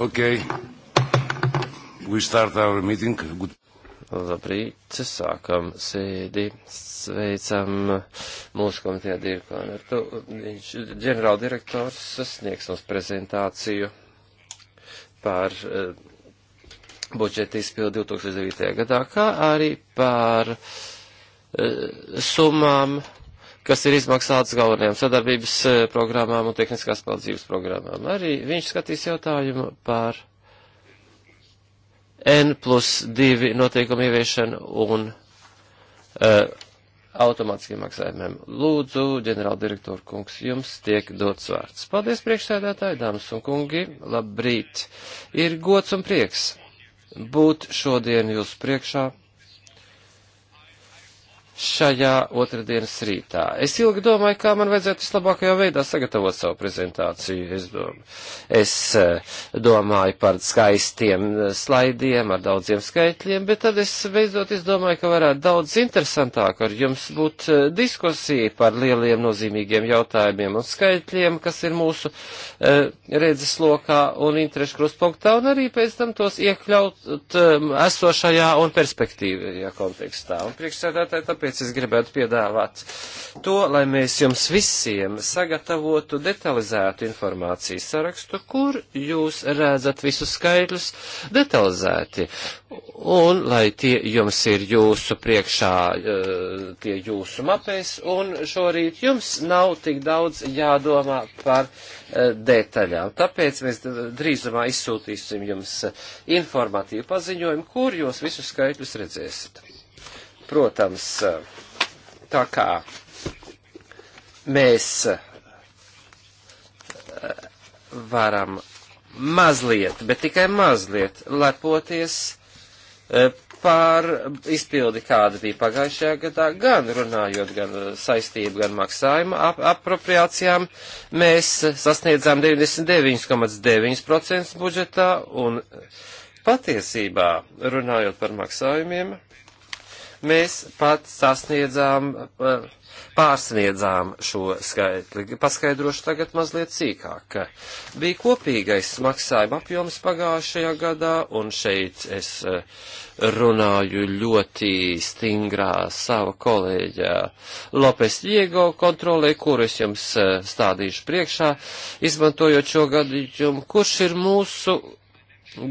Okay. We start our meeting. Good. Labrīt, sākam sēdi, sveicam mūsu komitejā Dirkānu. Viņš ģenerāldirektors sniegs mums prezentāciju par uh, budžeta izpildu 2009. gadā, kā arī par uh, summām kas ir izmaksāts galvenajām sadarbības e, programmām un tehniskās palīdzības programmām. Arī viņš skatīs jautājumu par N plus 2 noteikumu ieviešanu un uh, automātiskiem maksājumiem. Lūdzu, ģenerāldirektoru kungs, jums tiek dots vārds. Paldies, priekšsēdētāji, dāmas un kungi, labrīt. Ir gods un prieks būt šodien jūsu priekšā šajā otrdienas rītā. Es ilgi domāju, kā man vajadzētu vislabākajā veidā sagatavot savu prezentāciju. Es, dom es eh, domāju par skaistiem eh, slaidiem ar daudziem skaitļiem, bet tad es beidzot izdomāju, ka varētu daudz interesantāk ar jums būt eh, diskusija par lieliem nozīmīgiem jautājumiem un skaitļiem, kas ir mūsu uh, redzes lokā un interešu krustpunktā, un arī pēc tam tos iekļaut uh, esošajā un perspektīvajā kontekstā. Un priekšsēdētāji, tāpēc tāpēc es gribētu piedāvāt to, lai mēs jums visiem sagatavotu detalizētu informācijas sarakstu, kur jūs redzat visus skaidrus detalizēti. Un lai tie jums ir jūsu priekšā, eh, tie jūsu mapēs, un šorīt jums nav tik daudz jādomā par eh, detaļām. Tāpēc mēs drīzumā izsūtīsim jums eh, informatīvu paziņojumu, kur jūs visus skaitļus redzēsiet. Protams, tā kā mēs eh, varam mazliet, bet tikai mazliet lepoties eh, par izpildi, kāda bija pagājušajā gadā, gan runājot, gan eh, saistību, gan maksājuma ap apropriācijām, mēs sasniedzām 99,9% budžetā un patiesībā runājot par maksājumiem, Mēs pat sasniedzām, eh, pārsniedzām šo skaitli. Paskaidrošu tagad mazliet cīkāk. Bija kopīgais maksājuma apjoms pagājušajā gadā, un šeit es eh, runāju ļoti stingrā sava kolēģa Lopes Diego kontrolē, kuru es jums eh, stādīšu priekšā, izmantojot šo gadījumu, kurš ir mūsu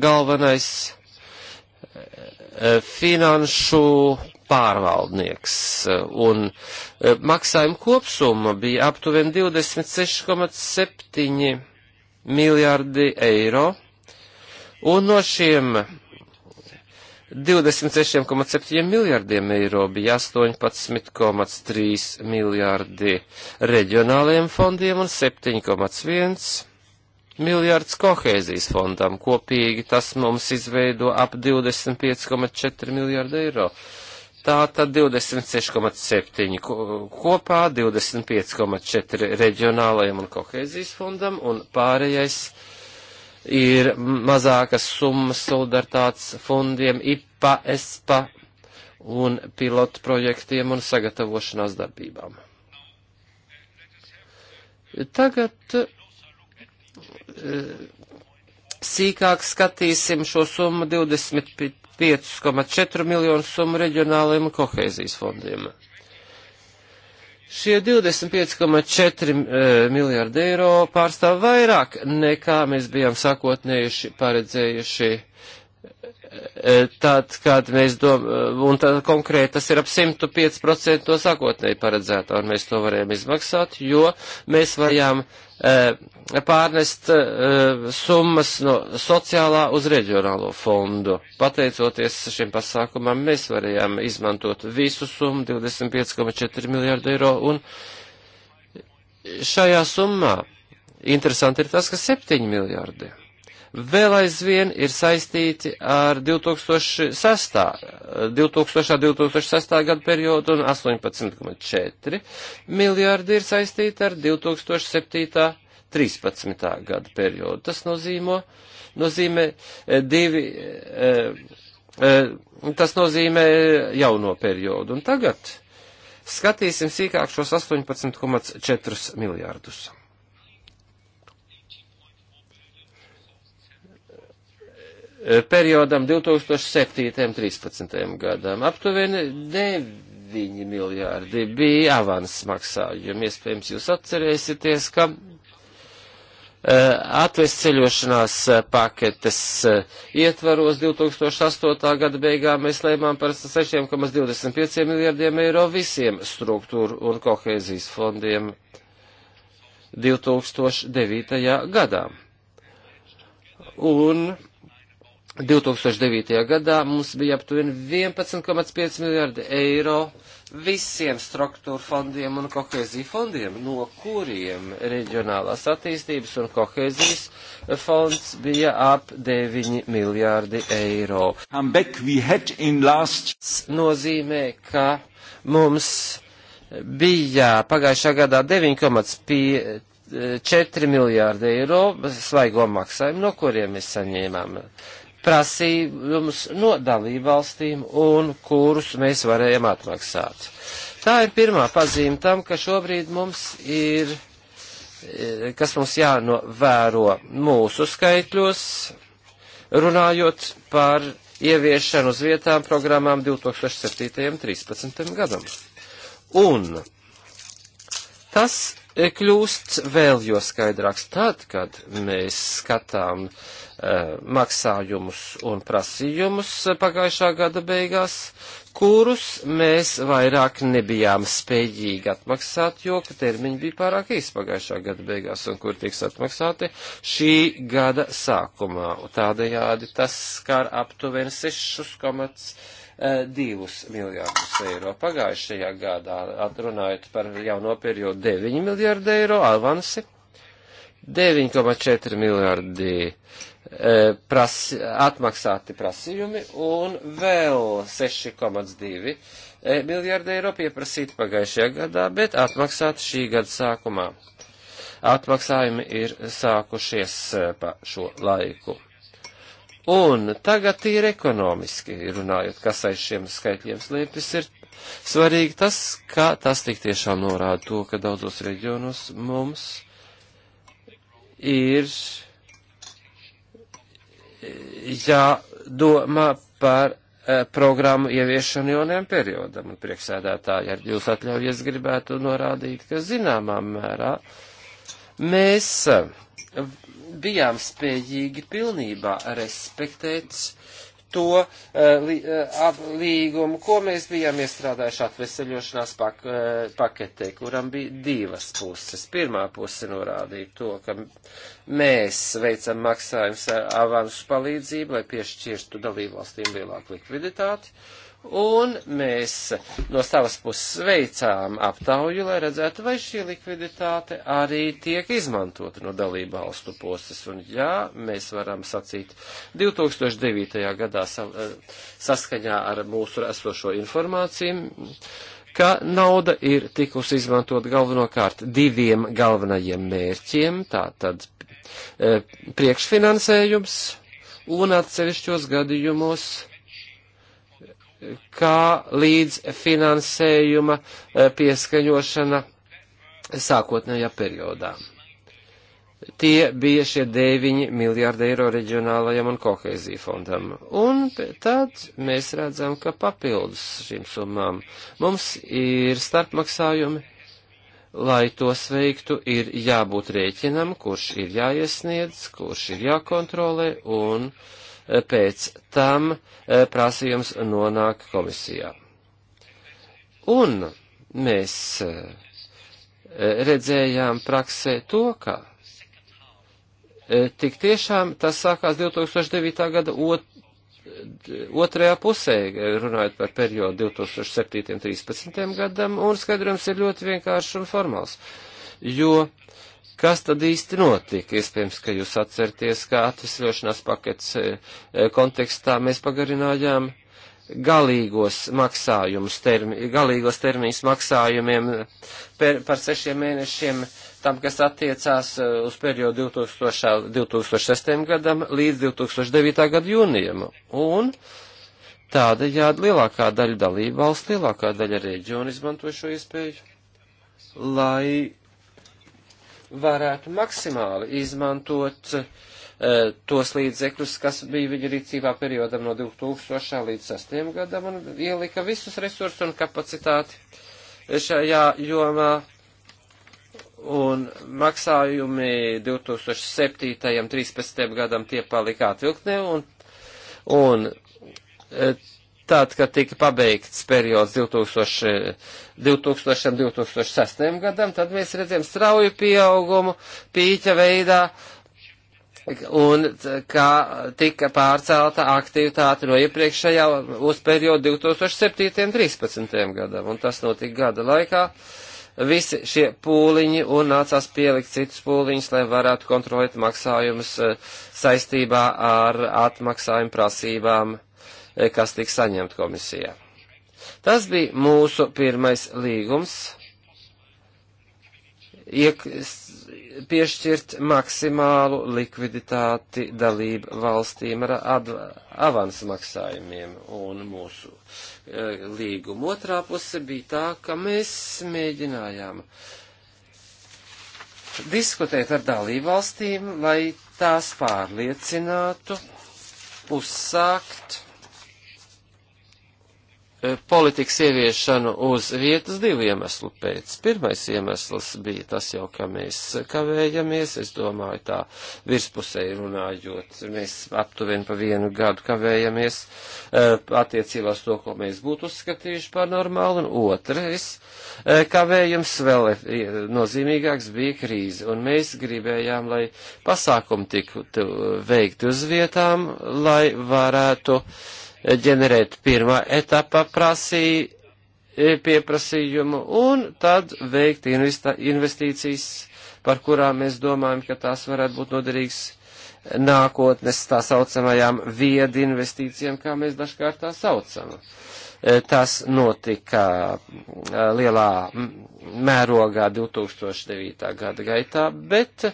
galvenais finanšu pārvaldnieks, un e, maksājuma kopsumma bija aptuveni 26,7 miljardi eiro, un no šiem 26,7 miljardiem eiro bija 18,3 miljardi reģionāliem fondiem un 7,1 miljards kohēzijas fondam. Kopīgi tas mums izveido ap 25,4 miljardi eiro. Tā tad 26,7 kopā, 25,4 reģionālajiem un kohēzijas fondam un pārējais ir mazākas summas solidaritātes fondiem, IPA, ESPA un pilotu projektiem un sagatavošanās darbībām. Tagad eh, sīkāk skatīsim šo summu 25. 5,4 miljonu summu reģionālajiem kohēzijas fondiem. Šie 25,4 eh, miljārdi eiro pārstāv vairāk nekā mēs bijām sakotnējuši paredzējuši eh, eh, tad, kad mēs domājam, un tad konkrēti tas ir ap 105% sākotnēji paredzētā, un mēs to varējām izmaksāt, jo mēs varējām uh, Eh, pārnest eh, summas no sociālā uz reģionālo fondu. Pateicoties šim pasākumam, mēs varējām izmantot visu summu 25,4 miljārdu eiro un šajā summā interesanti ir tas, ka 7 miljārdi vēl aizvien ir saistīti ar 2006. 2000. 2006. gadu periodu un 18,4 miljārdi ir saistīti ar 2007. 13. gadu periodu. Tas nozīmo, nozīmē e, divi, e, e, tas nozīmē jauno periodu. Un tagad skatīsim sīkāk šos 18,4 miljārdus. Eh, periodam 2007.13. gadam. Aptuveni 9 miljārdi bija avans maksājumi. Iespējams, jūs atcerēsieties, ka eh, atvest ceļošanās eh, paketes ietvaros 2008. gada beigām mēs lēmām par 6,25 miljardiem eiro visiem struktūru un kohēzijas fondiem 2009. gadā. Un 2009. gadā mums bija aptuveni 11,5 miljārdi eiro visiem struktūra fondiem un kohēzija fondiem, no kuriem reģionālās attīstības un kohēzijas fonds bija ap 9 miljārdi eiro. Last... Nozīmē, ka mums bija pagājušā gadā 9,5 4 miljārdi eiro svaigo maksājumu, no kuriem mēs saņēmām prasījumus no dalībvalstīm un kurus mēs varējam atmaksāt. Tā ir pirmā pazīme tam, ka šobrīd mums ir, eh, kas mums jānovēro mūsu skaitļos, runājot par ieviešanu uz vietām programmām 2007. un 2013. gadam. Un tas eh, kļūst vēl jo skaidrāks tad, kad mēs skatām uh, Eh, maksājumus un prasījumus pagājušā gada beigās, kurus mēs vairāk nebijām spējīgi atmaksāt, jo termiņi bija pārāk īsi pagājušā gada beigās un kur tiks atmaksāti šī gada sākumā. Tādējādi tas skar aptuveni 6,2 eh, miljārdus eiro. Pagājušajā gadā atrunājot par jauno periodu 9 miljārdu eiro avansi. 9,4 miljārdi eiro E, pras, atmaksāti prasījumi un vēl 6,2 e, miljārdi eiro pieprasīti pagājušajā gadā, bet atmaksāti šī gada sākumā. Atmaksājumi ir sākušies e, pa šo laiku. Un tagad ir ekonomiski runājot, kas aiz šiem skaitļiem slēpjas, ir svarīgi tas, ka tas tik tiešām norāda to, ka daudzos reģionos mums ir jādomā par e, programmu ieviešanu jaunajam periodam. Un priekšsēdētāji, ja jūs atļaujies, gribētu norādīt, ka zināmā mērā mēs e, bijām spējīgi pilnībā respektēt to eh, eh, līgumu, ko mēs bijām iestrādājuši atveseļošanās pak eh, paketē, kuram bija divas puses. Pirmā puse norādīja to, ka mēs veicam maksājumus avansu palīdzību, lai piešķirtu dalībvalstīm lielāku likviditāti. Uh, Un mēs no savas puses veicām aptauju, lai redzētu, vai šī likviditāte arī tiek izmantota no dalību valstu puses. Un jā, mēs varam sacīt 2009. gadā sa eh, saskaņā ar mūsu esošo informāciju, ka nauda ir tikusi izmantot galvenokārt diviem galvenajiem mērķiem, tātad e, priekšfinansējums un atsevišķos gadījumos kā līdz finansējuma eh, pieskaņošana sākotnējā periodā. Tie bija šie 9 miljārdi eiro reģionālajam un kohēzija fondam. Un tad mēs redzam, ka papildus šīm summām mums ir starpmaksājumi. Lai tos veiktu, ir jābūt rēķinam, kurš ir jāiesniedz, kurš ir jākontrolē, un uh, pēc tam eh, prasījums nonāk komisijā. Un mēs eh, redzējām praksē to, ka eh, tik tiešām tas sākās 2009. gada ot, otrajā pusē, runājot par periodu 2007. 13. gadam, un skaidrojums ir ļoti vienkāršs un formāls, jo Kas tad īsti notika? Iespējams, ka jūs atcerties, kā atvesļošanās paketes e, e, kontekstā mēs pagarinājām galīgos maksājumus, termi, galīgos termiņus maksājumiem per, par sešiem mēnešiem tam, kas attiecās e, uz periodu 2000, 2006. gadam līdz 2009. gada jūnijam. Un tādējādi lielākā daļa dalībvalsts, lielākā daļa reģionu izmanto šo iespēju, lai varētu maksimāli izmantot uh, tos līdzekļus, kas bija viņa rīcībā periodam no 2000. līdz 2006. gadam, un ielika visus resursus un kapacitāti šajā jomā. Un maksājumi 2007. 13. gadam tie palika atvilktnē, un, un eh, tad, kad tika pabeigts periods 2000, 2000 2006 gadam, tad mēs redzējām strauju pieaugumu pīķa veidā un kā tika pārcelta aktivitāte no iepriekšējā uz periodu 2007-2013 gadam, un tas notika gada laikā. Visi šie pūliņi un nācās pielikt citus pūliņus, lai varētu kontrolēt maksājumus e, saistībā ar atmaksājumu prasībām Eh, kas tiks saņemt komisijā. Tas bija mūsu pirmais līgums iek, piešķirt maksimālu likviditāti dalību valstīm ar avans maksājumiem. Un mūsu e, eh, līguma otrā puse bija tā, ka mēs mēģinājām diskutēt ar dalību valstīm, lai tās pārliecinātu uzsākt Eh, politikas ieviešanu uz vietas divu iemeslu pēc. Pirmais iemesls bija tas jau, ka mēs kavējamies, es domāju tā virspusēji runājot, mēs aptuveni pa vienu gadu kavējamies eh, attiecībā uz to, ko mēs būtu uzskatījuši par normālu, un otrais eh, kavējums vēl nozīmīgāks bija krīze, un mēs gribējām, lai pasākumi tiktu veikti uz vietām, lai varētu uh, ģenerēt pirmā etapa prasī, e, pieprasījumu un tad veikt investīcijas, par kurām mēs domājam, ka tās varētu būt noderīgas nākotnes tā saucamajām viedu investīcijām, kā mēs dažkārt tā saucam. E, tas notika e, lielā mērogā 2009. gada gaitā, bet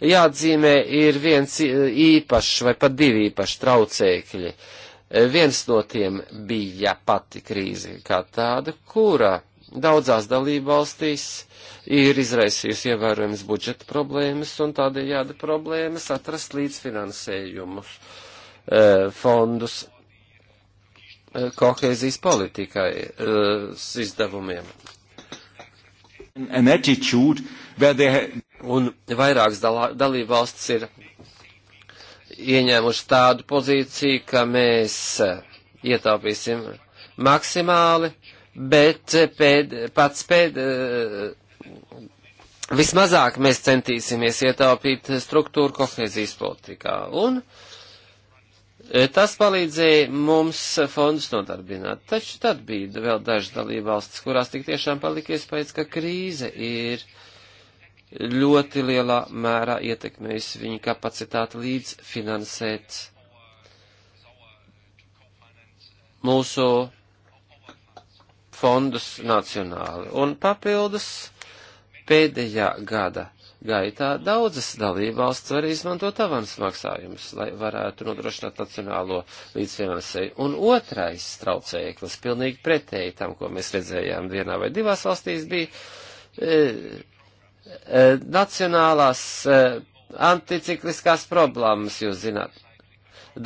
jāatzīmē ir viens īpašs vai pat divi īpaši traucēkļi. Uh, Eh, viens no tiem bija pati krīze kā tāda, kura daudzās dalībvalstīs ir izraisījusi ievērojams budžeta problēmas un tādējādi problēmas atrast līdzfinansējumus eh, fondus eh, kohēzijas politikai izdevumiem. Un vairākas dalībvalstis ir ieņēmuši tādu pozīciju, ka mēs ietaupīsim maksimāli, bet pēd, pats pēd, eh, vismazāk mēs centīsimies ietaupīt struktūru kohēzijas politikā. Un eh, tas palīdzēja mums fondus nodarbināt. Taču tad bija vēl dažas dalībvalstis, kurās tik tiešām palika iespējas, ka krīze ir ļoti lielā mērā ietekmējis viņu kapacitāti līdzfinansēt mūsu fondus nacionāli. Un papildus pēdējā gada gaitā daudzas dalībvalsts var izmantot avans maksājumus, lai varētu nodrošināt nacionālo līdzfinansēju. Un otrais traucēklis, pilnīgi pretēji tam, ko mēs redzējām vienā vai divās valstīs, bija e, Eh, nacionālās eh, anticikliskās problēmas, jūs zināt.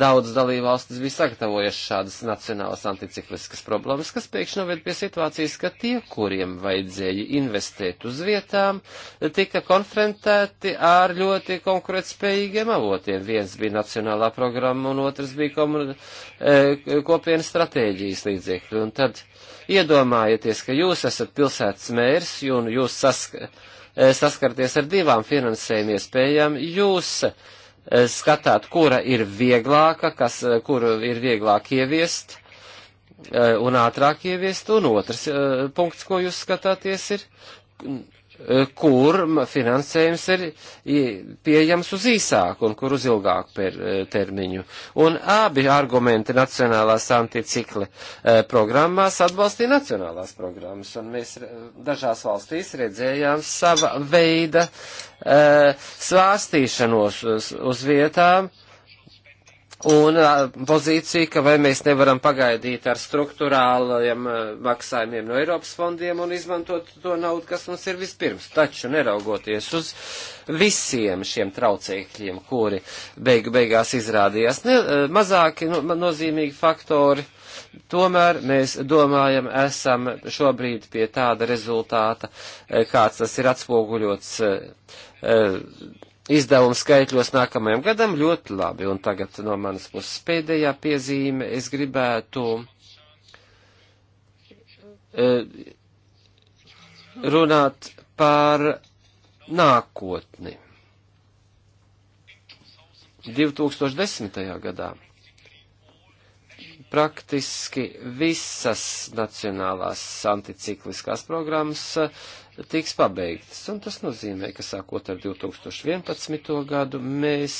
Daudz dalībvalstis bija sagatavojuši šādas nacionālas anticikliskas problēmas, kas pēkšņi noved pie situācijas, ka tie, kuriem vajadzēja investēt uz vietām, tika konfrontēti ar ļoti konkurētspējīgiem avotiem. Viens bija nacionālā programma un otrs bija komun... Eh, kopienas stratēģijas līdzekļi. Un tad iedomājieties, ka jūs esat pilsētas mērs un jūs saskatāt Eh, saskarties ar divām finansējuma iespējām. Jūs eh, skatāt, kura ir vieglāka, kas, eh, kuru ir vieglāk ieviest un ātrāk ieviest, un otrs punkts, ko jūs skatāties, ir Eh, kur finansējums ir pieejams uz īsāku un kur uz ilgāku per, eh, termiņu. Un abi argumenti nacionālās anticikla eh, programmās atbalstīja nacionālās programmas, un mēs dažās valstīs redzējām sava veida svārstīšanos uz, uz vietām, uh, un pozīcija, ka vai mēs nevaram pagaidīt ar struktūrālajiem maksājumiem no Eiropas fondiem un izmantot to naudu, kas mums ir vispirms. Taču neraugoties uz visiem šiem traucēkļiem, kuri beigu beigās izrādījās ne, mazāki no, nu, nozīmīgi faktori, tomēr mēs domājam, esam šobrīd pie tāda rezultāta, kāds tas ir atspoguļots izdevumu skaitļos nākamajam gadam ļoti labi. Un tagad no manas puses pēdējā piezīme. Es gribētu e, runāt par nākotni. 2010. gadā praktiski visas nacionālās anticikliskās programmas uh, tiks pabeigtas. Un tas nozīmē, ka sākot ar 2011. gadu mēs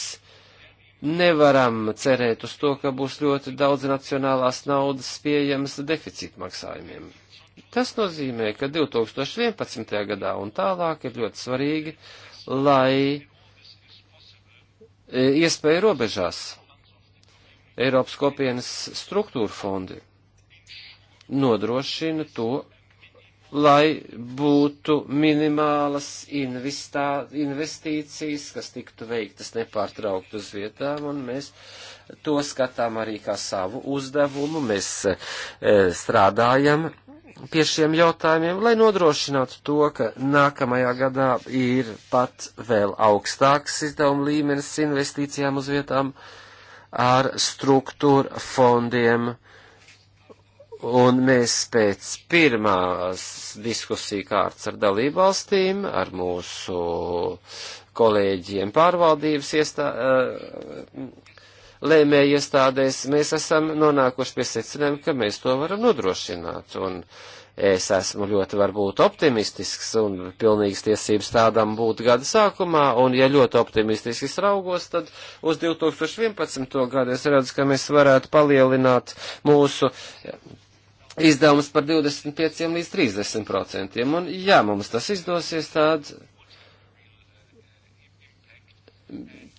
nevaram cerēt uz to, ka būs ļoti daudz nacionālās naudas pieejamas deficīta maksājumiem. Tas nozīmē, ka 2011. gadā un tālāk ir ļoti svarīgi, lai e, iespēja robežās Eiropas kopienas struktūra fondi nodrošina to, lai būtu minimālas investā, investīcijas, kas tiktu veiktas nepārtraukt uz vietām, un mēs to skatām arī kā savu uzdevumu. Mēs e, strādājam pie šiem jautājumiem, lai nodrošinātu to, ka nākamajā gadā ir pat vēl augstāks izdevuma līmenis investīcijām uz vietām ar struktūra fondiem Un mēs pēc pirmās diskusiju kārtas ar dalību valstīm, ar mūsu kolēģiem pārvaldības iestā, eh, lēmēja iestādēs, mēs esam nonākuši pie secinājuma, ka mēs to varam nodrošināt. Un es esmu ļoti varbūt optimistisks un pilnīgs tiesības tādam būt gada sākumā, un ja ļoti optimistiski raugos, tad uz 2011. gadu es redzu, ka mēs varētu palielināt mūsu izdevumus par 25 līdz 30 procentiem. Un ja mums tas izdosies, tad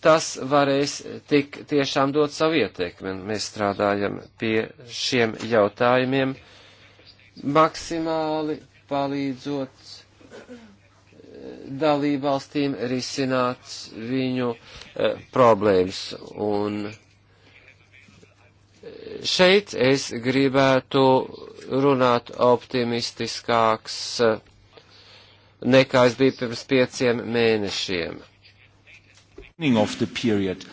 tas varēs tik tiešām dot savu ietekmi. Mēs strādājam pie šiem jautājumiem maksimāli palīdzot eh, dalībvalstīm risināt viņu uh, problēmas un šeit es gribētu runāt optimistiskāks nekā es biju pirms pieciem mēnešiem. Period,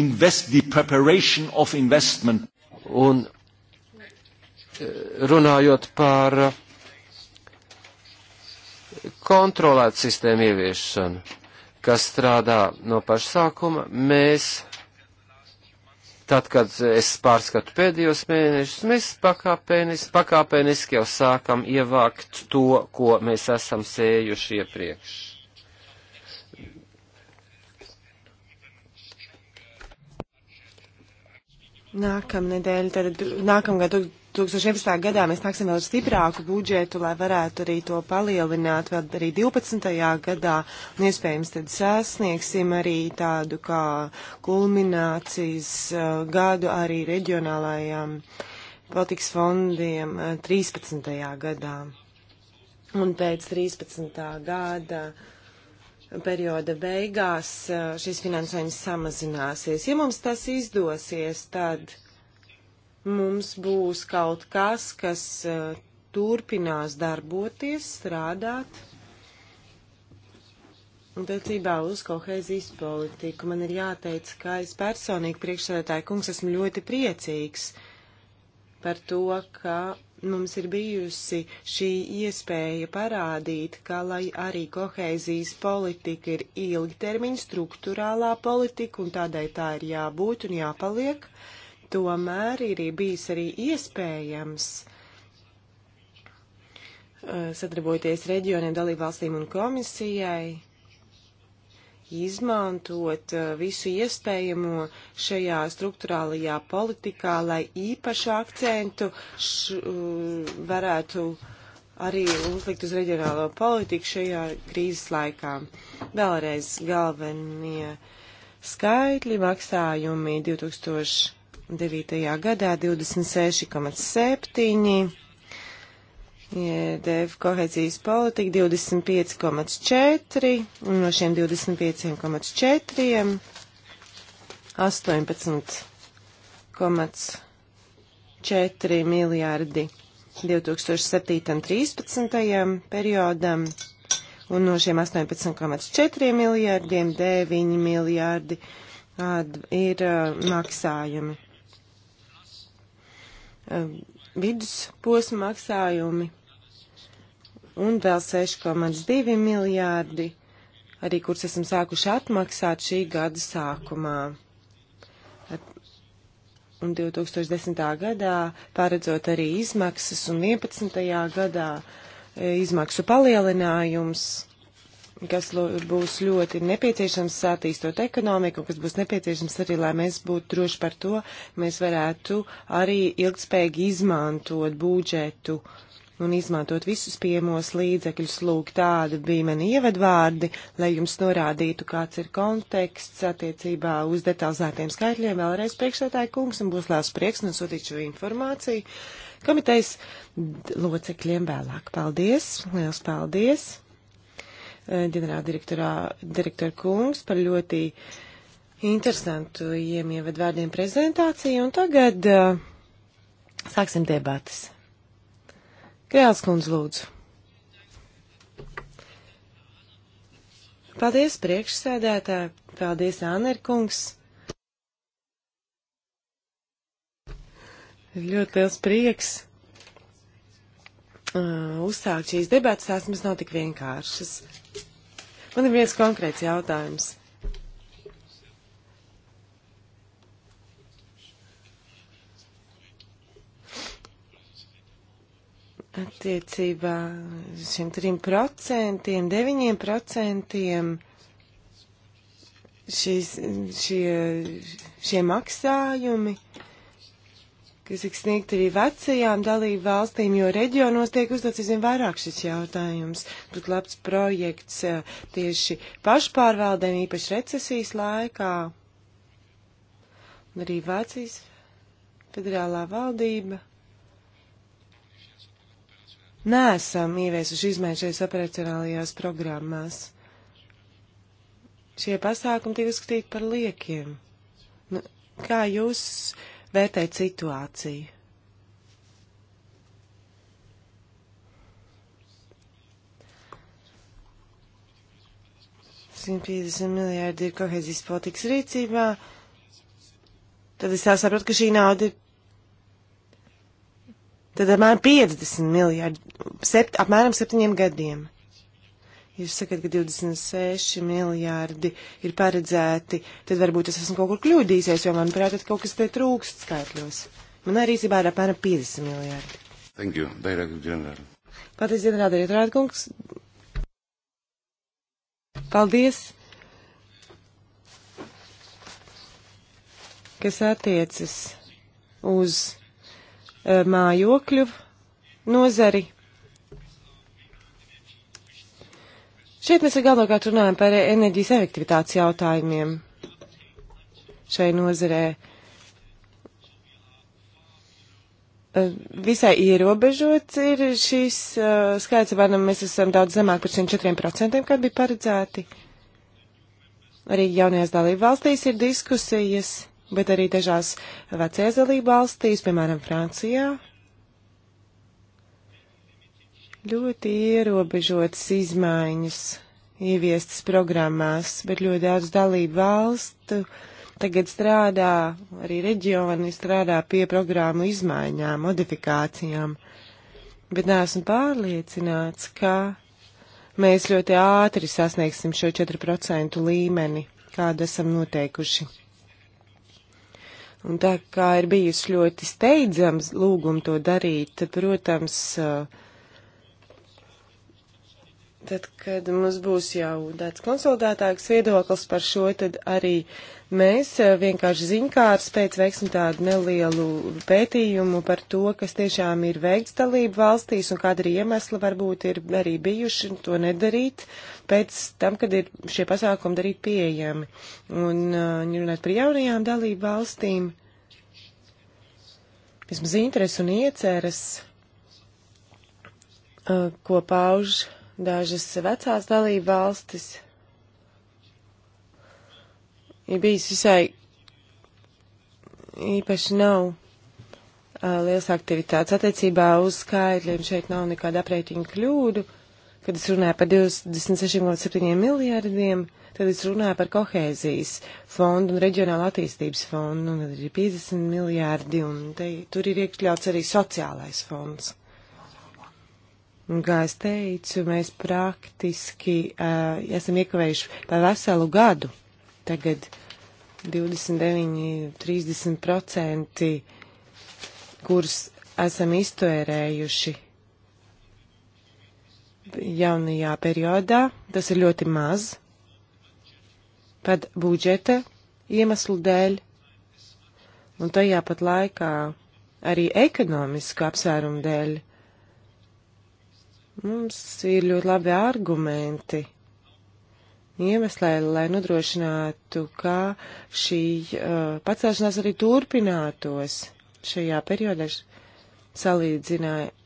invest, Un eh, runājot par eh, kontrolētu sistēmu ieviešanu, kas strādā no paša sākuma, mēs Tad, kad es pārskatu pēdējos mēnešus, mēs pakāpeniski, pakāpeniski jau sākam ievākt to, ko mēs esam sējuši iepriekš. Nākamnedēļ, tad nākamgad 2011. gadā mēs nāksim vēl ar stiprāku budžetu, lai varētu arī to palielināt vēl arī 12. gadā, un iespējams tad sasniegsim arī tādu kā kulminācijas uh, gadu arī reģionālajām politikas fondiem uh, eh, 13. gadā. Un pēc 13. gada perioda beigās uh, šis finansējums samazināsies. Ja mums tas izdosies, tad mums būs kaut kas, kas uh, turpinās darboties, strādāt. Un attiecībā uz kohēzijas politiku man ir jāteic, ka es personīgi priekšsēdētāju kungs esmu ļoti priecīgs par to, ka mums ir bijusi šī iespēja parādīt, ka, lai arī kohēzijas politika ir ilgtermiņa struktūrālā politika, un tādai tā ir jābūt un jāpaliek, uh, tomēr ir bijis arī iespējams uh, sadarbojoties reģioniem, dalībvalstīm un komisijai, izmantot uh, visu iespējamo šajā struktūrālajā politikā, lai īpašu akcentu š, uh, varētu arī uzlikt uz reģionālo politiku šajā krīzes laikā. Vēlreiz galvenie skaitļi maksājumi 2000. 9. gadā 26,7, IEDF kohēzijas politika 25,4, un no šiem 25,4 18,4 miljārdi 2007. un 2013. periodam, un no šiem 18,4 miljārdiem 9 miljārdi ir uh, maksājumi. Um, vidusposma maksājumi un vēl 6,2 miljārdi, arī kurus esam sākuši atmaksāt šī gada sākumā. Un 2010. gadā, paredzot arī izmaksas, un 11. gadā e, izmaksu palielinājums kas būs ļoti nepieciešams attīstot ekonomiku, kas būs nepieciešams arī, lai mēs būtu droši par to, mēs varētu arī ilgspējīgi izmantot budžetu un izmantot visus piemos līdzekļus. Lūk, tādi bija mani ievadvārdi, lai jums norādītu, kāds ir konteksts attiecībā uz detalizētiem skaitļiem. Vēlreiz priekšētāji kungs un būs liels prieks nosūtīt šo informāciju komitejas locekļiem vēlāk. Paldies! Liels paldies! ģenerāla direktora kungs par ļoti interesantu iemievadvārdiem prezentāciju. Un tagad uh, sāksim debatas. Krēls kundz lūdzu. Paldies priekšsēdētāji, paldies Anerkungs. Ļoti liels prieks uh, uzsākt šīs debatas, tās mums nav tik vienkāršas. Man ir viens konkrēts jautājums. Attiecībā uz šiem trim procentiem, deviņiem procentiem šis, šie, šie maksājumi. Uh, kas tiek sniegt arī vecajām dalību valstīm, jo reģionos tiek uzdots izvien vairāk šis jautājums. Būtu labs projekts eh, tieši pašpārvaldēm, īpaši recesijas laikā. Un arī Vācijas federālā valdība. Nēsam ieviesuši izmaiņas šajās operacionālajās programmās. Šie pasākumi tiek uzskatīti par liekiem. Nu, kā jūs uh, vērtēt situāciju. miljardi ir kohēzijas politikas rīcībā, tad es saprotu, ka šī nauda ir. Tad apmēram 50 miljardi, sept, apmēram septiņiem gadiem. Jūs sakat, ka 26 miljārdi ir paredzēti, tad varbūt es esmu kaut kur kļūdījies, jo manuprāt, tad kaut kas te trūkst skaitļos. Man arī īstenībā ir apmēram 50 miljārdi. Thank you, Director General. Paldies, ģenerāldirektorāta kungs. Paldies. Kas attiecas uz eh, mājokļu nozari Šeit mēs galvenokārt runājam par enerģijas efektivitātes jautājumiem šai nozarē. Eh, visai ierobežots ir šis uh, skaits, varam mēs esam daudz zemāk par 104%, kad bija paredzēti. Arī jaunajās dalību valstīs ir diskusijas, bet arī dažās vecajās dalību valstīs, piemēram, Francijā, ļoti ierobežotas izmaiņas ieviestas programmās, bet ļoti daudz dalību valstu tagad strādā, arī reģioni strādā pie programmu izmaiņām, modifikācijām. Bet neesmu pārliecināts, ka mēs ļoti ātri sasniegsim šo 4% līmeni, kādu esam noteikuši. Un tā kā ir bijis ļoti steidzams lūgum to darīt, tad, protams, uh, Tad, kad mums būs jau tāds konsolidētāks viedoklis par šo, tad arī mēs eh, vienkārši ziņkārs pēc veiksim tādu nelielu pētījumu par to, kas tiešām ir veikts dalību valstīs un kāda arī iemesla varbūt ir arī bijuši to nedarīt pēc tam, kad ir šie pasākumi darīt pieejami. Un eh, runāt par jaunajām dalību valstīm, vismaz interes un ieceras, eh, ko pauž Dažas vecās dalība valstis ir ja bijis visai īpaši nav liels aktivitātes. Attiecībā uz skaitļiem šeit nav nekāda aprēķina kļūdu. Kad es runāju par 26,7 miljārdiem, tad es runāju par kohēzijas fondu un reģionālu attīstības fondu, un nu, tad ir 50 miljārdi, un te, tur ir iekļauts arī sociālais fonds. Un, kā es teicu, mēs praktiski uh, esam iekavējuši par veselu gadu. Tagad 29-30%, kurus esam iztērējuši jaunajā periodā, tas ir ļoti maz. Pat budžeta iemeslu dēļ. Un tajā pat laikā arī ekonomisku apsvērumu dēļ Mums ir ļoti labi argumenti iemeslē, lai nodrošinātu, ka šī uh, pacelšanās arī turpinātos šajā periodā salīdzināja ar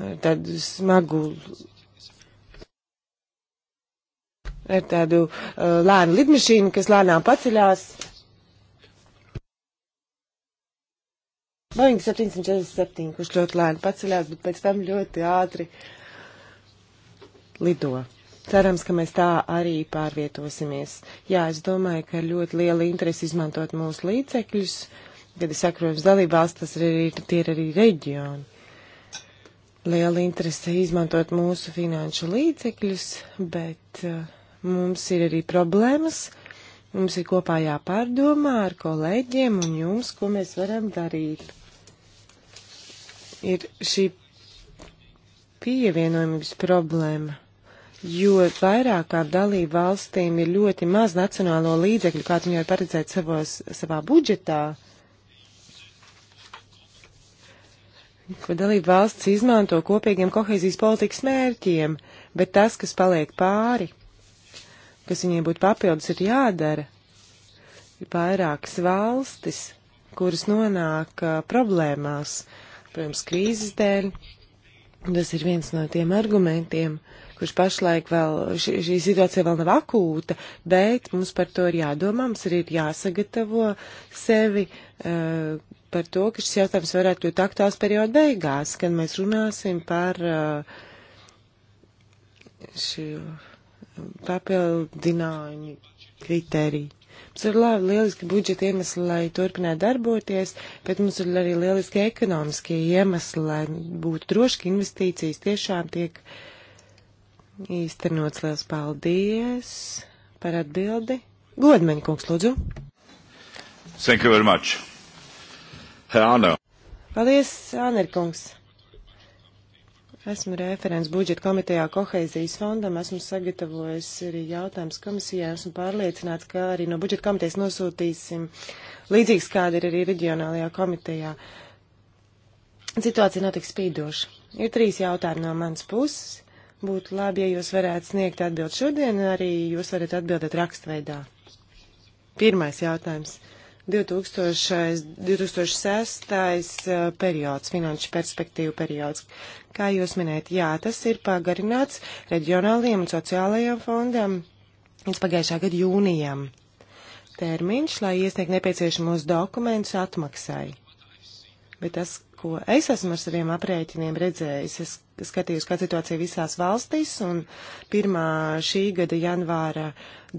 uh, tādu smagu, ar tādu uh, lēnu lidmašīnu, kas lēnām paceļās Boeing 747, kurš ļoti lēni paceļās, bet pēc tam ļoti ātri lido. Cerams, ka mēs tā arī pārvietosimies. Jā, es domāju, ka ļoti liela interese izmantot mūsu līdzekļus, kad es sakrojums dalībās, tas ir arī, tie ir arī reģioni. Liela interese izmantot mūsu finanšu līdzekļus, bet uh, mums ir arī problēmas. Mums ir kopā jāpārdomā ar kolēģiem un jums, ko mēs varam darīt ir šī pievienojumības problēma, jo vairākām dalību valstīm ir ļoti maz nacionālo līdzekļu, kāds viņai paredzēt savos, savā budžetā. Ko dalību valsts izmanto kopīgiem kohēzijas politikas mērķiem, bet tas, kas paliek pāri, kas viņiem būtu papildus, ir jādara. Ir vairākas valstis, kuras nonāk uh, problēmās, uh, protams, krīzes dēļ. Tas ir viens no tiem argumentiem, kurš pašlaik vēl, šī, šī situācija vēl nav akūta, bet mums par to ir jādomā, mums arī ir jāsagatavo sevi uh, par to, ka šis jautājums varētu kļūt aktuāls perioda beigās, kad mēs runāsim par uh, eh, šī papildinājumu kritēriju. Mums ir labi, lieliski budžeta iemesli, lai turpinātu darboties, bet mums ir arī lieliski ekonomiskie iemesli, lai būtu droši, ka investīcijas tiešām tiek īstenots. Liels paldies par atbildi. Godmeņa kungs, lūdzu. Thank you very much. Hāna. Paldies, Āner kungs. Esmu referents budžeta komitejā Koheizijas fondam, esmu sagatavojis arī jautājums komisijā, esmu pārliecināts, ka arī no budžeta komitejas nosūtīsim līdzīgs kāda ir arī reģionālajā komitejā. Situācija nav tik spīdoša. Ir trīs jautājumi no manas puses. Būtu labi, ja jūs varētu sniegt atbildi šodien, arī jūs varat atbildēt rakstveidā. Pirmais jautājums. Uh, 2000, 2006. Eh, periods, finanšu perspektīvu periods. Kā jūs minējat, jā, tas ir pagarināts reģionālajiem un sociālajiem fondam līdz pagājušā gada jūnijam. Termiņš, lai iesniegt nepieciešamos dokumentus atmaksai. Bet tas, ko es esmu ar saviem aprēķiniem redzējis. Es skatījos, kā situācija visās valstīs, un pirmā šī gada janvāra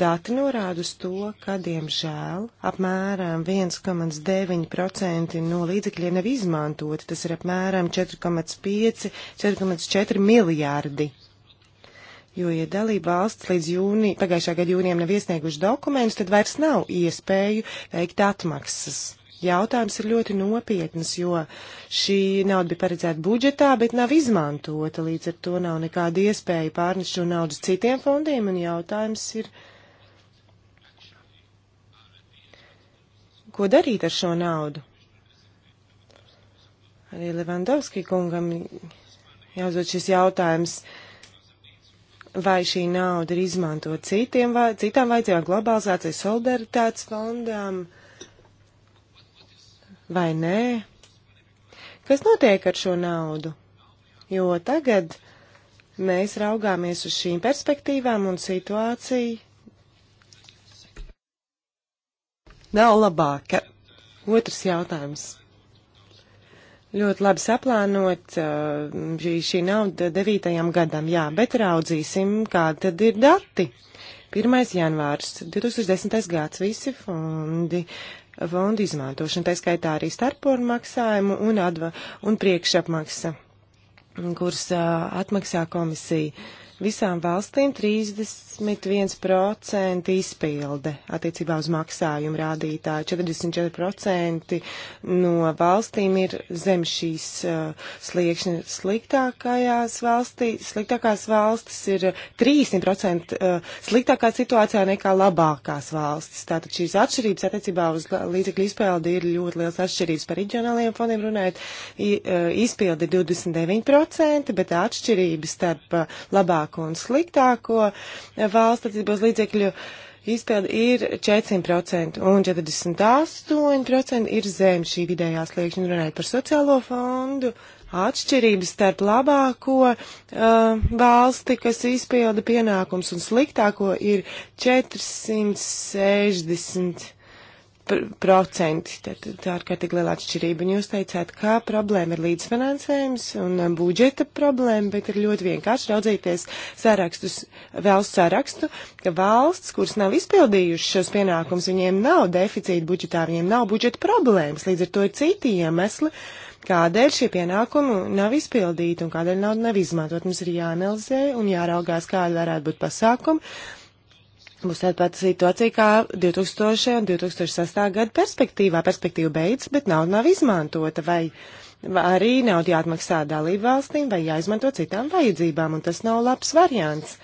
dati norāda uz to, ka, diemžēl, apmēram 1,9% no līdzekļiem nav izmantoti. Tas ir apmēram 4,5-4,4 miljārdi. Jo, ja dalība valsts līdz jūni, pagājušā gada jūnijam nav iesnieguši dokumentus, tad vairs nav iespēju veikt atmaksas. Jautājums ir ļoti nopietnas, jo šī nauda bija paredzēta budžetā, bet nav izmantota, līdz ar to nav nekāda iespēja pārnest šo naudu citiem fondiem, un jautājums ir, ko darīt ar šo naudu? Arī Levandovski kungam jāuzdod šis jautājums vai šī nauda ir izmantota citiem, vai, citām vajadzībām, globalizācijas solidaritātes fondām, vai nē? Kas notiek ar šo naudu? Jo tagad mēs raugāmies uz šīm perspektīvām un situācija nav labāka. Otrs jautājums. Ļoti labi saplānot uh, šī, šī nauda devītajam gadam, jā, bet raudzīsim, kādi tad ir dati. 1. janvārs 2010. gads visi fondi fondu izmantošanu, tā skaitā arī starpporu maksājumu un, adva, un priekšapmaksa, kuras atmaksā komisija visām valstīm 31% izpilde attiecībā uz maksājumu rādītāju. 44% no valstīm ir zem šīs uh, sliekšņa. Sliktākajās valstīs, sliktākās valstis ir 300% uh, sliktākā situācijā nekā labākās valstis. Tātad šīs atšķirības attiecībā uz līdzekļu izpildi ir ļoti liels atšķirības par reģionāliem fondiem runājot. I, uh, izpildi 29%, bet atšķirības starp uh, labāk labāko un sliktāko valsts attiecībos līdzekļu izpildi ir 400% un 48% ir zem šī vidējā sliekšņa. Un runājot par sociālo fondu, atšķirības starp labāko uh, valsti, kas izpilda pienākums un sliktāko ir 460 procenti. Tad tā ir kārtīgi liela atšķirība. Un jūs teicāt, kā problēma ir līdzfinansējums un um, budžeta problēma, bet ir ļoti vienkārši raudzīties sārakstus, vēl sārakstu, ka valsts, kuras nav izpildījušas šos pienākums, viņiem nav deficīta budžetā, viņiem nav budžeta problēmas. Līdz ar to ir citi iemesli, kādēļ šie pienākumi nav izpildīti un kādēļ nauda nav izmantot. Mums ir jāanalizē un jāraugās, kāda varētu būt pasākuma Būs tāda pati situācija kā 2000 un 2006. gada perspektīvā. Perspektīva beidz, bet nauda nav izmantota, vai, vai arī nauda jāatmaksā dalību valstīm, vai jāizmanto citām vajadzībām, un tas nav labs variants.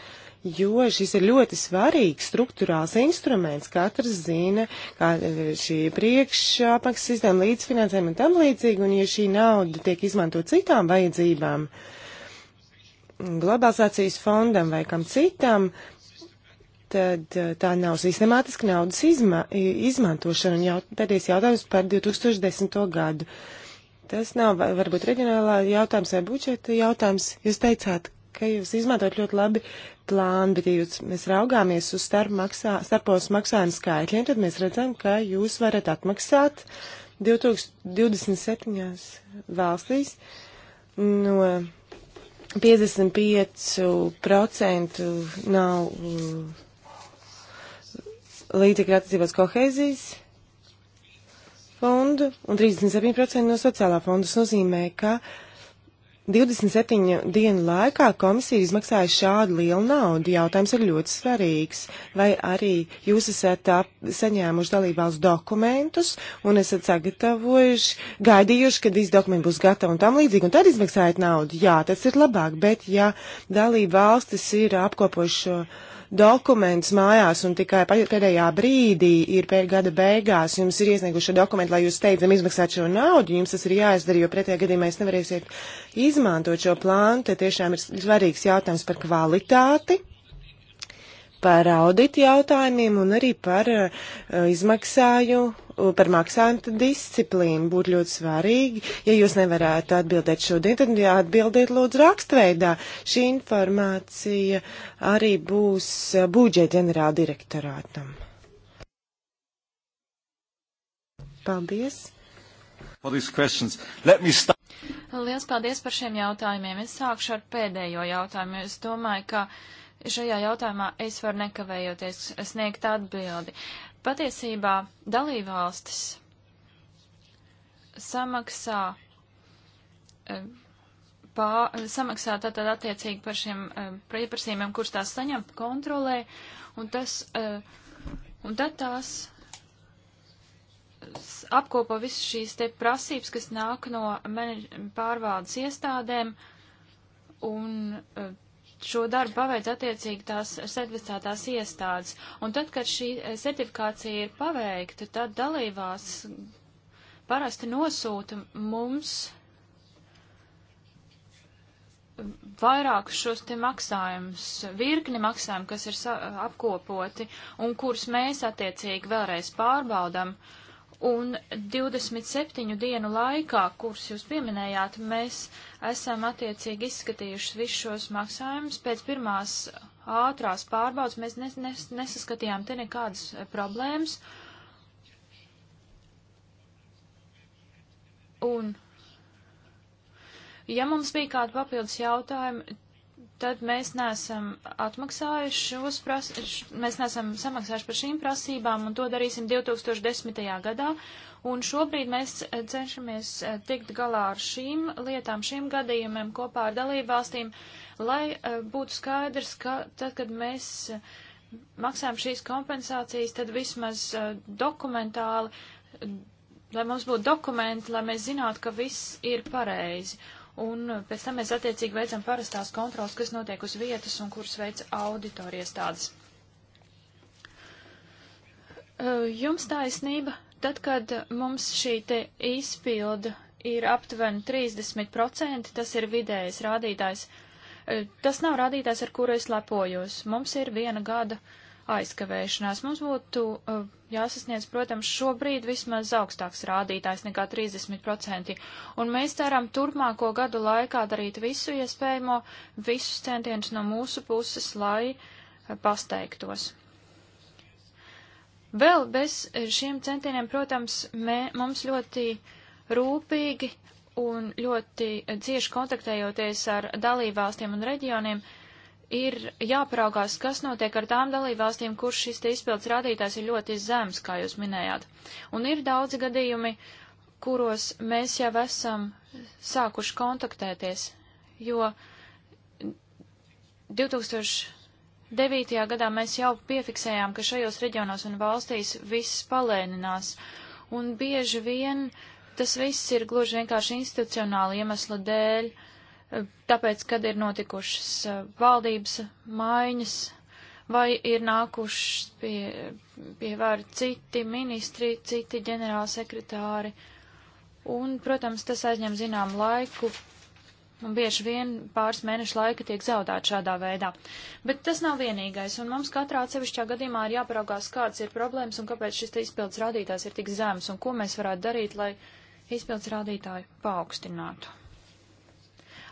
Jo šis ir ļoti svarīgs struktūrāls instruments. Katrs zina, kā e, šī priekšapmaksas sistēma līdzfinansējuma un tam līdzīgi, un ja šī nauda tiek izmantot citām vajadzībām, globalizācijas fondam vai kam citam, tad eh, tā nav sistemātiska naudas izma izmantošana. Un jau, pēdējais jautājums par 2010. gadu. Tas nav varbūt reģionālā jautājums vai budžeta jautājums. Jūs teicāt, ka jūs izmantojat ļoti labi plānu, bet ja jūs, mēs raugāmies uz starp maksā, starpos maksājumu skaitļiem, tad mēs redzam, ka jūs varat atmaksāt 2027 valstīs no 55% nav līdzekļu attiecībās kohēzijas fondu un 37% no sociālā fonda. Tas nozīmē, ka 27 dienu laikā komisija izmaksāja šādu lielu naudu. Jautājums ir ļoti svarīgs. Vai arī jūs esat ap, saņēmuši dalībvalsts dokumentus un esat sagatavojuši, gaidījuši, kad visi dokumenti būs gatavi un tam līdzīgi, un tad izmaksājat naudu? Jā, tas ir labāk, bet ja dalībvalstis ir apkopojuši šo dokumentus mājās un tikai pēdējā brīdī ir pēc gada beigās jums ir iesnieguši šo dokumentu, lai jūs steidzam izmaksāt šo naudu, jums tas ir jāizdara, jo pretējā gadījumā jūs nevarēsiet izmantot šo plānu. Te tiešām ir svarīgs jautājums par kvalitāti par auditu jautājumiem un arī par uh, izmaksāju, uh, par maksājumu disciplīnu būtu ļoti svarīgi. Ja jūs nevarētu atbildēt šodien, tad atbildiet lūdzu rakstveidā. Šī informācija arī būs uh, eh, būdžeta ģenerāla direktorātam. Paldies! Liels paldies par šiem jautājumiem. Es sākšu ar pēdējo jautājumu. Es domāju, ka šajā jautājumā es varu nekavējoties sniegt atbildi. Patiesībā dalībvalstis samaksā, e, pā, samaksā tātad attiecīgi par šiem e, pieprasījumiem, kurus tās saņem kontrolē, un, tas, e, un tad tās apkopo visas šīs te prasības, kas nāk no pārvaldes iestādēm, un šo darbu paveic attiecīgi tās certificētās iestādes. Un tad, kad šī eh, certifikācija ir paveikta, tad dalībās parasti nosūta mums vairākus šos te maksājumus, virkni maksājumu, kas ir eh, apkopoti un kurus mēs attiecīgi vēlreiz pārbaudam. Uh, Un 27 dienu laikā, kurus jūs pieminējāt, mēs esam attiecīgi izskatījuši visus šos maksājumus. Pēc pirmās ātrās pārbaudas mēs nes, nes, nesaskatījām te nekādas eh, problēmas. Un, ja mums bija kādi papildus jautājumi, tad mēs neesam atmaksājuši šos pras, mēs neesam samaksājuši par šīm prasībām, un to darīsim 2010. gadā. Un šobrīd mēs eh, cenšamies eh, tikt galā ar šīm lietām, šīm gadījumiem kopā ar dalībvalstīm, lai eh, būtu skaidrs, ka tad, kad mēs maksājam šīs kompensācijas, tad vismaz dokumentāli, lai mums būtu dokumenti, lai mēs zinātu, ka viss ir pareizi un pēc tam mēs attiecīgi veicam parastās kontrols, kas notiek uz vietas un kuras veic auditori iestādes. Eh, jums taisnība, tad, kad mums šī te izpilda ir aptuveni 30%, tas ir vidējais rādītājs. Eh, tas nav rādītājs, ar kuru es lepojos. Mums ir viena gada aizkavēšanās. Mums būtu uh, jāsasniedz, protams, šobrīd vismaz augstāks rādītājs nekā 30%, un mēs ceram turpmāko gadu laikā darīt visu iespējamo, visus centienus no mūsu puses, lai eh, pasteiktos. Vēl bez eh, šiem centieniem, protams, mē, mums ļoti rūpīgi un ļoti eh, cieši kontaktējoties ar dalībvalstiem un reģioniem, uh, ir jāparaugās, kas notiek ar tām dalībvalstīm, kur šis te izpildes rādītājs ir ļoti zems, kā jūs minējāt. Un ir daudzi gadījumi, kuros mēs jau esam sākuši kontaktēties, jo 2009. gadā mēs jau piefiksējām, ka šajos reģionos un valstīs viss palēninās, un bieži vien tas viss ir gluži vienkārši institucionāli iemeslu dēļ. Uh, tāpēc, kad ir notikušas eh, valdības maiņas vai ir nākušas pie, pie vāra citi ministri, citi ģenerālsekretāri. Un, protams, tas aizņem zinām laiku, un bieži vien pāris mēnešu laika tiek zaudēt šādā veidā. Bet tas nav vienīgais, un mums katrā atsevišķā gadījumā ir jāparaugās, kāds ir problēmas un kāpēc šis izpildes rādītājs ir tik zems, un ko mēs varētu darīt, lai izpildes rādītāju paaugstinātu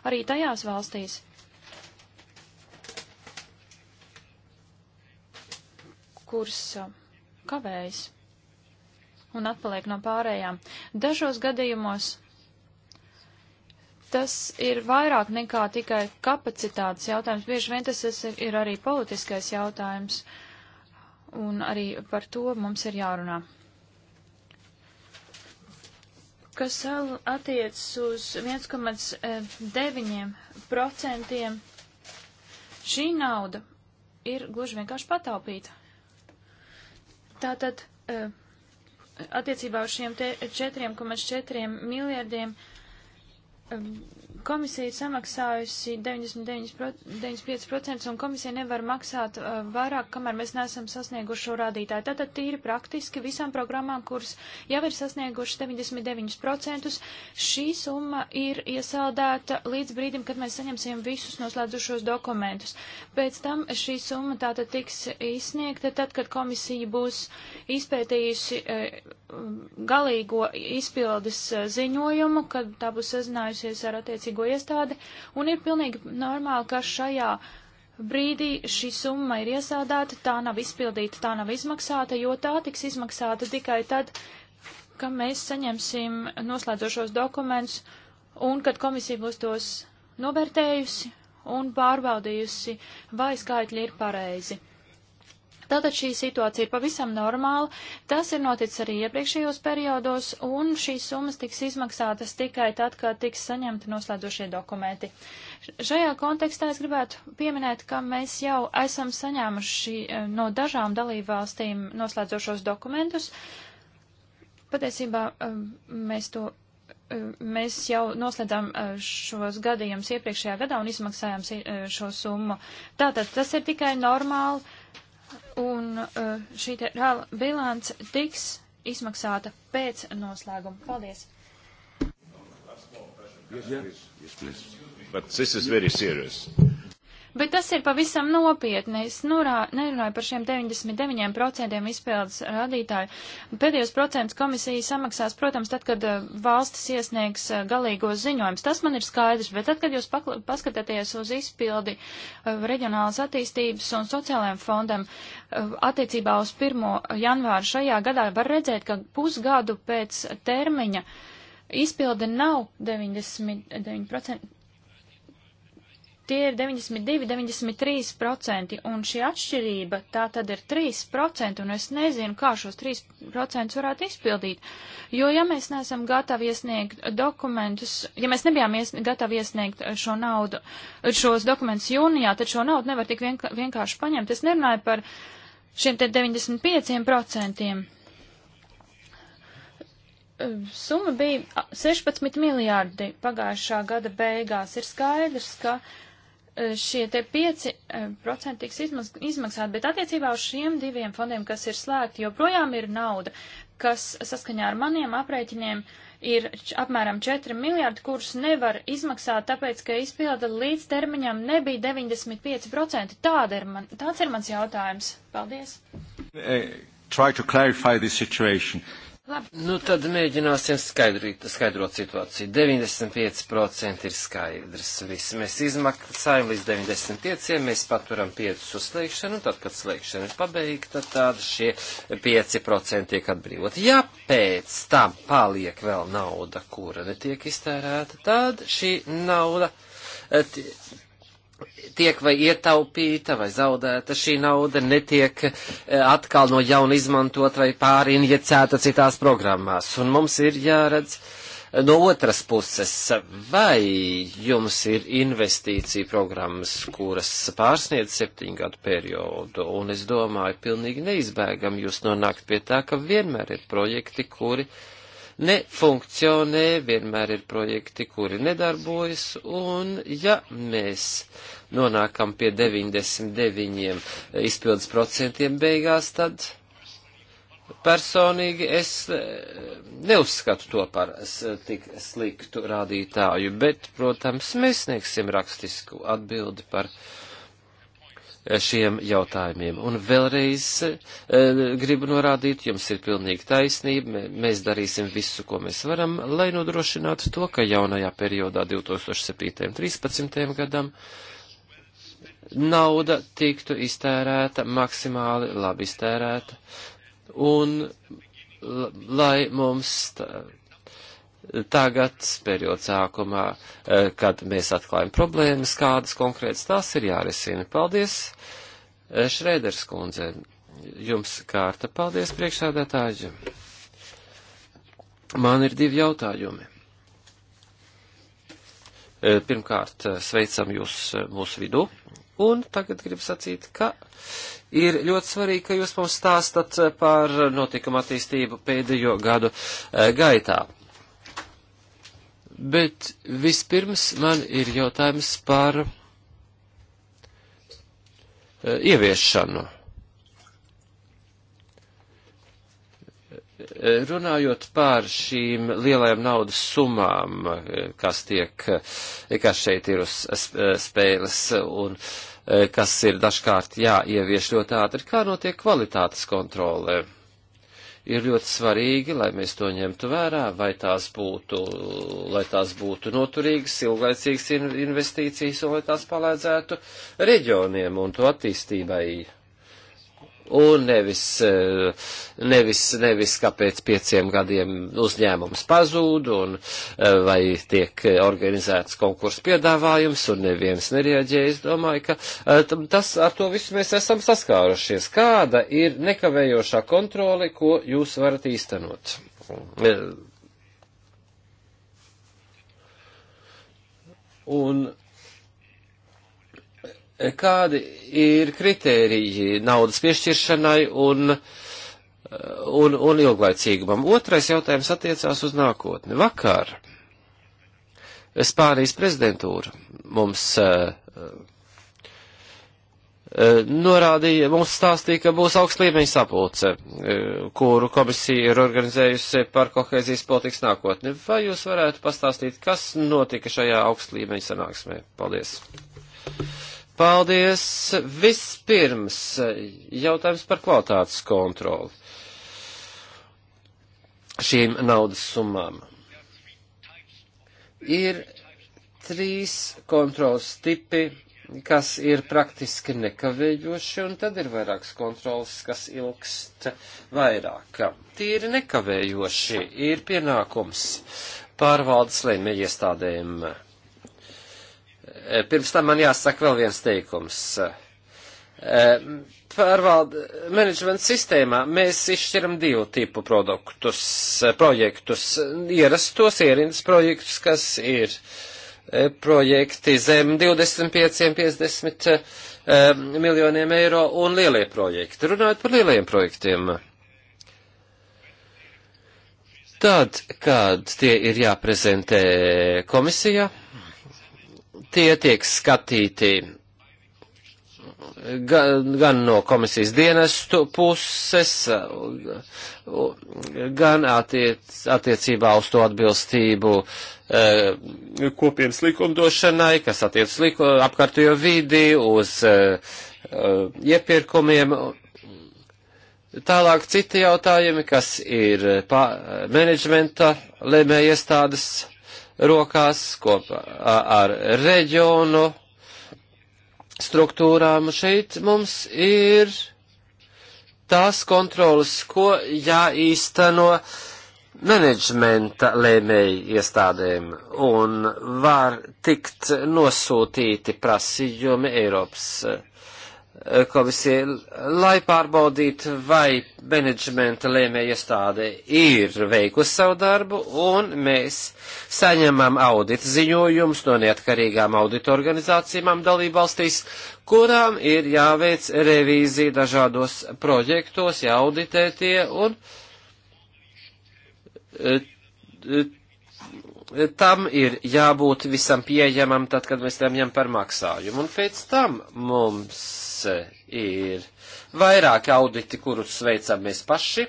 arī tajās valstīs, kuras uh, kavējas un atpaliek no pārējām. Dažos gadījumos tas ir vairāk nekā tikai kapacitātes jautājums. Bieži vien tas ir arī politiskais jautājums, un arī par to mums ir jārunā kas attiecas uz 1,9%, eh, šī nauda ir gluži vienkārši pataupīta. Tātad eh, attiecībā uz šiem 4,4 miljardiem eh, Komisija ir samaksājusi 95% un komisija nevar maksāt uh, vairāk, kamēr mēs neesam sasnieguši šo rādītāju. Tātad tīri praktiski visām programmām, kuras jau ir sasniegušas 99%, šī summa ir iesaldēta līdz brīdim, kad mēs saņemsim visus noslēdzušos dokumentus. Pēc tam šī summa tātad tiks izsniegta tad, kad komisija būs izpētījusi uh, galīgo izpildes uh, ziņojumu, kad tā būs sazinājusies ar attiecību attiecīgo iestādi, un ir pilnīgi normāli, ka šajā brīdī šī summa ir iesādēta, tā nav izpildīta, tā nav izmaksāta, jo tā tiks izmaksāta tikai tad, ka mēs saņemsim noslēdzošos dokumentus, un kad komisija būs tos novērtējusi un pārbaudījusi, vai skaitļi ir pareizi. Tātad šī situācija ir pavisam normāla. Tas ir noticis arī iepriekšējos periodos, un šīs summas tiks izmaksātas tikai tad, kad tiks saņemti noslēdzošie dokumenti. Šajā kontekstā es gribētu pieminēt, ka mēs jau esam saņēmuši eh, no dažām dalībvalstīm noslēdzošos dokumentus. Patiesībā eh, mēs to. Eh, mēs jau noslēdzām šos gadījumus iepriekšējā gadā un izmaksājām šo summu. Tātad tas ir tikai normāli un eh, šī te reāla bilance tiks izmaksāta pēc noslēguma. Paldies! Yes, yes, yes, please. But this is very serious. Bet tas ir pavisam nopietni. Es norā, nerunāju par šiem 99% izpildes rādītāju. Pēdējos procentus komisija samaksās, protams, tad, kad eh, valstis iesniegs eh, galīgos ziņojums. Tas man ir skaidrs, bet tad, kad jūs pakla, paskatāties uz izpildi eh, reģionālas attīstības un sociālajiem fondam attiecībā uz 1. janvāru šajā gadā, var redzēt, ka pusgadu pēc termiņa izpilde nav 99% tie ir 92-93%, un šī atšķirība tā tad ir 3%, un es nezinu, kā šos 3% varētu izpildīt. Jo, ja mēs neesam gatavi iesniegt dokumentus, ja mēs nebijām ies, gatavi iesniegt šo naudu, šos dokumentus jūnijā, tad šo naudu nevar tik vienk vienkārši paņemt. Es nerunāju par šiem te 95%. Summa bija 16 miljārdi pagājušā gada beigās. Ir skaidrs, ka uh, šie te 5% eh, tiks izmaksāti, bet attiecībā uz šiem diviem fondiem, kas ir slēgti, joprojām ir nauda, kas saskaņā ar maniem aprēķiniem ir apmēram 4 miljārdi, kurus nevar izmaksāt, tāpēc, ka izpilda līdz termiņam nebija 95%. Tāda ir man, tāds ir mans jautājums. Paldies. Uh, Labi. Nu, tad mēģināsim skaidrīt, skaidrot situāciju. 95% ir skaidrs. Viss mēs izmaksājam līdz 95%, mēs paturam 5% uz slēgšanu, un tad, kad slēgšana ir pabeigta, tad šie 5% tiek atbrīvot. Ja pēc tam paliek vēl nauda, kura netiek iztērēta, tad šī nauda eh, tiek vai ietaupīta vai zaudēta šī nauda, netiek eh, atkal no jauna izmantot vai pārinjicēta citās programmās. Un mums ir jāredz eh, no otras puses, vai jums ir investīcija programmas, kuras pārsniedz septiņu gadu periodu, un es domāju, pilnīgi neizbēgam jūs nonākt pie tā, ka vienmēr ir projekti, kuri. Uh, nefunkcionē, vienmēr ir projekti, kuri nedarbojas, un ja mēs nonākam pie 99 izpildes procentiem beigās, tad personīgi es eh, neuzskatu to par tik sliktu rādītāju, bet, protams, mēs sniegsim rakstisku atbildi par šiem jautājumiem. Un vēlreiz e, gribu norādīt, jums ir pilnīgi taisnība, mēs darīsim visu, ko mēs varam, lai nodrošinātu to, ka jaunajā periodā 2007.13. gadam nauda tiktu iztērēta, maksimāli labi iztērēta, un lai mums tā, tagad, periodu sākumā, e, kad mēs atklājam problēmas, kādas konkrētas tās ir jārisina. Paldies, e, Šrēders kundze. Jums kārta. Paldies, priekšsādātāji. Man ir divi jautājumi. E, pirmkārt, sveicam jūs mūsu vidū. Un tagad gribu sacīt, ka ir ļoti svarīgi, ka jūs mums stāstat par notikuma attīstību pēdējo gadu gaitā Bet vispirms man ir jautājums par e, ieviešanu. E, runājot par šīm lielajām naudas summām, e, kas tiek, kas šeit ir uz spēles un kas ir dažkārt jāievieš ļoti ātri, kā notiek kvalitātes kontrole? ir ļoti svarīgi, lai mēs to ņemtu vērā, vai tās būtu, lai tās būtu noturīgas, ilglaicīgas investīcijas un lai tās palēdzētu reģioniem un to attīstībai un nevis, eh, nevis, nevis kāpēc pieciem gadiem uzņēmums pazūd un eh, vai tiek organizēts konkursu piedāvājums un neviens nereaģē. Es domāju, ka eh, tas ar to visu mēs esam saskārušies. Kāda ir nekavējošā kontrole, ko jūs varat īstenot? Un kādi ir kritēriji naudas piešķiršanai un, un, un ilglaicīgumam. Otrais jautājums attiecās uz nākotni. Vakar Spānijas prezidentūra mums uh, uh, norādīja, mums stāstīja, ka būs augsts līmeņa sapulce, uh, kuru komisija ir organizējusi par kohēzijas politikas nākotni. Vai jūs varētu pastāstīt, kas notika šajā augsts līmeņa sanāksmē? Paldies! Paldies! Vispirms jautājums par kvalitātes kontroli šīm naudas summām. Ir trīs kontrols tipi, kas ir praktiski nekavējoši, un tad ir vairākas kontrols, kas ilgst vairāk. Tīri nekavējoši ir pienākums pārvaldes lēmējiestādēm. iestādēm Pirms tam man jāsaka vēl viens teikums. E, Pārvalda menedžmenta sistēmā mēs izšķiram divu tipu produktus, projektus. Ierastos ierindas projektus, kas ir e, projekti zem 25-50 e, miljoniem eiro un lielie projekti. Runājot par lielajiem projektiem. Tad, kad tie ir jāprezentē komisijā, tie tiek skatīti gan, gan no komisijas dienestu puses, gan attiec, attiecībā uz to atbilstību eh, kopienas likumdošanai, kas attiec liku, apkārtējo vidi, uz eh, iepirkumiem. Tālāk citi jautājumi, kas ir menedžmenta lēmēja iestādes rokās kopā ar reģionu struktūrām. Šeit mums ir tās kontrolas, ko jāīsteno menedžmenta lēmēji iestādēm un var tikt nosūtīti prasījumi Eiropas komisija, lai pārbaudītu, vai menedžmenta lēmēja iestāde ir veikusi savu darbu, un mēs saņemam audita ziņojumus no neatkarīgām audita organizācijām dalībvalstīs, kurām ir jāveic revīzija dažādos projektos, jāauditē tie, un e, e, tam ir jābūt visam pieejamam, tad, kad mēs lemjam par maksājumu. Un pēc tam mums ir vairāk auditi, kurus sveicam mēs paši,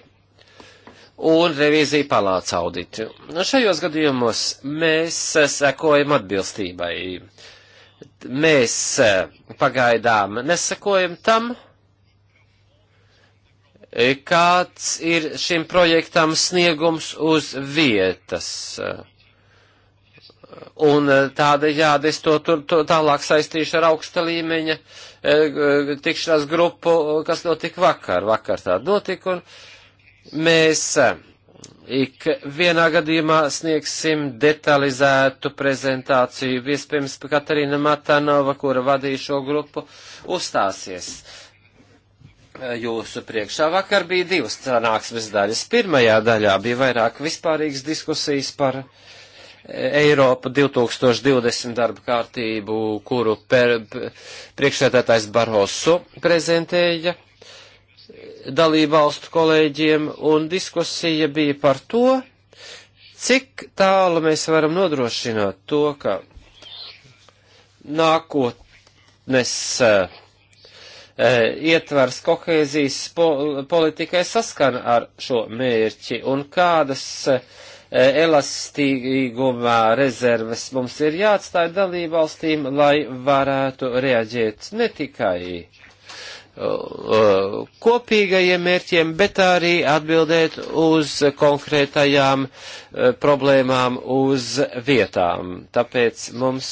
un revīzija palāca auditi. Nu, šajos gadījumos mēs sekojam atbilstībai. Mēs eh, pagaidām nesekojam tam, eh, kāds ir šim projektam sniegums uz vietas. Uh, Un eh, tādējādi es to, tur, to tālāk saistīšu ar augsta līmeņa e, tikšanās grupu, kas notika vakar. Vakar tāda notika, un mēs eh, ik vienā gadījumā sniegsim detalizētu prezentāciju. Vispirms Katarina Matanova, kura vadīja šo grupu, uzstāsies jūsu priekšā. Vakar bija divas sanāksmes daļas. Pirmajā daļā bija vairāk vispārīgas diskusijas par. Uh, Eiropa 2020 darba kārtību, kuru per, priekšsēdētājs Barroso prezentēja dalībvalstu kolēģiem, un diskusija bija par to, cik tālu mēs varam nodrošināt to, ka nākotnes uh, ietvars kohēzijas po politikai saskana ar šo mērķi un kādas uh, elastīgumā rezerves mums ir jāatstāj dalībvalstīm, lai varētu reaģēt ne tikai kopīgajiem mērķiem, bet arī atbildēt uz konkrētajām e, problēmām uz vietām. Tāpēc mums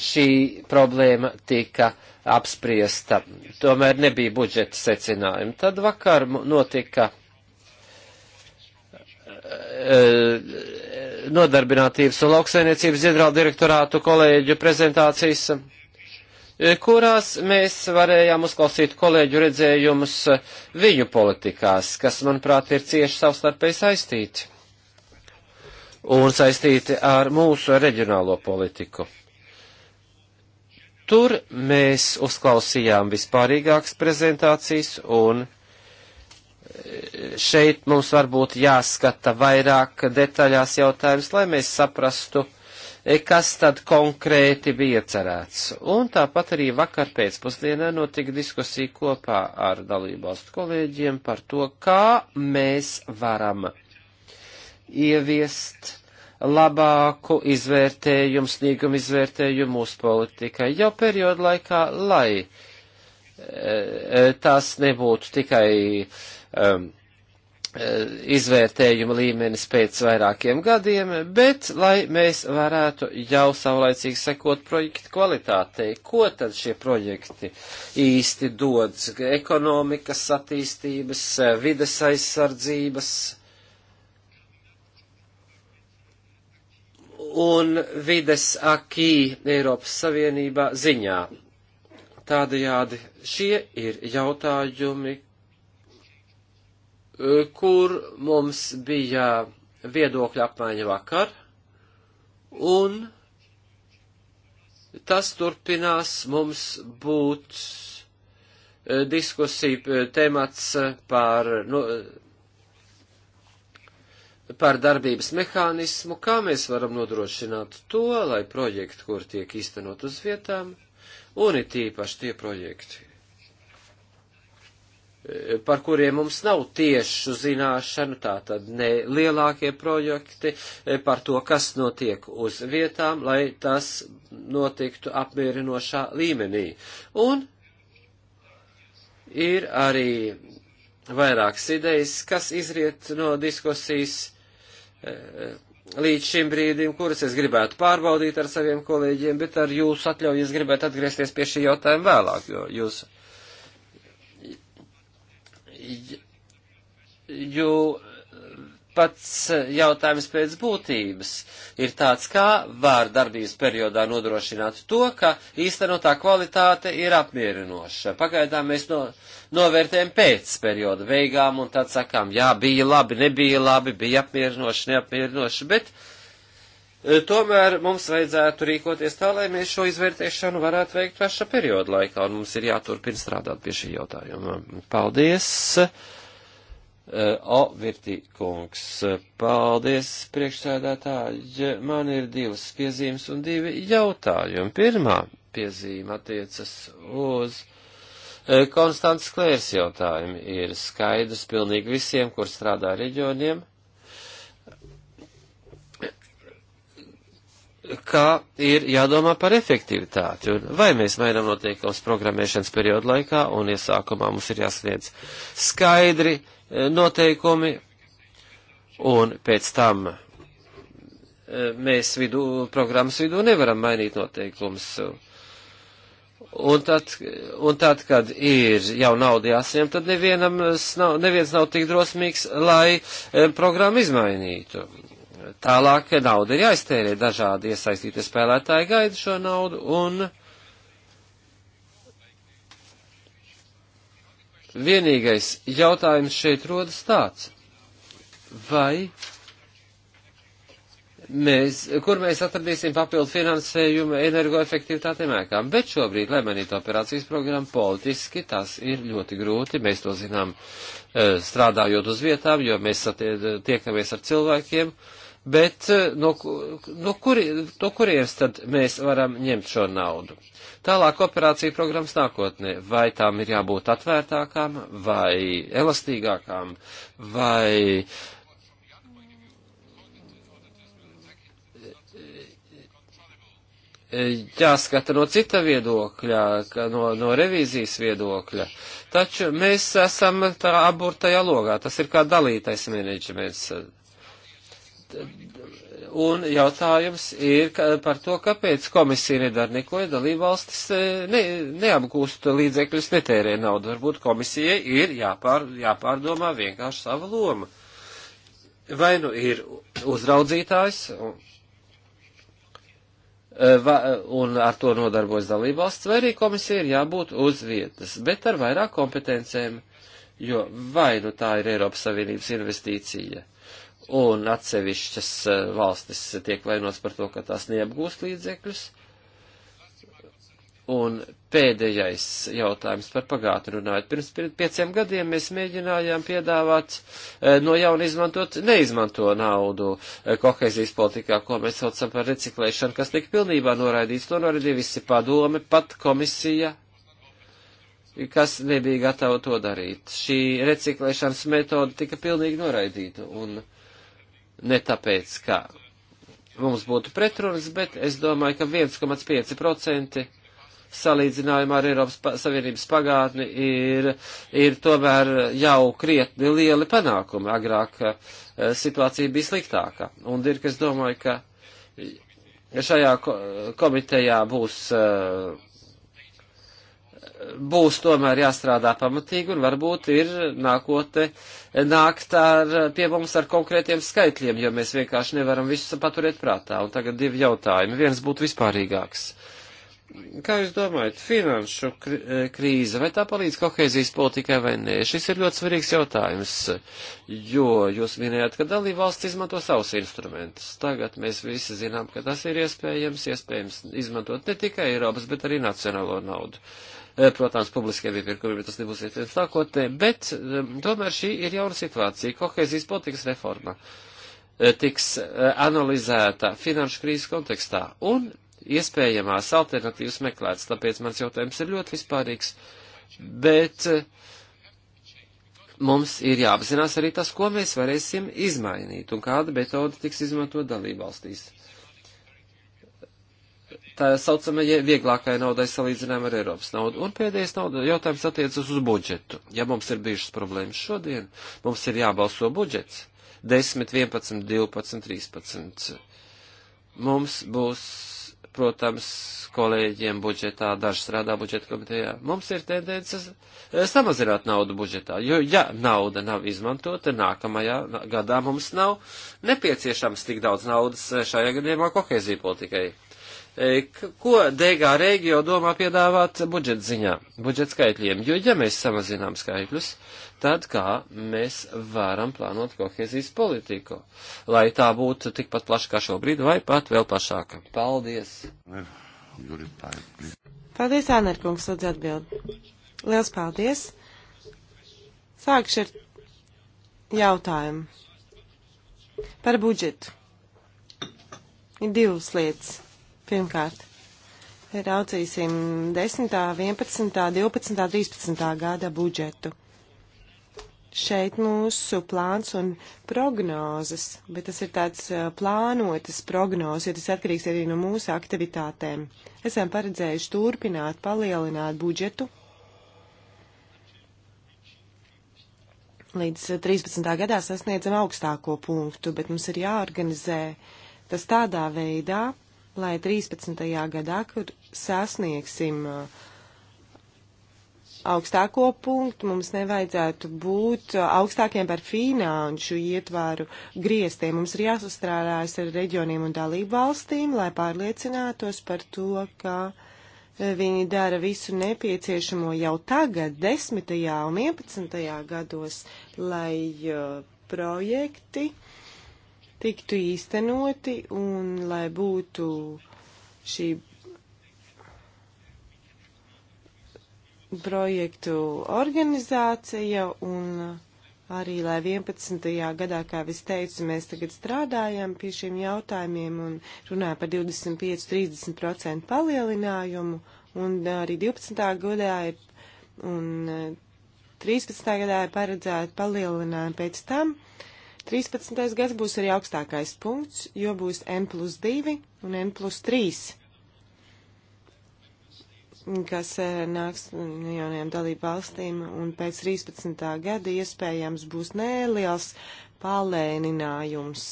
šī problēma tika apspriesta. Tomēr nebija budžeta secinājumi. Tad vakar notika Eh, nodarbinātības un lauksainiecības ģenerāla direktorātu kolēģu prezentācijas, eh, kurās mēs varējām uzklausīt kolēģu redzējumus viņu politikās, kas, manuprāt, ir cieši savstarpēji saistīti un saistīti ar mūsu reģionālo politiku. Tur mēs uzklausījām vispārīgākas prezentācijas un šeit mums varbūt jāskata vairāk detaļās jautājums, lai mēs saprastu, e, kas tad konkrēti bija cerēts. Un tāpat arī vakar pēcpusdienā notika diskusija kopā ar dalībvalstu kolēģiem par to, kā mēs varam ieviest labāku izvērtējumu, sniegumu izvērtējumu mūsu politikai jau periodu laikā, lai e, e, tās nebūtu tikai uh, um, eh, izvērtējuma līmenis pēc vairākiem gadiem, bet lai mēs varētu jau saulaicīgi sekot projektu kvalitātei, ko tad šie projekti īsti dod ekonomikas attīstības, eh, vides aizsardzības un vides akī Eiropas Savienībā ziņā. Tādējādi šie ir jautājumi, Eh, kur mums bija viedokļa apmaiņa vakar, un tas turpinās mums būt eh, diskusija eh, temats par, nu, par darbības mehānismu, kā mēs varam nodrošināt to, lai projekti, kur tiek īstenot uz vietām, un it īpaši tie projekti, par kuriem mums nav tiešu zināšanu, tātad ne lielākie projekti, e, par to, kas notiek uz vietām, lai tas notiktu apmierinošā līmenī. Un ir arī vairākas idejas, kas izriet no diskusijas e, līdz šim brīdim, kuras es gribētu pārbaudīt ar saviem kolēģiem, bet ar jūsu atļauju es gribētu atgriezties pie šī jautājuma vēlāk, jo jūs jo pats jautājums pēc būtības ir tāds, kā var darbības periodā nodrošināt to, ka īstenotā kvalitāte ir apmierinoša. Pagaidām mēs no, novērtējam pēc perioda beigām un tad sakām, jā, bija labi, nebija labi, bija apmierinoši, neapmierinoši, bet uh, E, tomēr mums vajadzētu rīkoties tā, lai mēs šo izvērtēšanu varētu veikt paša perioda laikā, un mums ir jāturpina strādāt pie šī jautājuma. Paldies, e, O, Virti kungs. Paldies, priekšsēdētāji. Man ir divas piezīmes un divi jautājumi. Pirmā piezīme attiecas uz. E, Konstants Klērs jautājumi ir skaidrs pilnīgi visiem, kur strādā reģioniem kā ir jādomā par efektivitāti. Un vai mēs mainām noteikumus programmēšanas periodu laikā, un iesākumā mums ir jāsniedz skaidri e, noteikumi, un pēc tam e, mēs vidū, programmas vidū nevaram mainīt noteikumus. Un tad, un tad, kad ir jau nauda jāsiem, tad nevienam, nav, neviens nav tik drosmīgs, lai e, programmu izmainītu. Tālāk nauda ir jāiztērē, dažādi iesaistīti spēlētāji gaida šo naudu un vienīgais jautājums šeit rodas tāds, vai mēs, kur mēs atradīsim papildu finansējumu energoefektivitātiem ēkām. Bet šobrīd lemenīta operācijas programma politiski tas ir ļoti grūti. Mēs to zinām eh, strādājot uz vietām, jo mēs tiekamies ar cilvēkiem. Uh, Bet eh, no, no, kuri, no kurienes tad mēs varam ņemt šo naudu? Tālāk operācija programmas nākotnē. Vai tām ir jābūt atvērtākām, vai elastīgākām, vai eh, jāskata no cita viedokļa, no, no revīzijas viedokļa. Taču mēs esam tā aburtajā logā. Tas ir kā dalītais menedžments Un jautājums ir par to, kāpēc komisija nedara neko, ja dalībvalstis eh, ne, neapgūst līdzekļus, netērē naudu. Varbūt komisijai ir jāpār, jāpārdomā vienkārši sava loma. Vai nu ir uzraudzītājs, un, eh, un ar to nodarbojas dalībvalsts, vai arī komisija ir jābūt uz vietas, bet ar vairāk kompetencēm, jo vai nu tā ir Eiropas Savienības investīcija un atsevišķas eh, valstis tiek vainots par to, ka tās neapgūst līdzekļus. Un pēdējais jautājums par pagātni runājot. Pirms pieciem gadiem mēs mēģinājām piedāvāt eh, no jauna izmantot neizmanto naudu eh, kohēzijas politikā, ko mēs saucam par reciklēšanu, kas tika pilnībā noraidīts. To noraidīja visi padome, pat komisija, kas nebija gatava to darīt. Šī reciklēšanas metoda tika pilnīgi noraidīta. Un, uh, ne tāpēc, ka mums būtu pretrunas, bet es domāju, ka 1,5% salīdzinājumā ar Eiropas Savienības pagātni ir, ir tomēr jau krietni lieli panākumi. Agrāk uh, situācija bija sliktāka. Un ir, kas domāju, ka šajā komitejā būs uh, būs tomēr jāstrādā pamatīgi un varbūt ir nākotne nākt ar, pie mums ar konkrētiem skaitļiem, jo mēs vienkārši nevaram visu paturēt prātā. Un tagad divi jautājumi. Viens būtu vispārīgāks. Kā jūs domājat, finanšu eh, krīze, vai tā palīdz kohēzijas politikai vai nē? Šis ir ļoti svarīgs jautājums, jo jūs minējāt, ka dalībvalsts izmanto savus instrumentus. Tagad mēs visi zinām, ka tas ir iespējams, iespējams izmantot ne tikai Eiropas, bet arī nacionālo naudu. Uh, E, protams, publiskie iepirkumi tas nebūs iespējams nākotnē, bet e, tomēr šī ir jauna situācija. Kohēzijas politikas reforma e, tiks analizēta finanšu krīzes kontekstā un iespējamās alternatīvas meklētas, tāpēc mans jautājums ir ļoti vispārīgs. Bet mums ir jāapzinās arī tas, ko mēs varēsim izmainīt un kāda metode tiks izmantot dalībvalstīs tā saucamajai vieglākai naudai salīdzinām ar Eiropas naudu. Un pēdējais nauda, jautājums attiecas uz budžetu. Ja mums ir bijušas problēmas šodien, mums ir jābalso budžets 10, 11, 12, 13. Mums būs, protams, kolēģiem budžetā, daži strādā budžeta komitejā. Mums ir tendences eh, samazināt naudu budžetā, jo, ja nauda nav izmantota, nākamajā gadā mums nav nepieciešams tik daudz naudas eh, šajā gadījumā kohēzija politikai. E, ko Dēgā Rēgio domā piedāvāt budžeta ziņā, budžeta skaitļiem, jo ja mēs samazinām skaitļus, tad kā mēs varam plānot kohēzijas politiku, lai tā būtu tikpat plaša kā šobrīd vai pat vēl plašāka. Paldies! Paldies, Ānerkungs, lūdzu atbild. Liels paldies! Sākšu ar jautājumu par budžetu. Ir divas lietas Pirmkārt, raudzīsim 10., 11., 12., 13. gada budžetu. Šeit mūsu plāns un prognozes, bet tas ir tāds uh, plānotas prognozes, jo tas atkarīgs arī no mūsu aktivitātēm. Esam paredzējuši turpināt, palielināt budžetu līdz 13. Uh, gadā sasniedzam augstāko punktu, bet mums ir jāorganizē tas tādā veidā, lai 13. gadā, kur sasniegsim uh, augstāko punktu, mums nevajadzētu būt uh, augstākiem par finanšu ietvaru griestiem. Mums ir jāsastrādājas ar reģioniem un dalību valstīm, lai pārliecinātos par to, ka uh, viņi dara visu nepieciešamo jau tagad, 10. un 11. gados, lai uh, projekti uh, tiktu īstenoti un lai būtu šī projektu organizācija un arī, lai 11. gadā, kā es teicu, mēs tagad strādājam pie šiem jautājumiem un runājam par 25-30% palielinājumu un arī 12. gadā ir un 13. Eh, gadā ir paredzēta palielinājuma pēc tam. Uh, 13. gads būs arī augstākais punkts, jo būs n plus 2 un n plus 3, kas eh, nāks no jaunajām dalību valstīm, un pēc 13. gada iespējams būs neliels palēninājums.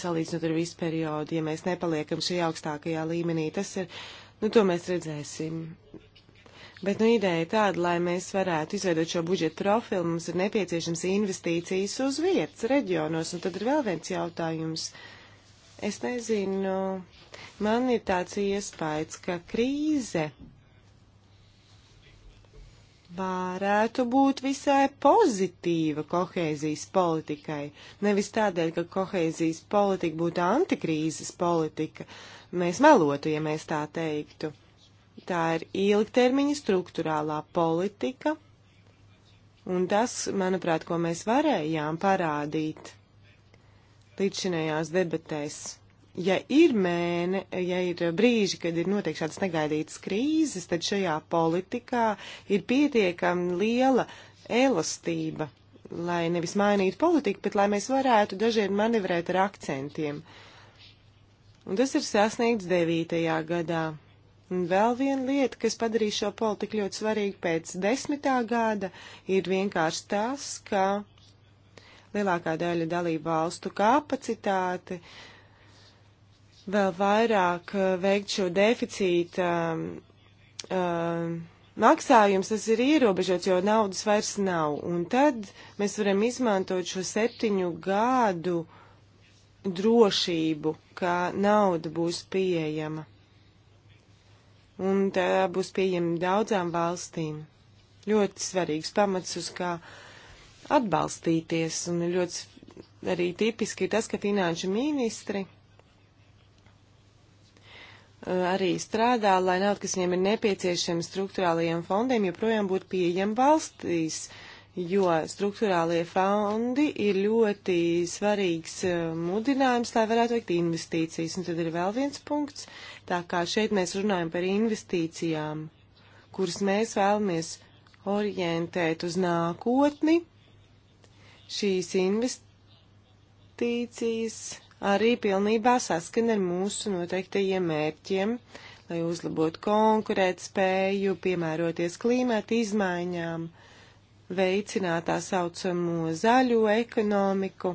Salīdzinot ar visu periodu, ja mēs nepaliekam šī augstākajā līmenī, tas ir, nu to mēs redzēsim Bet nu, ideja tāda, lai mēs varētu izveidot šo budžetu profilu, mums ir nepieciešams investīcijas uz vietas, reģionos. Un tad ir vēl viens jautājums. Es nezinu, man ir tāds iespējas, ka krīze varētu būt visai pozitīva kohēzijas politikai. Nevis tādēļ, ka kohēzijas politika būtu antikrīzes politika. Mēs melotu, ja mēs tā teiktu tā ir ilgtermiņa struktūrālā politika, un tas, manuprāt, ko mēs varējām parādīt līdzšinējās debatēs. Ja ir mēne, ja ir brīži, kad ir notiek šādas negaidītas krīzes, tad šajā politikā ir pietiekami liela elastība, lai nevis mainītu politiku, bet lai mēs varētu dažiem manevrēt ar akcentiem. Un tas ir sasniegts devītajā gadā. Un vēl viena lieta, kas padarīja šo politiku ļoti svarīgu pēc desmitā gada, ir vienkārši tas, ka lielākā daļa dalību valstu kapacitāte vēl vairāk eh, veikt šo deficīta um, um, maksājums, tas ir ierobežots, jo naudas vairs nav. Un tad mēs varam izmantot šo septiņu gadu drošību, ka nauda būs pieejama un tā būs pieejama daudzām valstīm. Ļoti svarīgs pamats, uz kā atbalstīties, un ļoti arī tipiski tas, ka finanšu ministri e, arī strādā, lai nauda, kas viņiem ir nepieciešama struktūrālajiem fondiem, joprojām būtu pieejama valstīs. Uh, jo struktūrālie fondi ir ļoti svarīgs eh, mudinājums, lai varētu veikt investīcijas. Un tad ir vēl viens punkts, tā kā šeit mēs runājam par investīcijām, kuras mēs vēlamies orientēt uz nākotni. Šīs investīcijas arī pilnībā saskan ar mūsu noteiktajiem mērķiem lai uzlabotu konkurētspēju, piemēroties klimata izmaiņām, uh, veicināt tā saucamo zaļo ekonomiku,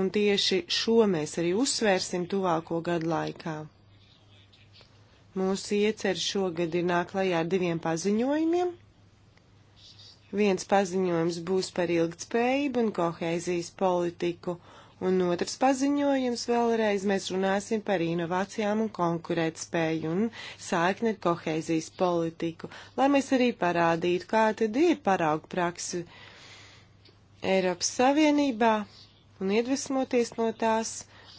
un tieši šo mēs arī uzsvērsim tuvāko gadu laikā. Mūsu iecer šogad ir nāk lajā ar diviem paziņojumiem. Viens paziņojums būs par ilgtspējību un kohēzijas politiku Un otrs paziņojums vēlreiz mēs runāsim par inovācijām un konkurētspēju un sākni ar koheizijas politiku, lai mēs arī parādītu, kā tad ir paraugu praksi Eiropas Savienībā un iedvesmoties no tās.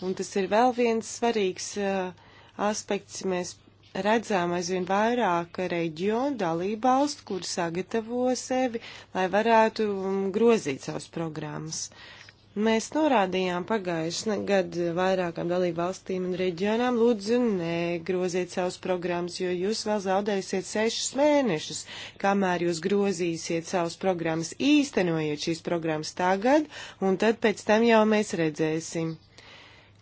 Un tas ir vēl viens svarīgs uh, aspekts, mēs redzām aizvien vairāk reģionu dalībvalstu, kur sagatavo sevi, lai varētu um, grozīt savas programmas. Uh, Mēs norādījām pagājušajā gadā vairākām dalību valstīm un reģionām, lūdzu, negroziet savus programmas, jo jūs vēl zaudēsiet sešus mēnešus, kamēr jūs grozīsiet savus programmas, īstenojiet šīs programmas tagad, un tad pēc tam jau mēs redzēsim,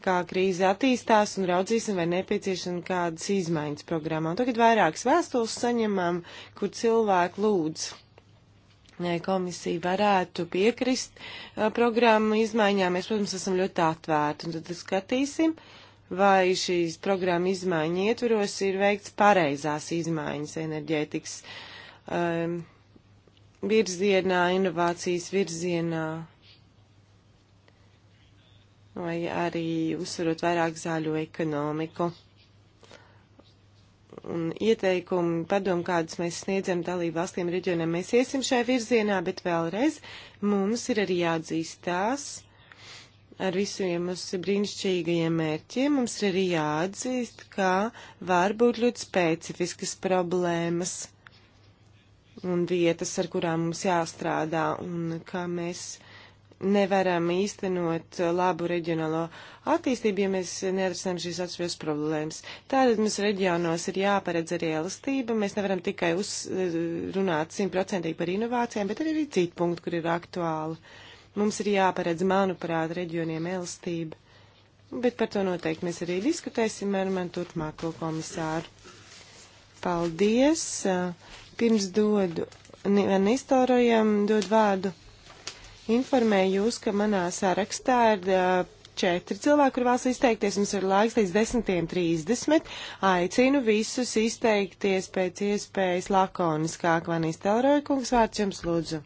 kā krīze attīstās un raudzīsim, vai nepieciešama kādas izmaiņas programmā. Un tagad vairākas vēstules saņemam, kur cilvēki lūdz komisija varētu piekrist programmu izmaiņām, mēs, protams, esam ļoti atvērti. Un tad skatīsim, vai šīs programma izmaiņa ietvaros ir veikts pareizās izmaiņas enerģētikas um, virzienā, inovācijas virzienā. Vai arī uzsverot vairāk zāļu ekonomiku un ieteikumu padomu, kādus mēs sniedzam dalību valstīm reģionam, mēs iesim šajā virzienā, bet vēlreiz mums ir arī jāatzīst tās ar visiem mūsu brīnišķīgajiem mērķiem. Mums ir arī jāatzīst, ka var būt ļoti specifiskas problēmas un vietas, ar kurām mums jāstrādā un kā mēs nevaram īstenot labu reģionālo attīstību, ja mēs neatrisinām šīs atsevišķas problēmas. Tātad mums reģionos ir jāparedz arī elastība. Mēs nevaram tikai uzrunāt simtprocentīgi par inovācijām, bet arī ir citi punkti, kur ir aktuāli. Mums ir jāparedz, manuprāt, reģioniem elastība. Bet par to noteikti mēs arī diskutēsim ar man turpmāko komisāru. Paldies! Pirms dodu Nistorojam, dodu vārdu informēju jūs, ka manā sarakstā ir četri cilvēki, kur vēlas izteikties. Mums ir laiks līdz 10.30. Aicinu visus izteikties pēc iespējas lakoniskāk. Vanīs Telroikungs, vārds jums lūdzu.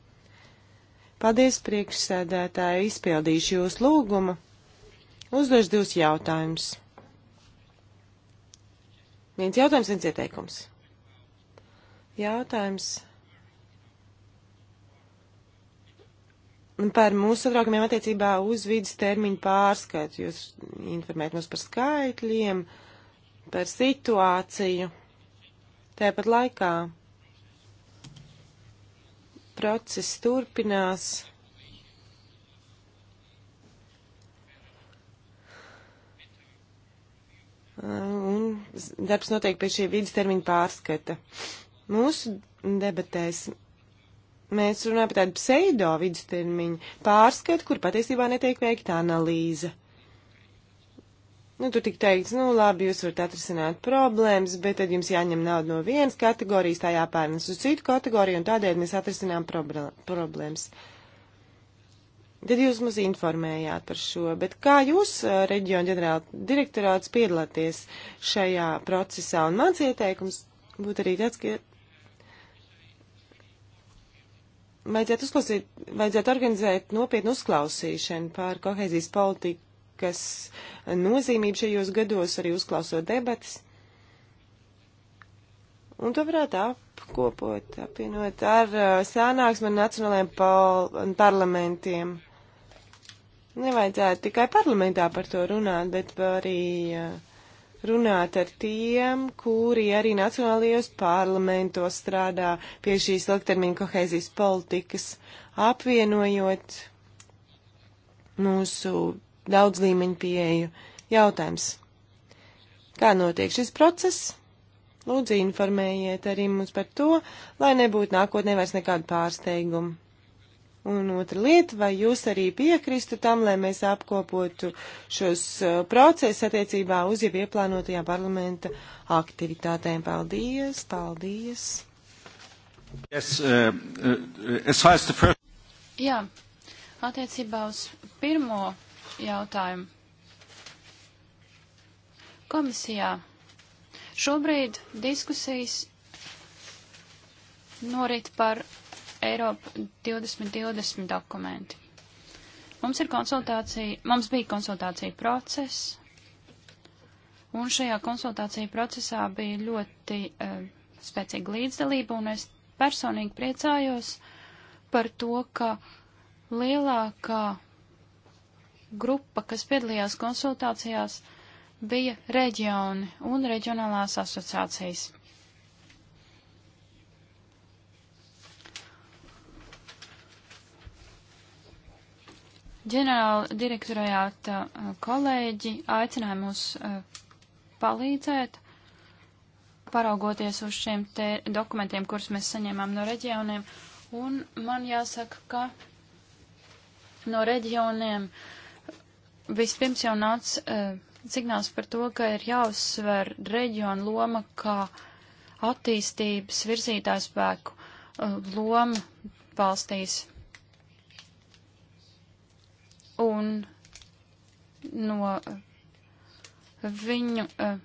Paldies, priekšsēdētāji, izpildīšu jūs lūgumu. Uzdošu divus jautājumus. Viens jautājums, viens ieteikums. Jautājums par mūsu satraukumiem attiecībā uz vidas termiņu pārskatu. Jūs informējat mums par skaitļiem, par situāciju. Tāpat laikā process turpinās. Un darbs notiek pie šī vidas termiņa pārskata. Mūsu debatēs Mēs runājam par tādu pseido vidustermiņu pārskatu, kur patiesībā netiek veikta analīze. Nu, tur tik teikts, nu, labi, jūs varat atrisināt problēmas, bet tad jums jāņem nauda no vienas kategorijas, tā jāpērnas uz citu kategoriju, un tādēļ mēs atrisinām problēmas. Tad jūs mums informējāt par šo, bet kā jūs, reģiona ģenerāla direktorāts, piedalāties šajā procesā? Un mans ieteikums būtu arī tāds, ka Vajadzētu uzklausīt, vajadzētu organizēt nopietnu uzklausīšanu par kohēzijas politikas nozīmību šajos gados, arī uzklausot debatas. Un to varētu apkopot, apvienot ar uh, sānāksmu ar nacionālajiem parlamentiem. Nevajadzētu tikai parlamentā par to runāt, bet arī uh, runāt ar tiem, kuri arī nacionālajos parlamentos strādā pie šīs ilgtermiņa kohēzijas politikas, apvienojot mūsu daudzlīmeņu pieeju. Jautājums. Kā notiek šis process? Lūdzu, informējiet arī mums par to, lai nebūtu nākotnē vairs nekādu pārsteigumu. Un otra lieta, vai jūs arī piekristu tam, lai mēs apkopotu šos uh, procesus attiecībā uz jau ieplānotajām parlamenta aktivitātēm? Paldies, paldies. Yes, uh, uh, as as the first... Jā, attiecībā uz pirmo jautājumu. Komisijā šobrīd diskusijas norit par Eiropa 2020 dokumenti. Mums ir konsultācija, mums bija konsultācija process, un šajā konsultācija procesā bija ļoti uh, spēcīga līdzdalība, un es personīgi priecājos par to, ka lielākā grupa, kas piedalījās konsultācijās, bija reģioni un reģionālās asociācijas. ģenerāla direktorajāta kolēģi aicināja mūs palīdzēt, paraugoties uz šiem te dokumentiem, kurus mēs saņēmām no reģioniem. Un man jāsaka, ka no reģioniem vispirms jau nāca signāls par to, ka ir jāuzsver reģionu loma kā attīstības virzītājspēku loma valstīs un no viņu eh,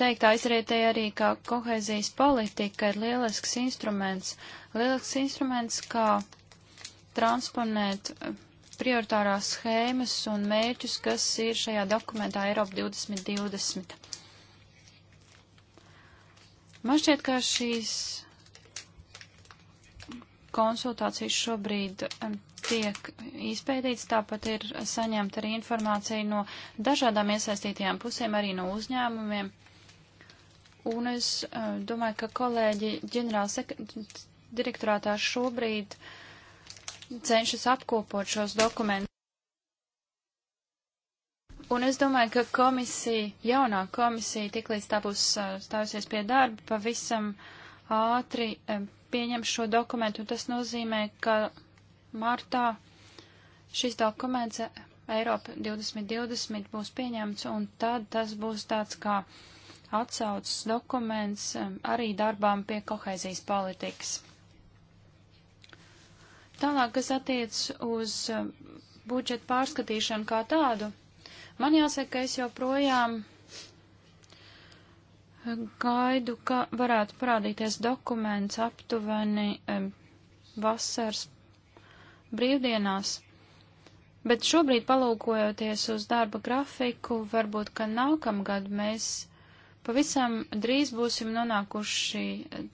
teiktā izrietēja arī, ka kohēzijas politika ir lielisks instruments, lielisks instruments, kā transponēt eh, prioritārās schēmas un mērķus, kas ir šajā dokumentā Eiropa 2020. Man šķiet, ka šīs konsultācijas šobrīd eh, tiek izpētīts, tāpat ir saņemta arī informācija no dažādām iesaistītajām pusēm, arī no uzņēmumiem. Un es uh, domāju, ka kolēģi ģenerāla direktorātā šobrīd cenšas apkopot šos dokumentus. Un es domāju, ka komisija, jaunā komisija, tiklīdz tā būs eh, stājusies pie darba, pavisam ātri eh, pieņem šo dokumentu. Tas nozīmē, ka martā šis dokuments Eiropa 2020 būs pieņemts, un tad tas būs tāds kā atsaucas dokuments um, arī darbām pie kohēzijas politikas. Tālāk, kas attiec uz um, budžeta pārskatīšanu kā tādu, man jāsaka, ka es joprojām um, gaidu, ka varētu parādīties dokuments aptuveni vasaras brīvdienās. Bet šobrīd, palūkojoties uz darba grafiku, varbūt, ka nākamgad mēs pavisam drīz būsim nonākuši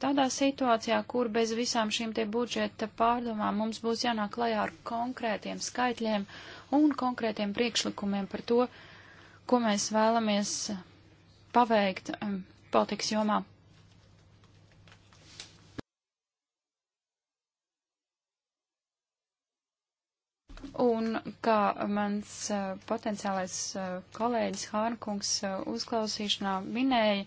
tādā situācijā, kur bez visām šīm te budžeta pārdomām mums būs jānāk klajā ar konkrētiem skaitļiem un konkrētiem priekšlikumiem par to, ko mēs vēlamies paveikt um, politikas jomā. Un kā mans uh, potenciālais uh, kolēģis Hārnkungs uh, uzklausīšanā minēja,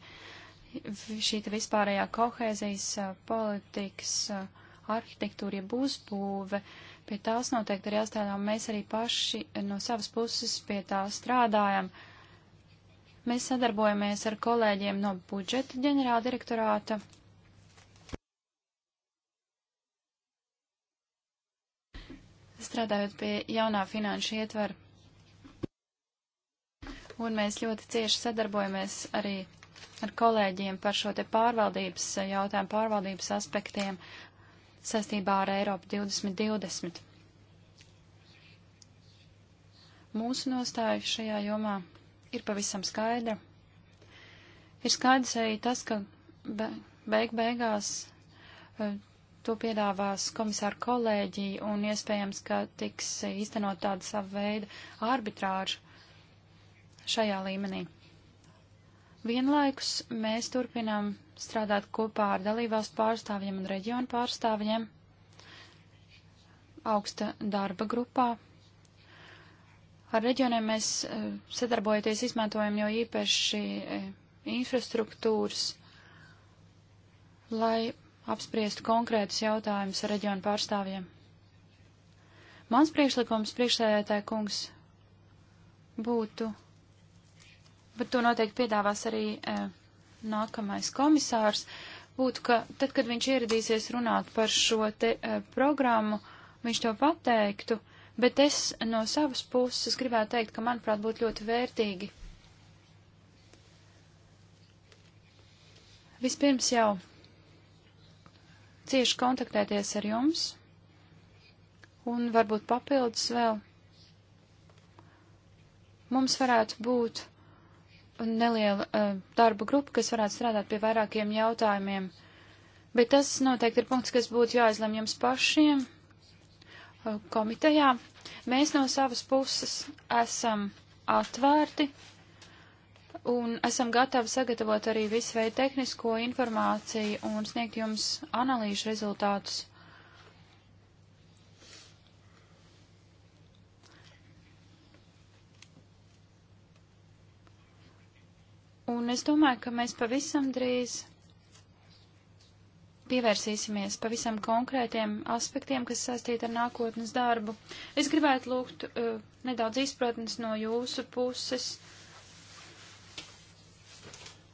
šī vispārējā kohēzijas uh, politikas uh, arhitektūra, ja būs būve, pie tās noteikti ir jāstrādā, un mēs arī paši no savas puses pie tā strādājam. Mēs sadarbojamies ar kolēģiem no budžeta ģenerāldirektorāta, strādājot pie jaunā finanšu ietvara. Un mēs ļoti cieši sadarbojamies arī ar kolēģiem par šo te pārvaldības jautājumu, pārvaldības aspektiem saistībā ar Eiropu 2020. Mūsu nostāja šajā jomā ir pavisam skaidra. Ir skaidrs arī tas, ka be, beig beigās eh, to piedāvās komisāra kolēģija un iespējams, ka tiks īstenot tāda sava veida arbitrāža šajā līmenī. Vienlaikus mēs turpinām strādāt kopā ar dalībvalstu pārstāvjiem un reģionu pārstāvjiem augsta darba grupā. Ar reģioniem mēs e, sadarbojoties izmantojam jau īpaši e, infrastruktūras, lai apspriestu konkrētus jautājumus ar reģionu pārstāvjiem. Mans priekšlikums priekšsēdētāja kungs būtu, bet to noteikti piedāvās arī e, nākamais komisārs, būtu, ka tad, kad viņš ieradīsies runāt par šo te e, programmu, viņš to pateiktu, bet es no savas puses gribētu teikt, ka, manuprāt, būtu ļoti vērtīgi. Vispirms jau cieši kontaktēties ar jums un varbūt papildus vēl. Mums varētu būt neliela uh, darba grupa, kas varētu strādāt pie vairākiem jautājumiem, bet tas noteikti ir punkts, kas būtu jāizlem jums pašiem uh, komitejā. Mēs no savas puses esam atvērti un esam gatavi sagatavot arī visu veidu tehnisko informāciju un sniegt jums analīžu rezultātus. Un es domāju, ka mēs pavisam drīz pievērsīsimies pavisam konkrētiem aspektiem, kas saistīti ar nākotnes darbu. Es gribētu lūgt uh, nedaudz izpratnes no jūsu puses. Uh,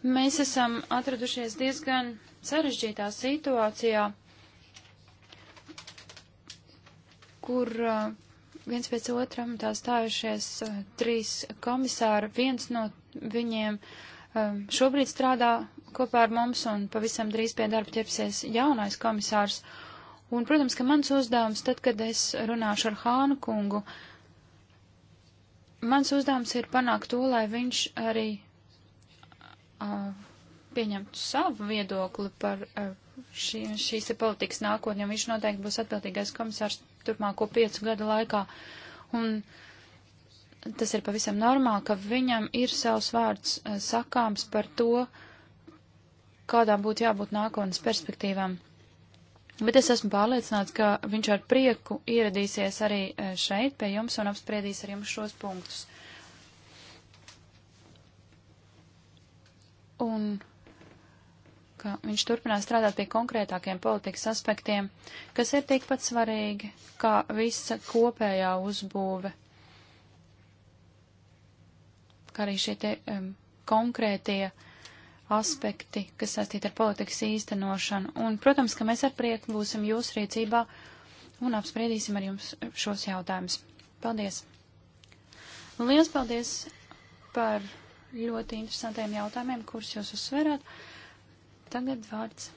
Mēs esam atradušies diezgan sarežģītā situācijā, kur uh, viens pēc otram tā stājušies uh, trīs komisāri. Viens no viņiem um, šobrīd strādā kopā ar mums un pavisam drīz pie darba ķerpsies jaunais komisārs. Un, protams, ka mans uzdevums, tad, kad es runāšu ar Hānu kungu, mans uzdevums ir panākt to, lai viņš arī pieņemtu savu viedokli par šī, šīs politikas nākotni, un viņš noteikti būs atbildīgais komisārs turpmāko piecu gadu laikā. Un tas ir pavisam normāli, ka viņam ir savs vārds sakāms par to, kādām būtu jābūt nākotnes perspektīvām. Bet es esmu pārliecināts, ka viņš ar prieku ieradīsies arī šeit pie jums un apspriedīs ar jums šos punktus. un ka viņš turpinās strādāt pie konkrētākiem politikas aspektiem, kas ir tikpat svarīgi kā visa kopējā uzbūve, kā arī šie te, um, konkrētie aspekti, kas saistīti ar politikas īstenošanu. Un, protams, ka mēs ar prieku būsim jūsu rīcībā un apspriedīsim ar jums šos jautājumus. Paldies! Lielas paldies par ļoti interesantiem jautājumiem, kurus jūs uzsverāt. Tagad vārds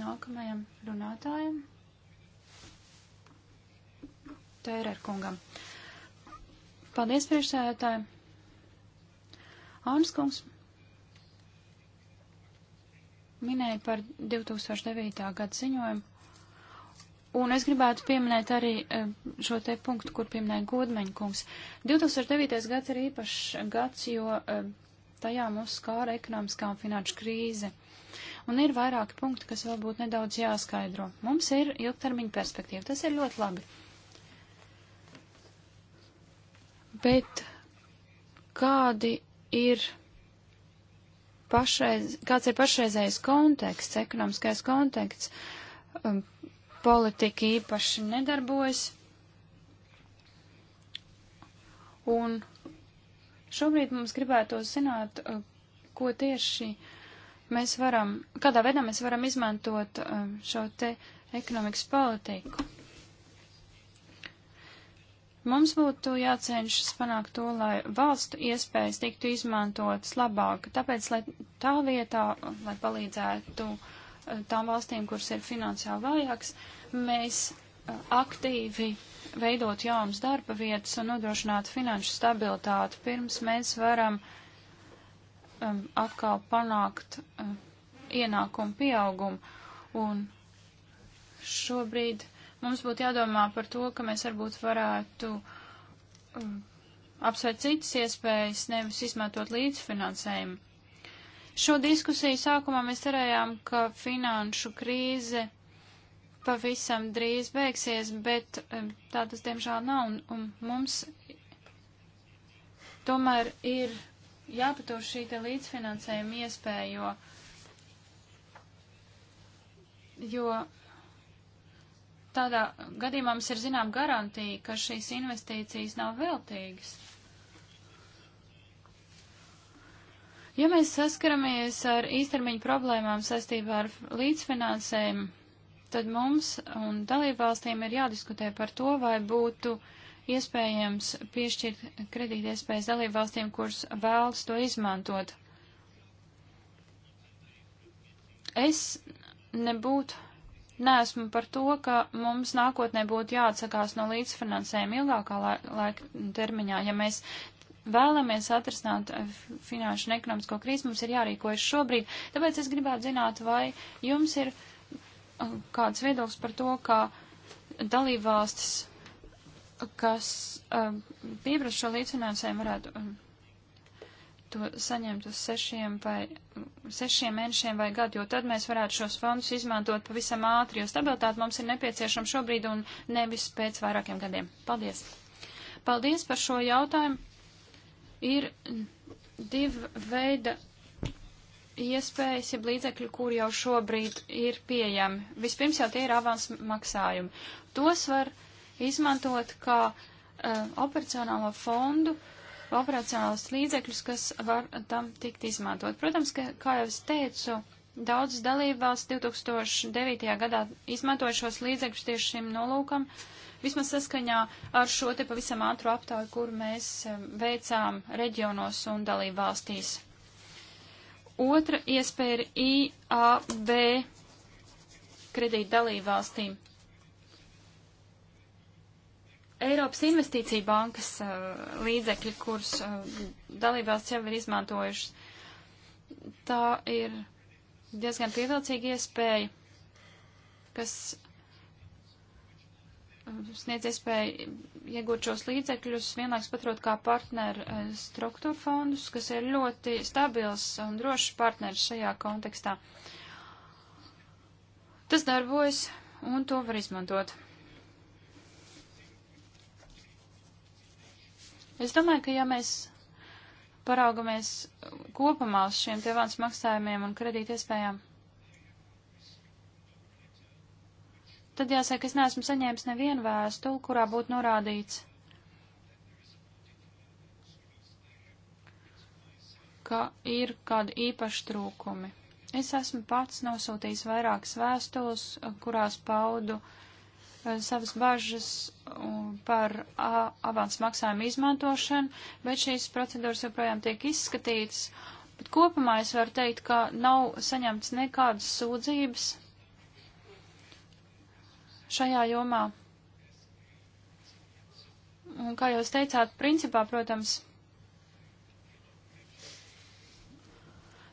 nākamajam runātājam. Tērēr kungam. Paldies, priekšsēdētāji. Ārns kungs minēja par 2009. gadu ziņojumu Un es gribētu pieminēt arī e, šo te punktu, kur pieminēja Godmeņa kungs. 2009. gads ir īpašs gads, jo e, tajā mūs skāra ekonomiskā un finanšu krīze. Un ir vairāki punkti, kas vēl būtu nedaudz jāskaidro. Mums ir ilgtermiņa perspektīva, tas ir ļoti labi. Bet kādi ir pašreiz, kāds ir pašreizējais konteksts, ekonomiskais konteksts? Um, politika īpaši nedarbojas. Un šobrīd mums gribētu zināt, uh, ko tieši mēs varam, kādā veidā mēs varam izmantot uh, šo te ekonomikas politiku. Mums būtu jācenšas panākt to, lai valstu iespējas tiktu izmantotas labāk, tāpēc, lai tā vietā, lai palīdzētu uh, tām valstīm, kuras ir finansiāli vājāks, mēs uh, aktīvi veidot jaunas darba vietas un nodrošināt finanšu stabilitāti, pirms mēs varam um, atkal panākt um, ienākumu pieaugumu. Un šobrīd mums būtu jādomā par to, ka mēs varbūt varētu um, apsvērt citas iespējas, nevis izmantot līdzfinansējumu. Šo diskusiju sākumā mēs cerējām, ka finanšu krīze pavisam drīz beigsies, bet tā tas diemžēl nav, un, un mums tomēr ir jāpatur šī te līdzfinansējuma iespēja, jo, jo tādā gadījumā mums ir zinām garantija, ka šīs investīcijas nav veltīgas. Ja mēs saskaramies ar īstermiņu problēmām saistībā ar līdzfinansējumu, tad mums un dalībvalstīm ir jādiskutē par to, vai būtu iespējams piešķirt kredītiespējas dalībvalstīm, kuras vēlas to izmantot. Es nebūtu neesmu par to, ka mums nākotnē būtu jāatsakās no līdzfinansējuma ilgākā laika termiņā, ja mēs vēlamies atrisināt eh, finanšu un ekonomisko krīzi, mums ir jārīkojas šobrīd. Tāpēc es gribētu zināt, vai jums ir eh, kāds viedoklis par to, kā dalībvalstis, kas eh, pieprasa šo līdzfinansējumu, varētu to saņemt uz sešiem vai sešiem mēnešiem vai gadu, jo tad mēs varētu šos fondus izmantot pavisam ātri, jo stabilitāte mums ir nepieciešama šobrīd un nevis pēc vairākiem gadiem. Paldies! Paldies par šo jautājumu! Ir divi veidi iespējas, ja līdzekļi, kur jau šobrīd ir pieejami. Vispirms jau tie ir avans maksājumi. Tos var izmantot kā uh, operacionālo fondu, operacionālos līdzekļus, kas var tam tikt izmantot. Protams, ka, kā jau es teicu, daudz dalībvalsts 2009. gadā izmantoja šos līdzekļus tieši šim nolūkam. Uh, vismaz saskaņā ar šo te pavisam ātru aptāju, kur mēs veicām reģionos un dalību valstīs. Otra iespēja ir IAB kredīt dalību valstīm. Eiropas investīcija bankas uh, līdzekļi, kurus uh, e, dalībvalsts jau ir izmantojušas, tā ir diezgan pievilcīga iespēja, kas sniedz iespēju iegūt šos līdzekļus, vienlaiks patrot kā partneru e, struktūra fondus, kas ir ļoti stabils un drošs partneris šajā kontekstā. Tas darbojas un to var izmantot. Es domāju, ka ja mēs paraugamies kopumā uz šiem tevāns maksājumiem un kredīt iespējām, tad jāsaka, es neesmu saņēmis nevienu vēstuli, kurā būtu norādīts, ka ir kādi īpaši trūkumi. Es esmu pats nosūtījis vairākas vēstules, kurās paudu eh, savas bažas um, par avans maksājumu izmantošanu, bet šīs procedūras joprojām tiek izskatītas. Bet kopumā es varu teikt, ka nav saņemts nekādas sūdzības šajā jomā. Un, kā jūs teicāt, principā, protams,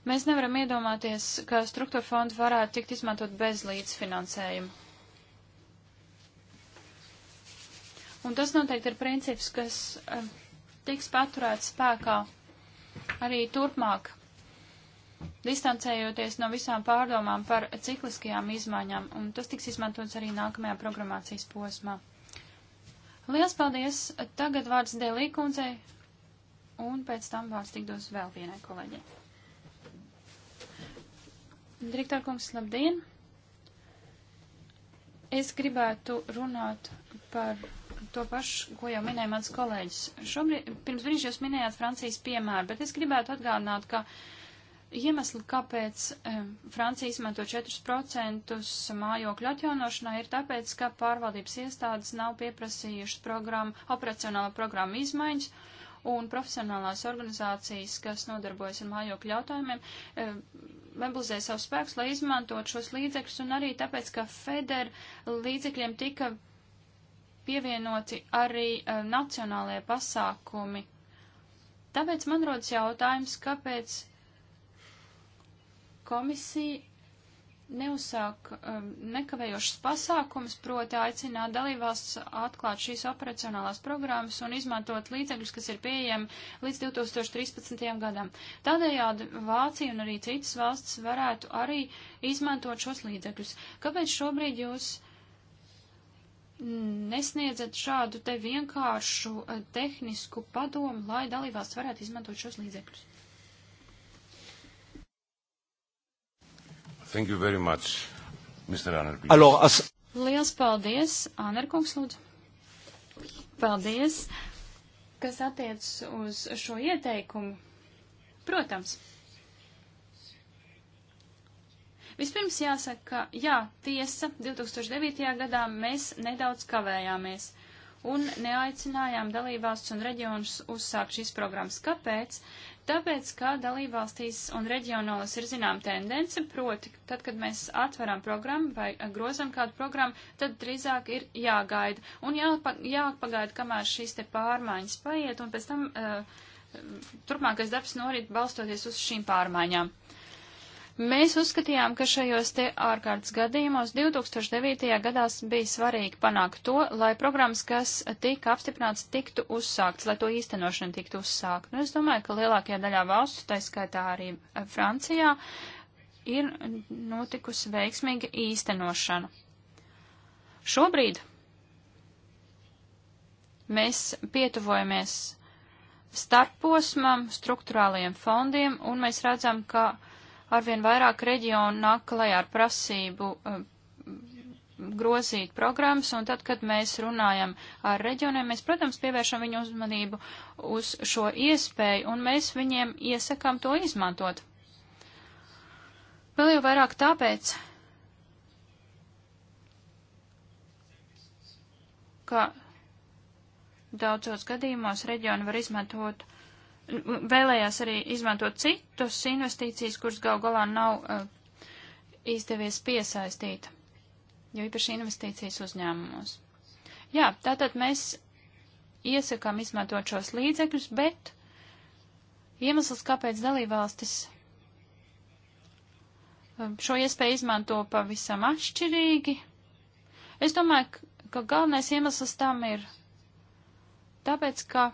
mēs nevaram iedomāties, ka struktūra fonda varētu tikt izmantot bez līdzfinansējuma. Un tas noteikti ir princips, kas eh, tiks paturēts spēkā arī turpmāk distancējoties no visām pārdomām par cikliskajām izmaiņām, un tas tiks izmantots arī nākamajā programmācijas posmā. Lielas paldies! Tagad vārds Dēlī kundzei, un pēc tam vārds tik dos vēl vienai kolēģei. Direktor kungs, labdien! Es gribētu runāt par to pašu, ko jau minēja mans kolēģis. Šobrīd, pirms brīža jūs minējāt Francijas piemēru, bet es gribētu atgādināt, ka uh, Iemesli, kāpēc eh, Francija izmanto 4% mājokļu atjaunošanai, ir tāpēc, ka pārvaldības iestādes nav pieprasījušas programmu, operacionālo programmu izmaiņas, un profesionālās organizācijas, kas nodarbojas ar mājokļu jautājumiem, eh, mobilizē savus spēkus, lai izmantot šos līdzekļus, un arī tāpēc, ka FEDER līdzekļiem tika pievienoti arī eh, nacionālajie pasākumi. Tāpēc man rodas jautājums, kāpēc komisija neuzsāk um, nekavējošas pasākumas, proti aicināt dalībvalsts atklāt šīs operacionālās programmas un izmantot līdzekļus, kas ir pieejami līdz 2013. gadam. Tādējādi Vācija un arī citas valsts varētu arī izmantot šos līdzekļus. Kāpēc šobrīd jūs nesniedzat šādu te vienkāršu eh, tehnisku padomu, lai dalībvalsts varētu izmantot šos līdzekļus? Thank you very much, Mr. Anner. Alors, as... Liels paldies, Anerkungs, lūdzu. Paldies, kas attiecas uz šo ieteikumu. Protams. Vispirms jāsaka, ka jā, tiesa, 2009. gadā mēs nedaudz kavējāmies un neaicinājām dalībvalsts un reģionus uzsākt šīs programmas. Kāpēc? Tāpēc, kā dalībvalstīs un reģionos ir zinām tendence, proti, tad, kad mēs atveram programmu vai eh, grozam kādu programmu, tad drīzāk ir jāgaida un jāpa, jāpagaida, kamēr šīs te pārmaiņas paiet, un pēc tam uh, turpmākais darbs norit balstoties uz šīm pārmaiņām. Uh, Mēs uzskatījām, ka šajos te ārkārtas gadījumos 2009. gadās bija svarīgi panākt to, lai programmas, kas tika apstiprināts, tiktu uzsākts, lai to īstenošana tiktu uzsākt. Nu, es domāju, ka lielākajā daļā valstu, tā skaitā arī eh, Francijā, ir notikusi veiksmīga īstenošana. Šobrīd mēs pietuvojamies starposmam, struktūrālajiem fondiem, un mēs redzam, ka arvien vairāk reģionu nāk klajā ar prasību um, grozīt programmas, un tad, kad mēs runājam ar reģioniem, mēs, protams, pievēršam viņu uzmanību uz šo iespēju, un mēs viņiem iesakām to izmantot. Vēl jau vairāk tāpēc, ka daudzos gadījumos reģioni var izmantot vēlējās arī izmantot citus investīcijas, kuras gal galā nav uh, izdevies piesaistīt, jo īpaši investīcijas uzņēmumos. Jā, tātad mēs iesakām izmantot šos līdzekļus, bet iemesls, kāpēc dalībvalstis um, šo iespēju izmanto pavisam atšķirīgi. Es domāju, ka galvenais iemesls tam ir tāpēc, ka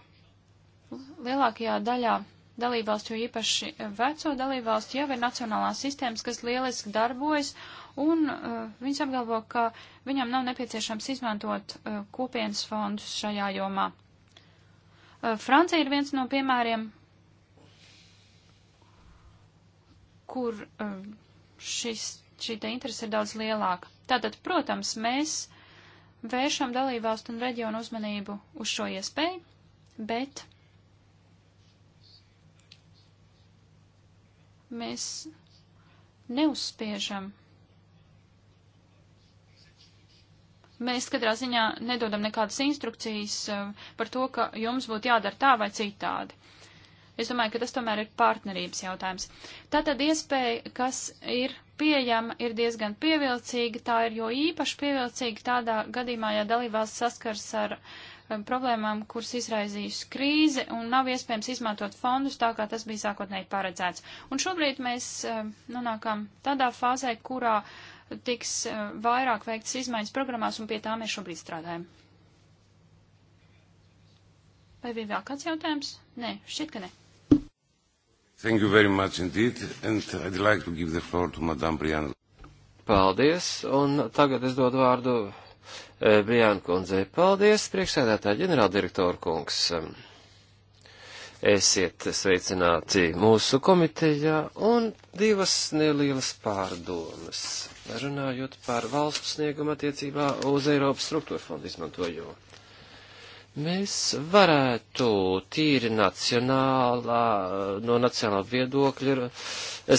lielākajā daļā dalībvalstu, jo īpaši eh, veco dalībvalstu, jau ir nacionālās sistēmas, kas lieliski darbojas, un uh, viņas apgalvo, ka viņam nav nepieciešams izmantot uh, kopienas fondus šajā jomā. Uh, Francija ir viens no piemēriem, kur uh, šis, šī te interese ir daudz lielāka. Tātad, protams, mēs vēršam dalībvalstu un reģionu uzmanību uz šo iespēju, bet Mēs neuzspiežam. Mēs katrā ziņā nedodam nekādas instrukcijas eh, par to, ka jums būtu jādara tā vai citādi. Es domāju, ka tas tomēr ir partnerības jautājums. Tātad iespēja, kas ir pieejama, ir diezgan pievilcīga. Tā ir jo īpaši pievilcīga tādā gadījumā, ja dalībās saskars ar uh, Um, problēmām, kuras izraizīs krīze, un nav iespējams izmantot fondus tā, kā tas bija sākotnēji paredzēts. Un šobrīd mēs um, nonākam tādā fāzē, kurā tiks uh, vairāk veikts izmaiņas programmās, un pie tā mēs šobrīd strādājam. Vai bija vēl kāds jautājums? Nē, šķiet, ka ne. Thank you very much indeed, and I'd like to give the floor to Madame Brianna. Paldies, un tagad es dodu vārdu Eh, Bjānkundzei. Paldies, priekšsēdētāji ģenerāldirektoru kungs. Esiet sveicināti mūsu komitejā un divas nelielas pārdomas, runājot par valstu sniegumu attiecībā uz Eiropas struktūra fondu izmantojumu. Mēs varētu tīri nacionālā, no nacionāla viedokļa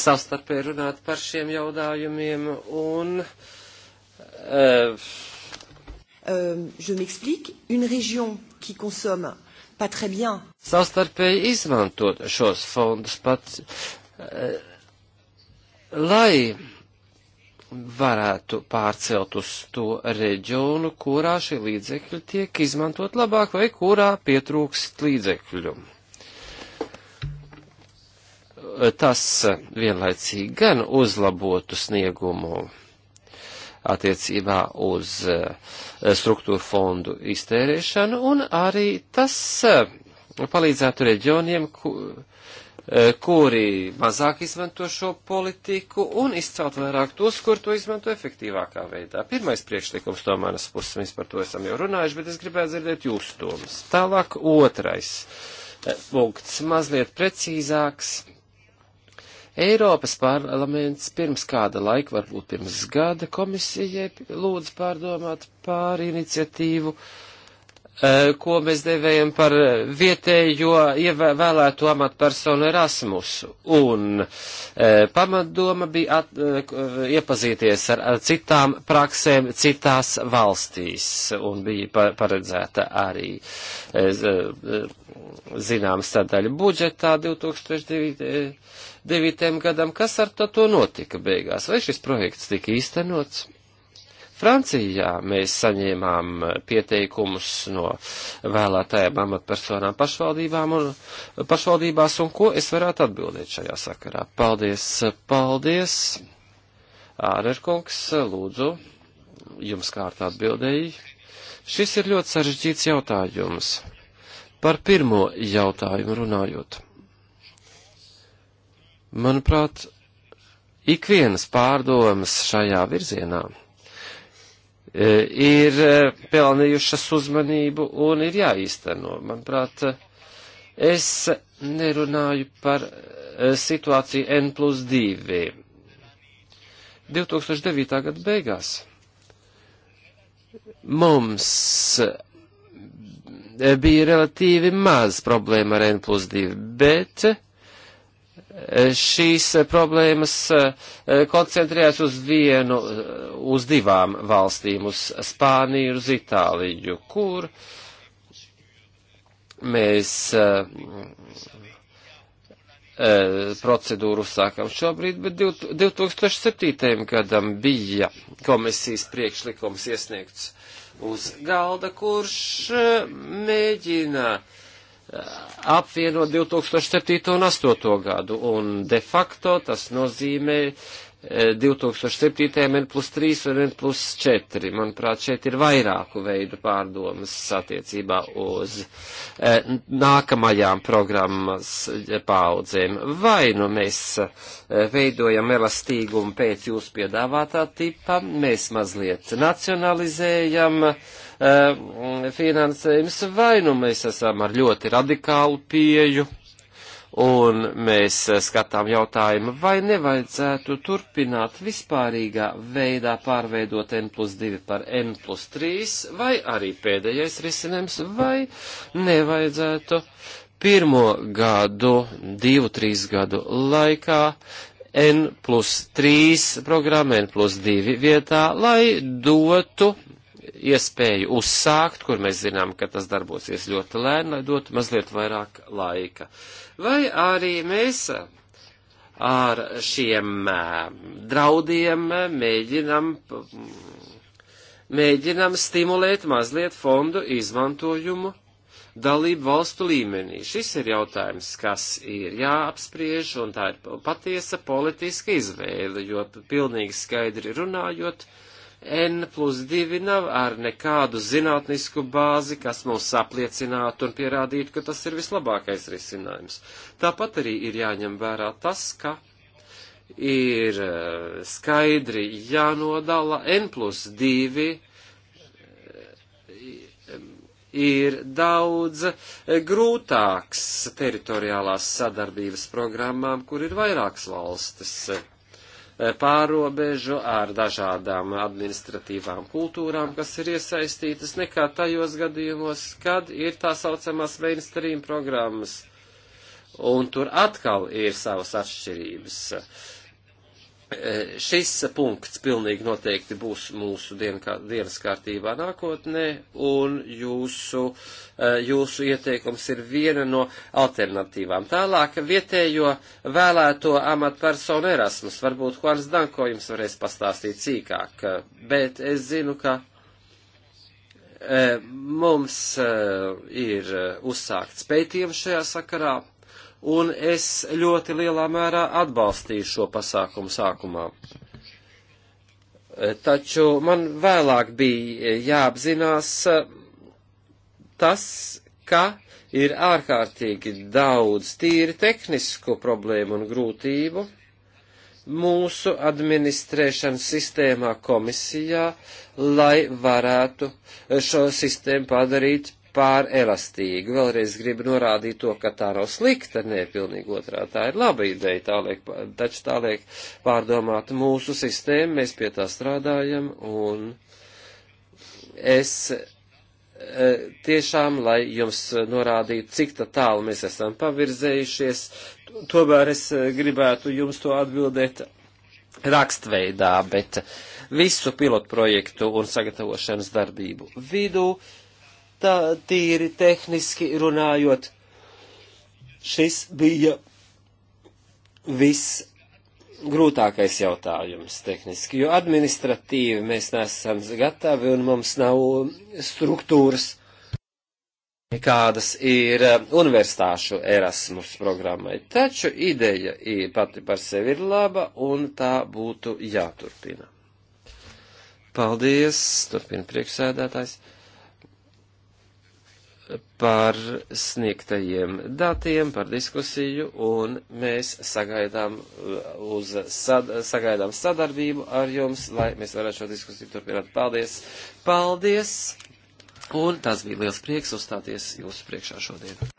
savstarpēji runāt par šiem jautājumiem un. Uh, e, Euh, je m'explique, une région qui consomme pas très bien. Savstarpēji izmantot šos fondus pats, eh, lai varētu pārcelt uz to reģionu, kurā šie līdzekļi tiek izmantot labāk vai kurā pietrūkst līdzekļu. Tas vienlaicīgi gan uzlabotu sniegumu attiecībā uz eh, struktūru fondu iztērēšanu, un arī tas eh, palīdzētu reģioniem, eh, kuri mazāk izmanto šo politiku un izcelt vairāk tos, kur to izmanto efektīvākā veidā. Pirmais priekšlikums no manas puses, mēs par to esam jau runājuši, bet es gribētu dzirdēt jūs domas. Tālāk otrais punkts, mazliet precīzāks Eiropas parlaments pirms kāda laika, varbūt pirms gada, komisijai lūdz pārdomāt pār iniciatīvu, e, ko mēs devējam par vietējo ievēlēto amatpersonu Erasmusu. Un e, pamatdoma bija at, e, iepazīties ar, ar citām praksēm citās valstīs, un bija paredzēta arī zināms sadaļa budžetā 2009 2009. gadam. Kas ar to, to notika beigās? Vai šis projekts tika īstenots? Francijā mēs saņēmām pieteikumus no vēlētājiem amatpersonām pašvaldībām un pašvaldībās, un ko es varētu atbildēt šajā sakarā. Paldies, paldies, Ārerkungs, lūdzu, jums kārt atbildēji. Šis ir ļoti sarežģīts jautājums. Par pirmo jautājumu runājot. Manuprāt, ikvienas pārdomas šajā virzienā e, ir e, pelnījušas uzmanību un ir jāīsteno. Manuprāt, e, es nerunāju par situāciju N plus 2. 2009. gada beigās mums bija relatīvi maz problēma ar N plus 2, bet šīs problēmas e, e, koncentrējās uz vienu, e, uz divām valstīm, uz Spāniju, uz Itāliju, kur mēs procedūru sākam šobrīd, bet 2007. gadam bija komisijas priekšlikums iesniegts uz galda, kurš mēģina uh, apvienot 2007. un 2008. gadu, un de facto tas nozīmē 2007. E, n plus 3 un n plus 4. Manuprāt, šeit ir vairāku veidu pārdomas attiecībā uz e, nākamajām programmas e, paudzēm. Vai nu mēs veidojam elastīgumu pēc jūsu piedāvātā tipa, mēs mazliet nacionalizējam, uh, Eh, finansējums, vai nu mēs esam ar ļoti radikālu pieju, un mēs eh, skatām jautājumu, vai nevajadzētu turpināt vispārīgā veidā pārveidot N plus 2 par N plus 3, vai arī pēdējais risinājums, vai nevajadzētu pirmo gadu, divu, trīs gadu laikā N plus 3 programma N plus 2 vietā, lai dotu iespēju uzsākt, kur mēs zinām, ka tas darbosies ļoti lēni, lai dotu mazliet vairāk laika. Vai arī mēs ar šiem eh, draudiem eh, mēģinam, mm, mēģinam stimulēt mazliet fondu izmantojumu dalību valstu līmenī. Šis ir jautājums, kas ir jāapspriež, un tā ir patiesa politiska izvēle, jo pilnīgi skaidri runājot, uh, N plus 2 nav ar nekādu zinātnisku bāzi, kas mums apliecinātu un pierādītu, ka tas ir vislabākais risinājums. Tāpat arī ir jāņem vērā tas, ka ir eh, skaidri jānodala N plus 2 eh, ir daudz eh, grūtāks teritoriālās sadarbības programmām, kur ir vairākas valstis Eh, pārobežu ar dažādām administratīvām kultūrām, kas ir iesaistītas, nekā tajos gadījumos, kad ir tā saucamās mainstream programmas. Un tur atkal ir savas atšķirības. Uh, E, šis punkts pilnīgi noteikti būs mūsu dienkā, dienas kārtībā nākotnē, un jūsu, e, jūsu ieteikums ir viena no alternatīvām. Tālāk vietējo vēlēto amatpersonu Erasmus, varbūt Juans Danko jums varēs pastāstīt cīkāk, bet es zinu, ka e, mums ir uzsākts pētījums šajā sakarā un es ļoti lielā mērā atbalstīju šo pasākumu sākumā. Eh, taču man vēlāk bija jāapzinās eh, tas, ka ir ārkārtīgi daudz tīri tehnisku problēmu un grūtību mūsu administrēšanas sistēmā komisijā, lai varētu šo sistēmu padarīt pār elastīgu. Vēlreiz gribu norādīt to, ka tā nav slikta, nē, pilnīgi otrā. Tā ir laba ideja, tā liek, taču tā liek pārdomāt mūsu sistēmu, mēs pie tā strādājam, un es e, tiešām, lai jums norādītu, cik tālu mēs esam pavirzējušies, tomēr es e, gribētu jums to atbildēt rakstveidā, bet visu pilotprojektu un sagatavošanas darbību vidū tā tīri tehniski runājot. Šis bija viss grūtākais jautājums tehniski, jo administratīvi mēs nesam gatavi un mums nav struktūras, kādas ir eh, universitāšu Erasmus programmai. Taču ideja ir pati par sevi ir laba un tā būtu jāturpina. Paldies, turpina priekšsēdētājs par sniegtajiem datiem, par diskusiju, un mēs sagaidām, uz, sad, sagaidām sadarbību ar jums, lai mēs varētu šo diskusiju turpināt. Paldies! Paldies! Un tas bija liels prieks uzstāties jūsu priekšā šodien.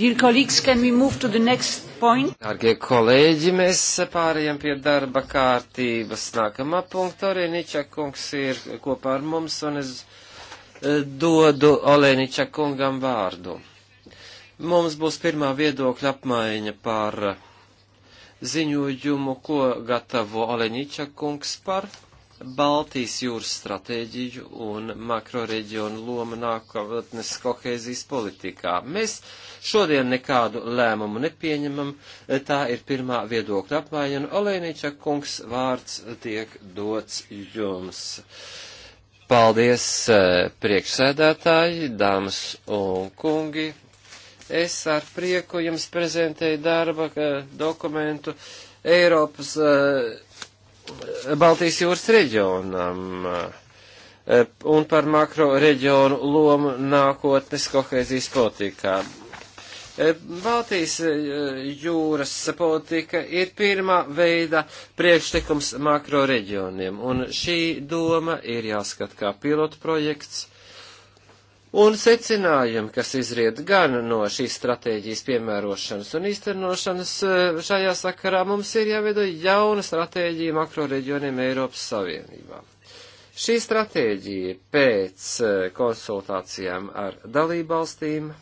Dārgie kolēģi, mēs pārējām pie darba kārtības. Nākamā punkta Orēniča kungs ir kopā ar mums, un es eh, dodu Olēniča kungam vārdu. Mums būs pirmā viedokļa apmaiņa par eh, ziņojumu, ko gatavo Olēniča kungs par Baltijas jūras stratēģiju un makroreģionu lomu nākotnes kohēzijas politikā. Mēs šodien nekādu lēmumu nepieņemam, tā ir pirmā viedokļa apmaiņa, un Olēniča kungs vārds tiek dots jums. Paldies, eh, priekšsēdētāji, dāmas un kungi. Es ar prieku jums prezentēju darba eh, dokumentu Eiropas uh, Baltijas jūras reģionam e, un par makro reģionu lomu nākotnes kohēzijas politikā. E, Baltijas e, jūras politika ir pirmā veida priekšlikums makro reģioniem, un šī doma ir jāskat kā pilotu projekts Un secinājumi, kas izriet gan no šīs stratēģijas piemērošanas un īstenošanas, eh, šajā sakarā mums ir jāveido jauna stratēģija makroreģioniem Eiropas Savienībā. Šī stratēģija pēc eh, konsultācijām ar dalībvalstīm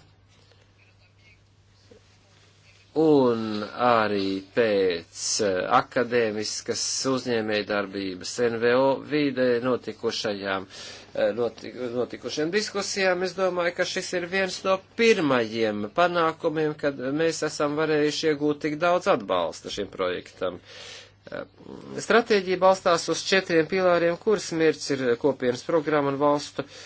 un arī pēc eh, akadēmiskas uzņēmējdarbības NVO vīdē notikušajām, eh, notik, notikušajām diskusijām, es domāju, ka šis ir viens no pirmajiem panākumiem, kad mēs esam varējuši iegūt tik daudz atbalsta šim projektam. Eh, Stratēģija balstās uz četriem pilāriem, kuras mērķis ir kopienas programma un valstu uh,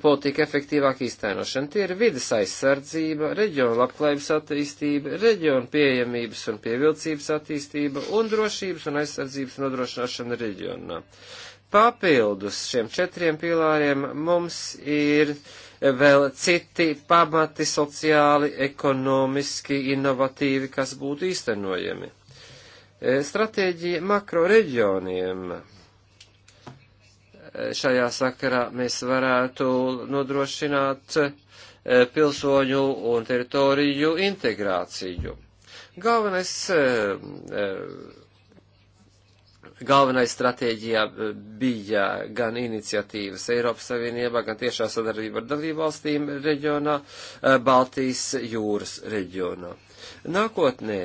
politika efektīvāk īstenošana. Tie ir vidas aizsardzība, reģiona labklājības attīstība, reģiona pieejamības un pievilcības attīstība un drošības un aizsardzības nodrošināšana reģionā. Papildus šiem četriem pilāriem mums ir vēl citi pamati sociāli, ekonomiski, inovatīvi, kas būtu īstenojami. Stratēģija makro reģioniem šajā sakarā mēs varētu nodrošināt e, pilsoņu un teritoriju integrāciju. Galvenais, e, e, galvenais stratēģijā bija gan iniciatīvas Eiropas Savienībā, gan tiešā sadarbība ar dalībvalstīm reģionā, Baltijas jūras reģionā. Nākotnē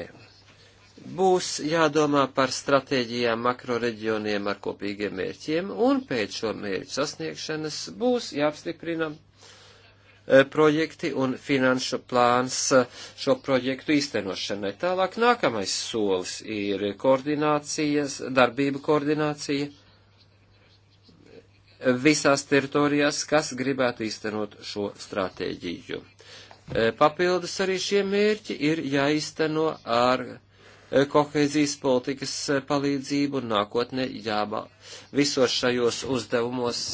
būs jādomā par stratēģijām makroreģioniem ar kopīgiem mērķiem, un pēc šo mērķu sasniegšanas būs jāapstiprina e, projekti un finanšu plāns e, šo projektu īstenošanai. Tālāk nākamais solis ir koordinācijas, darbību koordinācija visās teritorijās, kas gribētu īstenot šo stratēģiju. E, papildus arī šie mērķi ir jāizteno ar Eh, kohēzijas politikas eh, palīdzību un nākotne jāba visos šajos uzdevumos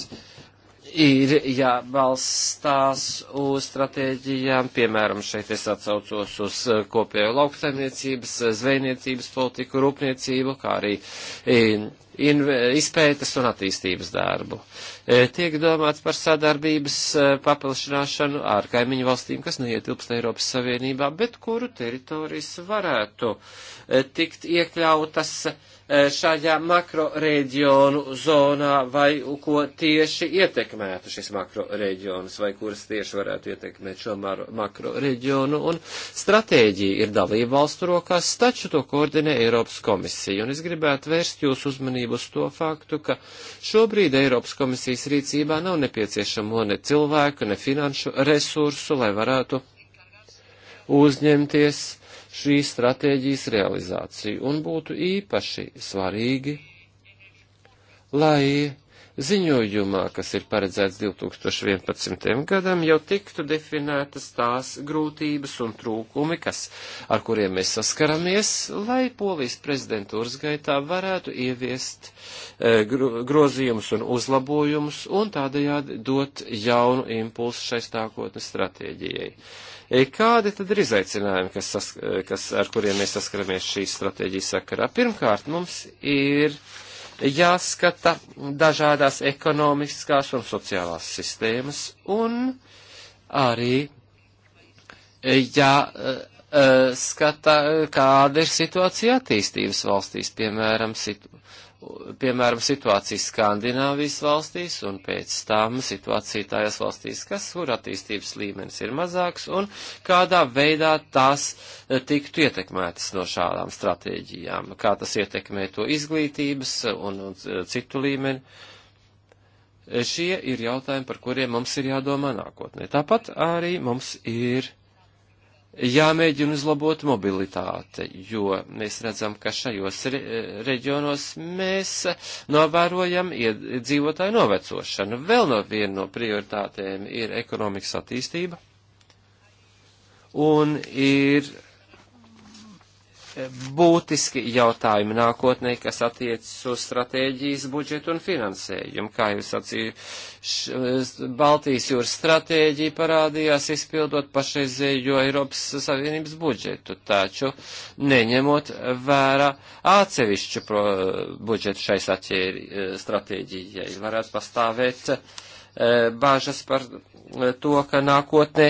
ir jābalstās uz stratēģijām, piemēram, šeit es atsaucos uz eh, kopējo lauksaimniecības, eh, zvejniecības politiku, rūpniecību, kā arī eh, izpētes un attīstības darbu. Tiek domāts par sadarbības paplašināšanu ar kaimiņu valstīm, kas neietilpst Eiropas Savienībā, bet kuru teritorijas varētu tikt iekļautas Eh, šajā makroreģionu zonā vai ko tieši ietekmētu šis makroreģions vai kuras tieši varētu ietekmēt šo makroreģionu. Un stratēģija ir dalība valstu rokās, taču to koordinē Eiropas komisija. Un es gribētu vērst jūsu uzmanību uz to faktu, ka šobrīd Eiropas komisijas rīcībā nav nepieciešamo ne cilvēku, ne finanšu resursu, lai varētu uzņemties šīs stratēģijas realizāciju, un būtu īpaši svarīgi, lai ziņojumā, kas ir paredzēts 2011. gadam, jau tiktu definētas tās grūtības un trūkumi, kas, ar kuriem mēs saskaramies, lai polijas prezidentūras gaitā varētu ieviest e, grozījumus un uzlabojumus un tādējādi dot jaunu impulsu šai stākotnes stratēģijai. E, kādi tad ir izaicinājumi, kas, sas, kas, ar kuriem mēs saskaramies šīs stratēģijas sakarā? Pirmkārt, mums ir jāskata dažādās ekonomiskās un sociālās sistēmas un arī e, jāskata, e, kāda ir situācija attīstības valstīs, piemēram, situācija piemēram, situācija Skandināvijas valstīs un pēc tam situācija tajās valstīs, kas, kur attīstības līmenis ir mazāks un kādā veidā tās eh, tiktu ietekmētas no šādām stratēģijām, kā tas ietekmē to izglītības un, un eh, citu līmeni. Šie ir jautājumi, par kuriem mums ir jādomā nākotnē. Tāpat arī mums ir jāmēģina uzlabot mobilitāte, jo mēs redzam, ka šajos re reģionos mēs novērojam iedzīvotāju novecošanu. Vēl no viena no prioritātēm ir ekonomikas attīstība un ir būtiski jautājumi nākotnē, kas attiecas uz stratēģijas budžetu un finansējumu. Kā jūs sacīju, Baltijas jūras stratēģija parādījās izpildot pašreizējo Eiropas Savienības budžetu, taču neņemot vērā atsevišķu budžetu šai saķēri eh, stratēģijai. Varētu pastāvēt uh, E, bāžas par e, to, ka nākotnē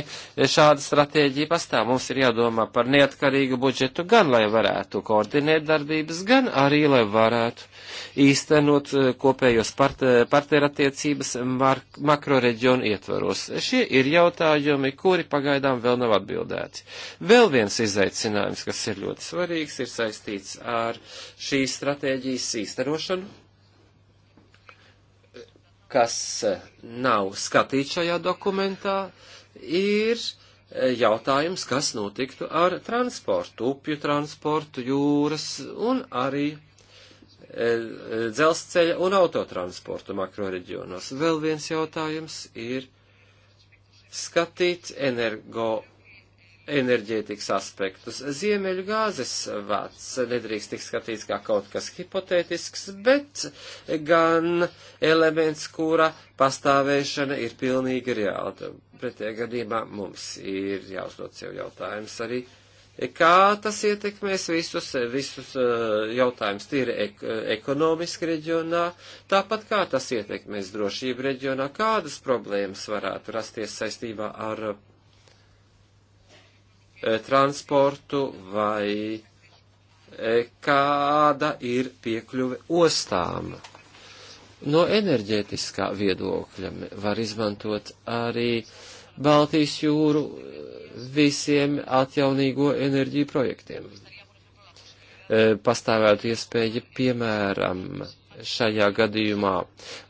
šāda stratēģija pastāv. Mums ir jādomā par neatkarīgu budžetu gan, lai varētu koordinēt darbības, gan arī, lai varētu īstenot e, kopējos part, partnerattiecības makroreģionu ietvaros. Šie ir jautājumi, kuri pagaidām vēl nav atbildēti. Vēl viens izaicinājums, kas ir ļoti svarīgs, ir saistīts ar šīs stratēģijas īstenošanu kas eh, nav skatīts šajā dokumentā, ir eh, jautājums, kas notiktu ar transportu, upju transportu, jūras un arī eh, dzelzceļa un autotransportu makroreģionos. Vēl viens jautājums ir skatīt energo enerģētikas aspektus. Ziemeļu gāzes vats nedrīkst tik skatīts kā kaut kas hipotētisks, bet gan elements, kura pastāvēšana ir pilnīgi reāla. Pretējā gadījumā mums ir jāuzdod sev jautājums arī, kā tas ietekmēs visus, visus eh, jautājumus tīri ek, ekonomiski reģionā, tāpat kā tas ietekmēs drošību reģionā, kādas problēmas varētu rasties saistībā ar E, transportu vai e, kāda ir piekļuve ostām. No enerģētiskā viedokļa var izmantot arī Baltijas jūru e, visiem atjaunīgo enerģiju projektiem. Pastāvētu iespēja, piemēram, šajā gadījumā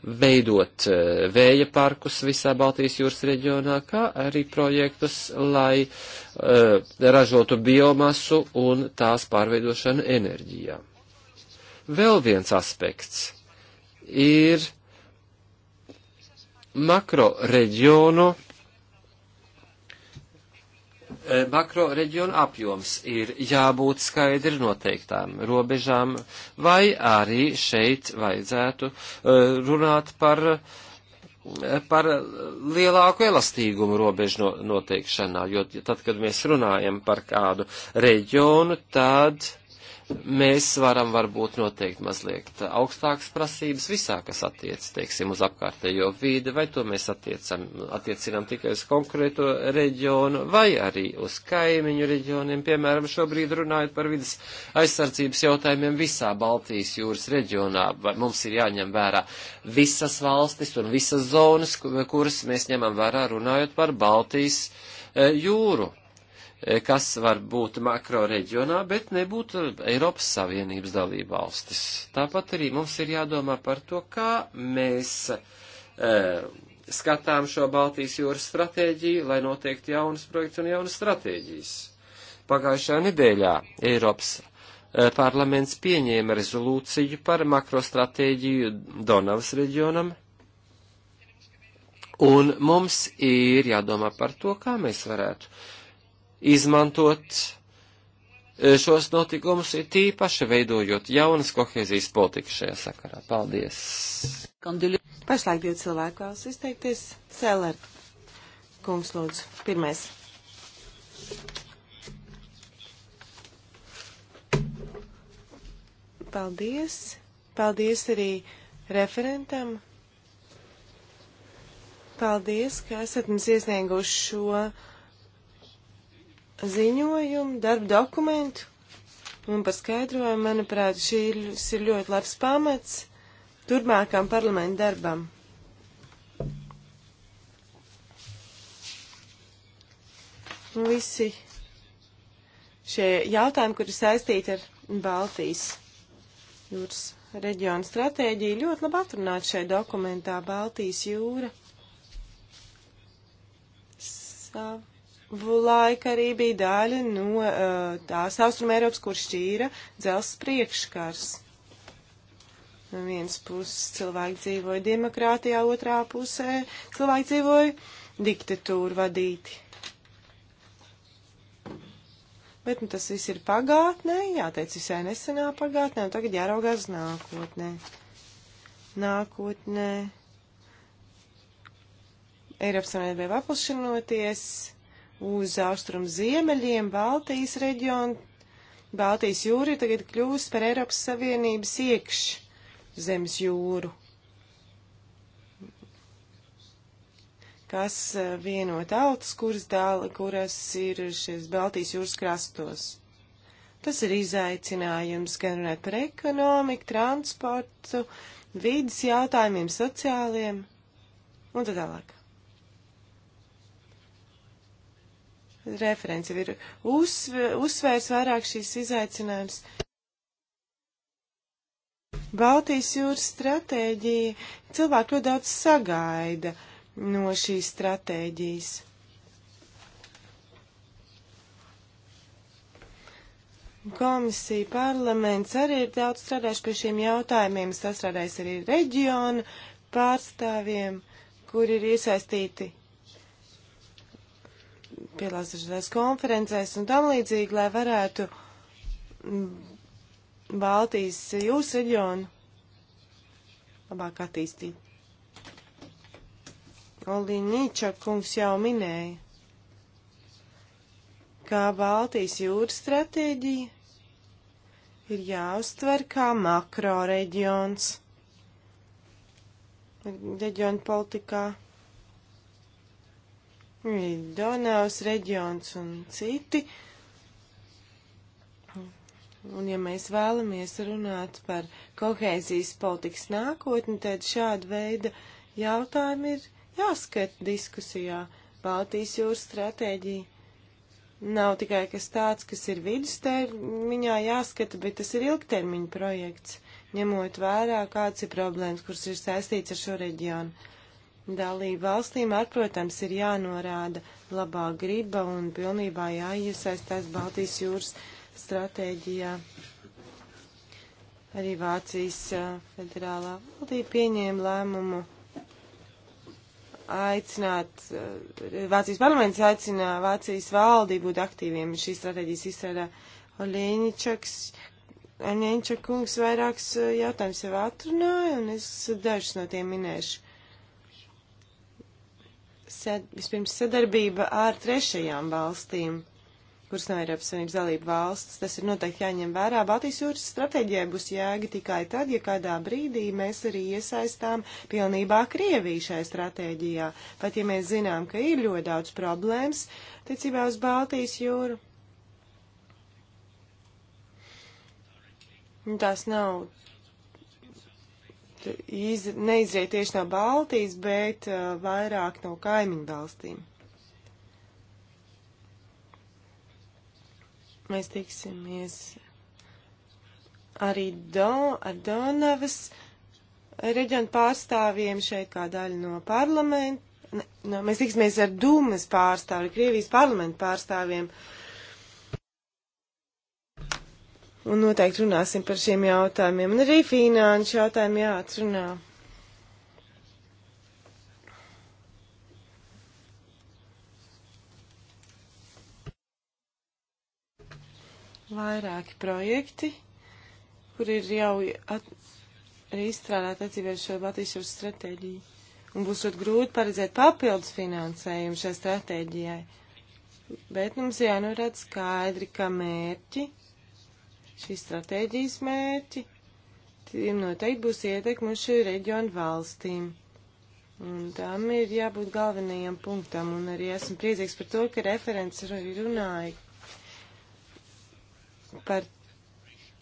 veidot eh, vēja parkus visā Baltijas jūras reģionā, kā arī projektus, lai uh, ražotu biomasu un tās pārveidošanu enerģijā. Vēl viens aspekts ir makro reģionu Eh, makro reģiona apjoms ir jābūt skaidri noteiktām robežām, vai arī šeit vajadzētu eh, runāt par, eh, par lielāku elastīgumu robežu noteikšanā, jo tad, kad mēs runājam par kādu reģionu, tad mēs varam varbūt noteikt mazliet augstākas prasības visā, kas attiec, teiksim, uz apkārtējo vīdi, vai to mēs attiecam, attiecinām tikai uz konkrēto reģionu, vai arī uz kaimiņu reģioniem, piemēram, šobrīd runājot par vidas aizsardzības jautājumiem visā Baltijas jūras reģionā, vai mums ir jāņem vērā visas valstis un visas zonas, kuras mēs ņemam vērā runājot par Baltijas eh, jūru Eh, kas var būt makro reģionā, bet nebūtu Eiropas Savienības dalība valstis. Tāpat arī mums ir jādomā par to, kā mēs e, skatām šo Baltijas jūras stratēģiju, lai noteikti jaunas projekts un jaunas stratēģijas. Pagājušā nedēļā Eiropas eh, parlaments pieņēma rezolūciju par makrostratēģiju Donavas reģionam, un mums ir jādomā par to, kā mēs varētu uh, izmantot e, šos notikumus, ir tīpaši veidojot jaunas kohēzijas politikas šajā sakarā. Paldies! Pašlaik divi cilvēki vēlas izteikties. Sēlēr, kungs lūdzu, pirmais. Paldies! Paldies arī referentam. Paldies, ka esat mums iesnieguši šo ziņojumu, darba dokumentu un par skaidrojumu, manuprāt, šīs ir ļoti labs pamats turpmākām parlamentu darbam. Visi šie jautājumi, kuri saistīti ar Baltijas jūras reģionu stratēģiju, ļoti labi atrunāt šajā dokumentā Baltijas jūra. Savu laika arī bija daļa no uh, tās Austrum Eiropas, kur šķīra dzelzs priekškars. No vienas puses cilvēki dzīvoja demokrātijā, otrā pusē cilvēki dzīvoja diktatūru vadīti. Bet nu, tas viss ir pagātnē, jāteic visai nesenā pagātnē, un tagad jāraugās nākotnē. Nākotnē. Eiropas Savienībai paplašinoties uz austrumu ziemeļiem, Baltijas reģionu. Baltijas jūra ir tagad kļūst par Eiropas Savienības iekš zemes jūru, kas eh, vieno tautas, kuras, dāla, kuras ir šies Baltijas jūras krastos. Tas ir izaicinājums gan runāt par ekonomiku, transportu, vīdas jautājumiem, sociāliem un tā tālāk. Referents jau ir uzsv uzsvērs vairāk šīs izaicinājums. Baltijas jūras stratēģija cilvēku ļoti daudz sagaida no šīs stratēģijas. Komisija, parlaments arī ir daudz strādājuši pie šiem jautājumiem, sastrādājis arī reģionu pārstāvjiem, kur ir iesaistīti piedalās dažādās konferencēs un tam līdzīgi, lai varētu mm, Baltijas jūras reģionu labāk attīstīt. Olīniča kungs jau minēja, ka Baltijas jūras stratēģija ir jāuztver kā makro reģions reģionu politikā. Donavas reģions un citi. Un ja mēs vēlamies runāt par kohēzijas politikas nākotni, tad šāda veida jautājumi ir jāskat diskusijā. Baltijas jūras stratēģija nav tikai kas tāds, kas ir vidustermiņā jāskata, bet tas ir ilgtermiņa projekts, ņemot vērā, kāds ir problēmas, kuras ir saistīts ar šo reģionu. Dalību valstīm, ar, protams, ir jānorāda labā griba un pilnībā jāiesaistās Baltijas jūras stratēģijā. Arī Vācijas federālā valdība pieņēma lēmumu aicināt, Vācijas parlaments aicina Vācijas valdību būt aktīviem šīs stratēģijas izstrādā. Oļieņičaks, Aņēņča kungs vairākas jautājumas jau atrunāja, un es dažus no tiem minēšu sad, vispirms sadarbība ar trešajām valstīm, kuras nav Eiropas Savienības dalība valsts. Tas ir noteikti jāņem vērā. Baltijas jūras stratēģijai būs jēga tikai tad, ja kādā brīdī mēs arī iesaistām pilnībā Krieviju šai stratēģijā. Pat ja mēs zinām, ka ir ļoti daudz problēmas ticībā uz Baltijas jūru. Tas nav iz, neizriet tieši no Baltijas, bet uh, vairāk no kaimiņu valstīm. Mēs tiksimies arī Don, ar Donavas reģionu pārstāvjiem šeit kā daļa no parlamenta. Ne, no, mēs tiksimies ar Dūmas pārstāvi, Krievijas parlamenta pārstāvjiem. Uh, Un noteikti runāsim par šiem jautājumiem. Un arī finanšu jautājumi jāatrunā. Vairāki projekti, kur ir jau at, arī izstrādāti atzīvēt šo attīstības stratēģiju. Un būs ļoti grūti paredzēt papildus finansējumu šai stratēģijai. Bet mums jānorāda skaidri, ka mērķi šīs stratēģijas mērķi, tiem noteikti būs ietekmi uz šī reģiona valstīm. Un tam ir jābūt galvenajam punktam, un arī esmu priecīgs par to, ka referents arī runāja par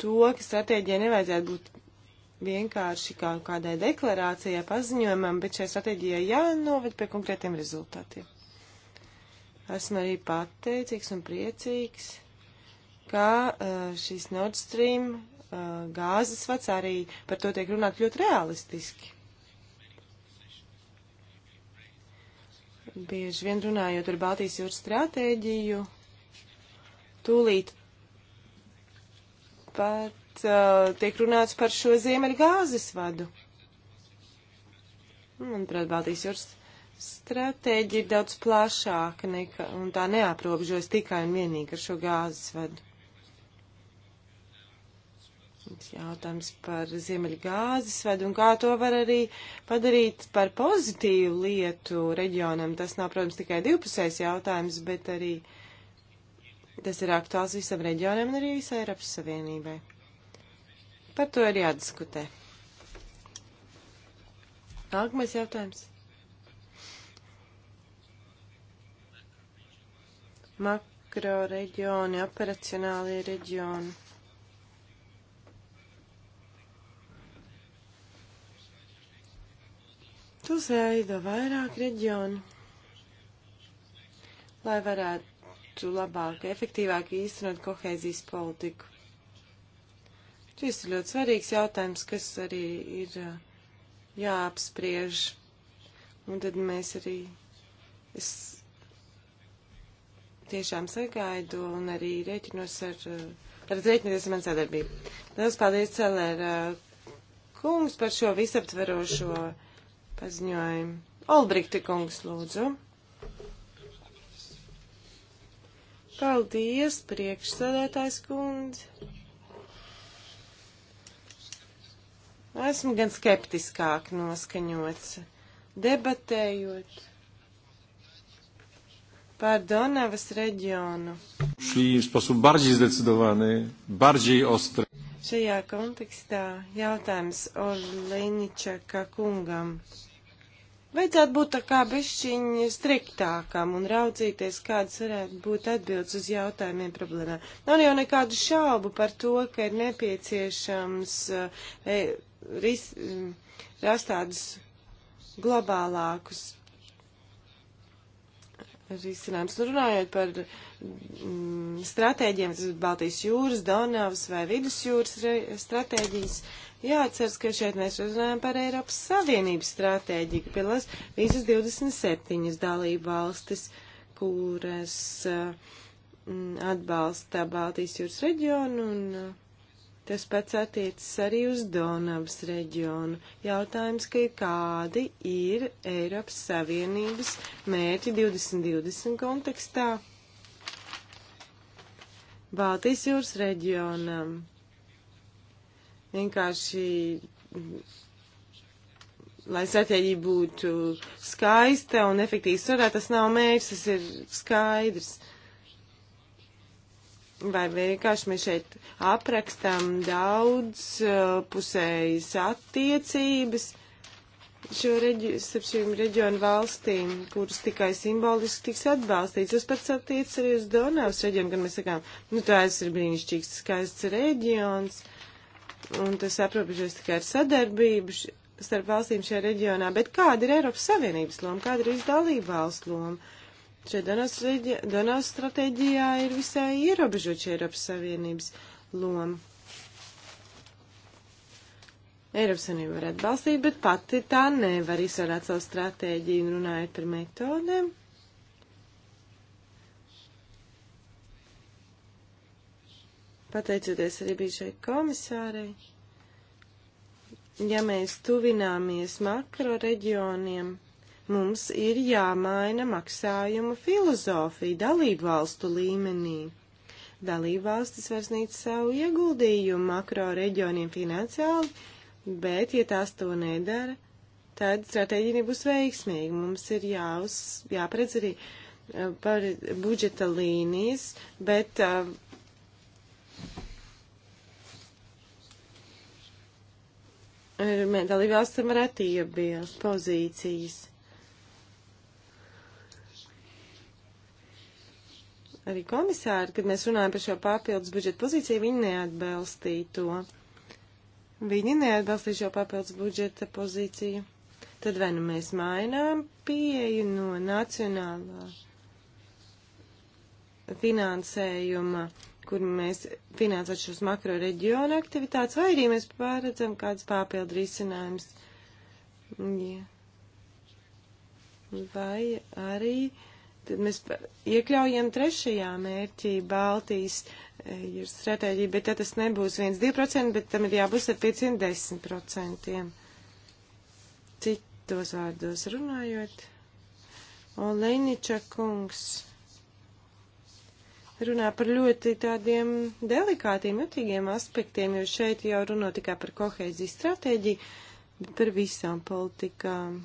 to, ka stratēģijai nevajadzētu būt vienkārši kā kādai deklarācijai, paziņojumam, bet šai stratēģijai jānovad pie konkrētiem rezultātiem. Esmu arī pateicīgs un priecīgs ka eh, šis Nord Stream eh, gāzes vats arī par to tiek runāt ļoti realistiski. Bieži vien runājot par Baltijas jūras stratēģiju, tūlīt pat uh, tiek runāts par šo ziemeļu gāzes vadu. Manuprāt, Baltijas jūras stratēģija ir daudz plašāka nekā, un tā neaprobežojas tikai un vienīgi ar šo gāzes vadu jautājums par ziemeļu gāzes vedu un kā to var arī padarīt par pozitīvu lietu reģionam. Tas nav, protams, tikai divpusējs jautājums, bet arī tas ir aktuāls visam reģionam un arī visai Eiropas Savienībai. Par to ir jādiskutē. Nākamais jautājums. Makro reģioni, operacionālie reģioni. Tos veido vairāk reģionu, lai varētu labāk, efektīvāk īstenot kohēzijas politiku. Šis ir ļoti svarīgs jautājums, kas arī ir uh, jāapspriež. Un tad mēs arī, es tiešām sagaidu un arī rēķinos ar, varat uh, rēķināties ar man sadarbību. Lielas paldies, Celēr uh, kungs, par šo visaptverošo paziņojumu. Olbrikti kungs, lūdzu. Paldies, priekšsēdētājs kundze. Esmu gan skeptiskāk noskaņots, debatējot par Donavas reģionu. Šajā kontekstā jautājums Orleņičaka kungam. Vajadzētu būt tā kā bešķiņ striktākam un raudzīties, kādas varētu būt atbildes uz jautājumiem problēmām. Nav jau nekādu šaubu par to, ka ir nepieciešams eh, e, ris, mm, rast tādus globālākus risinājums. Nu, runājot par mm, stratēģiem, tas ir Baltijas jūras, Donavas vai Vidusjūras stratēģijas, Jāatceras, ka šeit mēs runājam par Eiropas Savienības stratēģiju, ka pilās visas 27 dalību valstis, kuras eh, atbalsta Baltijas jūras reģionu un eh, tas pats attiecas arī uz Donavas reģionu. Jautājums, ka kādi ir Eiropas Savienības mērķi 2020 kontekstā? Baltijas jūras reģionam vienkārši, lai stratēģija būtu skaista un efektīvi strādāt, tas nav mērķis, tas ir skaidrs. Vai vienkārši mēs šeit aprakstam daudz uh, pusējas attiecības šo reģi, šīm reģionu valstīm, kuras tikai simboliski tiks atbalstīts. Tas pats attiec arī uz Donavas reģionu, kad mēs sakām, nu tās ir brīnišķīgs skaists reģions. Uh, un tas aprobežojas tikai ar sadarbību starp valstīm šajā reģionā, bet kāda ir Eiropas Savienības loma, kāda ir visdalība valsts loma? Šeit Donavas stratēģijā ir visai ierobežot šī Eiropas Savienības loma. Eiropas Savienība var atbalstīt, bet pati tā nevar izsvarāt savu stratēģiju, runājot par metodēm. pateicoties arī bijušai komisārei, ja mēs tuvināmies makro reģioniem, mums ir jāmaina maksājuma filozofija dalību valstu līmenī. Dalību valstis var sniegt savu ieguldījumu makro reģioniem finansiāli, bet, ja tās to nedara, tad stratēģija nebūs veiksmīga. Mums ir jāuz, jāpredz arī eh, par budžeta līnijas, bet uh, dalībvalstīm ir attiebijas pozīcijas. Arī komisāri, kad mēs runājam par šo papildus budžetu pozīciju, viņi neatbalstīja to. Viņi neatbalstīja šo papildus budžeta pozīciju. Tad vai nu mēs mainām pieeju no nacionālā finansējuma kur mēs finansētu šos makro reģionu aktivitātes, vai arī mēs pārredzam kādas papildu risinājumus. Yeah. Vai arī tad mēs iekļaujam trešajā mērķī Baltijas ir eh, stratēģija, bet tad tas nebūs 1-2%, bet tam ir jābūt ar 510%. Citos vārdos runājot. Oleniča kungs runā par ļoti tādiem delikātiem, jutīgiem aspektiem, jo šeit jau runā tikai par kohēzijas stratēģiju, bet par visām politikām,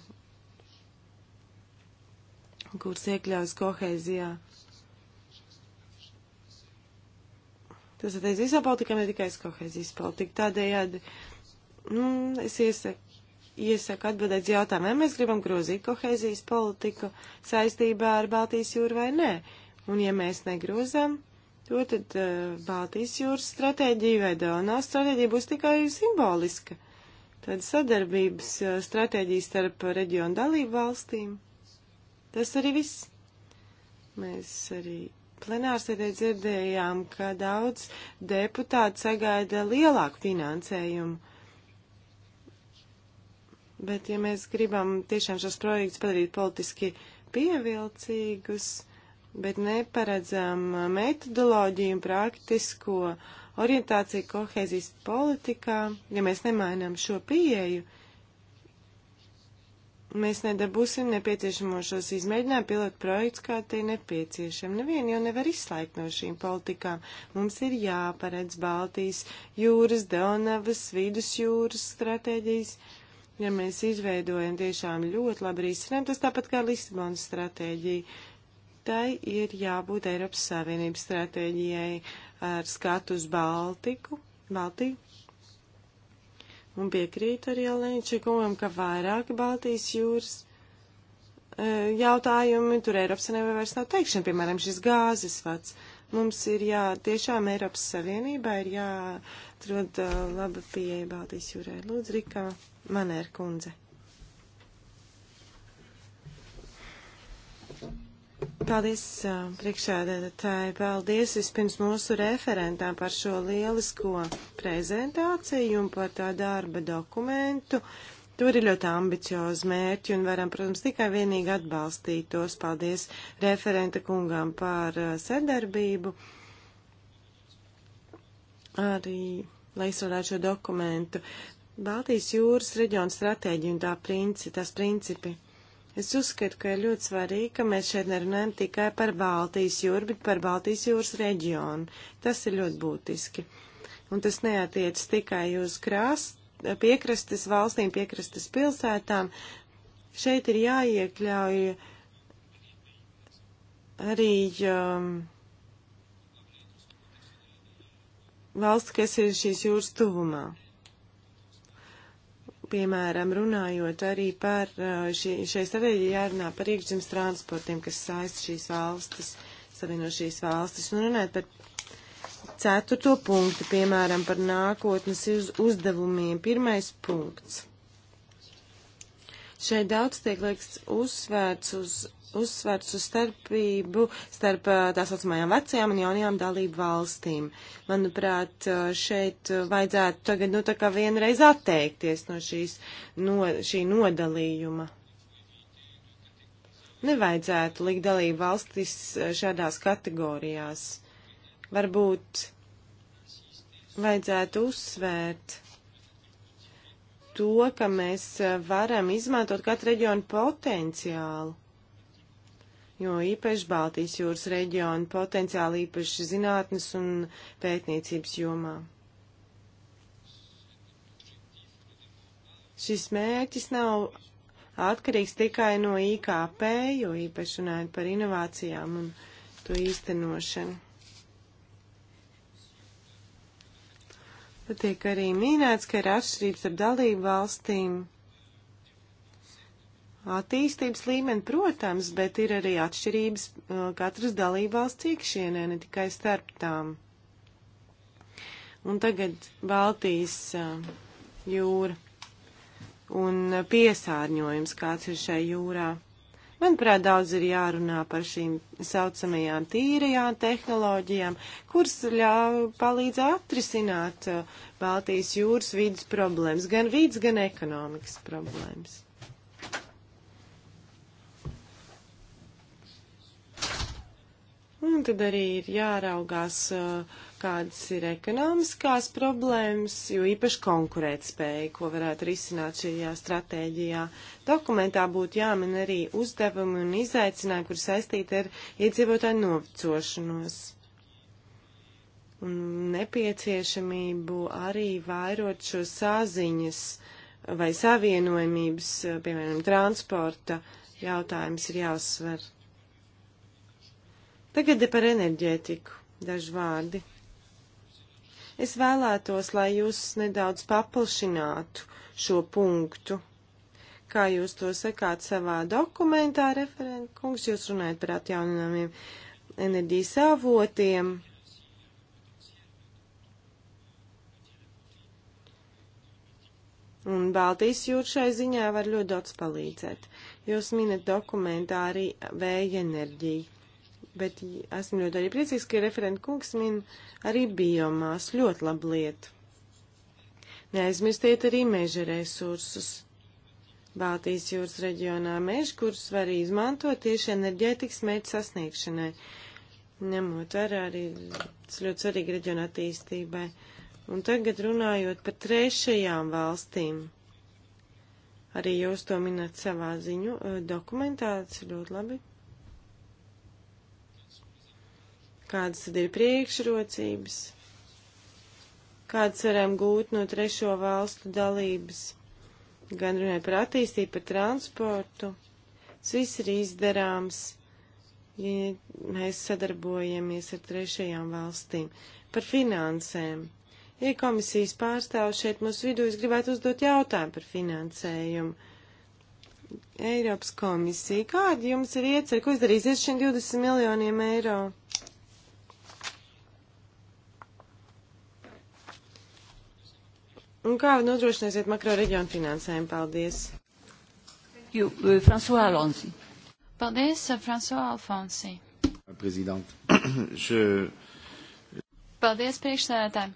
kuras iekļaujas kohēzijā. Tas attiecas visā politikā, ne tikai uz kohēzijas politiku. Tādējādi nu, es iesaku iesaku atbildēt jautājumu, vai mēs gribam grozīt kohēzijas politiku saistībā ar Baltijas jūru vai nē. Un ja mēs negrozam to, tad uh, Baltijas jūras stratēģija vai Donās stratēģija būs tikai simboliska. Tad sadarbības uh, stratēģija starp reģionu dalību valstīm. Tas arī viss. Mēs arī plenārsēdē dzirdējām, ka daudz deputāti sagaida lielāku finansējumu. Bet, ja mēs gribam tiešām šos projektus padarīt politiski pievilcīgus, bet neparedzam metodoloģiju un praktisko orientāciju kohēzijas politikā, ja mēs nemainām šo pieeju, mēs nedabūsim nepieciešamošos izmēģinājumu pilotu projekts, kā tie nepieciešam. Nevienu jau nevar izslēgt no šīm politikām. Mums ir jāparedz Baltijas jūras, Donavas, vidusjūras stratēģijas. Ja mēs izveidojam tiešām ļoti labi risinājumu, tas tāpat kā Lisabonas stratēģija tai ir jābūt Eiropas Savienības stratēģijai ar skatu uz Baltiku, Baltiju. Un piekrīt arī Alēņčakumam, ka vairāk Baltijas jūras e, jautājumi, tur Eiropas Savienībai vairs nav teikšana, piemēram, šis gāzes vats. Mums ir jā, tiešām Eiropas Savienībā ir jāatrod uh, laba pieeja Baltijas jūrai. Lūdzu, Rika Manēra kundze. Paldies, priekšsēdētāji. Paldies vispirms mūsu referentām par šo lielisko prezentāciju un par tā darba dokumentu. Tur ir ļoti ambiciozi mērķi un varam, protams, tikai vienīgi atbalstīt tos. Paldies referenta kungām par sadarbību. Arī, lai izstrādātu šo dokumentu, Baltijas jūras reģiona stratēģija un tā princi, tas principi. Es uzskatu, ka ir ļoti svarīgi, ka mēs šeit nerunājam tikai par Baltijas jūru, bet par Baltijas jūras reģionu. Tas ir ļoti būtiski. Un tas neatiec tikai uz krast, piekrastes valstīm, piekrastes pilsētām. Šeit ir jāiekļauj arī um, valsts, kas ir šīs jūras tuvumā. Piemēram, runājot arī par uh, šie, šai strateģijai jārunā par iekšzemes transportiem, kas saist šīs valstis, savieno šīs valstis, un runāt par ceturto punktu, piemēram, par nākotnes uz uzdevumiem. Pirmais punkts. Šeit daudz tiek liekas uzsvērts uz uzsvērts uz starpību starp tā saucamajām vecajām un jaunajām dalību valstīm. Manuprāt, šeit vajadzētu tagad, nu, tā kā vienreiz atteikties no šīs, no, šī nodalījuma. Nevajadzētu likt dalību valstis šādās kategorijās. Varbūt vajadzētu uzsvērt to, ka mēs varam izmantot katru reģionu potenciālu jo īpaši Baltijas jūras reģiona potenciāli īpaši zinātnes un pētniecības jomā. Šis mērķis nav atkarīgs tikai no IKP, jo īpaši runājot par inovācijām un to īstenošanu. Patiek arī mīnēts, ka ir atšķirības ar dalību valstīm attīstības līmeni, protams, bet ir arī atšķirības uh, katras dalībvalsts iekšienē, ne tikai starp tām. Un tagad Baltijas uh, jūra un piesārņojums, kāds ir šai jūrā. Manuprāt, daudz ir jārunā par šīm saucamajām tīrajām tehnoloģijām, kuras ļauj palīdz atrisināt uh, Baltijas jūras vidas problēmas, gan vidas, gan ekonomikas problēmas. Un tad arī ir jāraugās, kādas ir ekonomiskās problēmas, jo īpaši konkurētspēja, ko varētu risināt šajā stratēģijā. Dokumentā būtu jāmin arī uzdevumi un izaicinājumi, kur saistīti ar iedzīvotāju novecošanos un nepieciešamību arī vairot šo saziņas vai savienojumības, piemēram, transporta jautājums ir jāuzsver. Tagad par enerģētiku daži vārdi. Es vēlētos, lai jūs nedaudz paplašinātu šo punktu. Kā jūs to sakāt savā dokumentā, referent kungs, jūs runājat par atjauninājumiem enerģijas avotiem. Un Baltijas jūra šai ziņā var ļoti daudz palīdzēt. Jūs minat dokumentā arī vēja enerģiju bet esmu ļoti arī priecīgs, ka referenta kungs min arī biomās ļoti labu lietu. Neaizmirstiet arī meža resursus. Baltijas jūras reģionā mežu, kurus var izmantot tieši enerģētikas mērķu sasniegšanai, ņemot vērā arī ļoti svarīgi reģiona attīstībai. Un tagad runājot par trešajām valstīm. Arī jūs to minat savā ziņu eh, dokumentā, tas ir ļoti labi. kādas tad ir priekšrocības, kādas varam gūt no trešo valstu dalības, gan runājot par attīstību, par transportu. Tas viss ir izdarāms, ja mēs sadarbojamies ar trešajām valstīm. Par finansēm. Ja komisijas pārstāv šeit mūsu vidū, es gribētu uzdot jautājumu par finansējumu. Eiropas komisija, kādi jums ir ieceri, ko jūs darīsiet šiem 20 miljoniem eiro? Un kā nodrošināsiet makro reģionu finansējumu? Paldies! Jū, uh, François Alonsi. Paldies, uh, François Alfonsi. Prezident. Je... Paldies, priekšsēdētāji.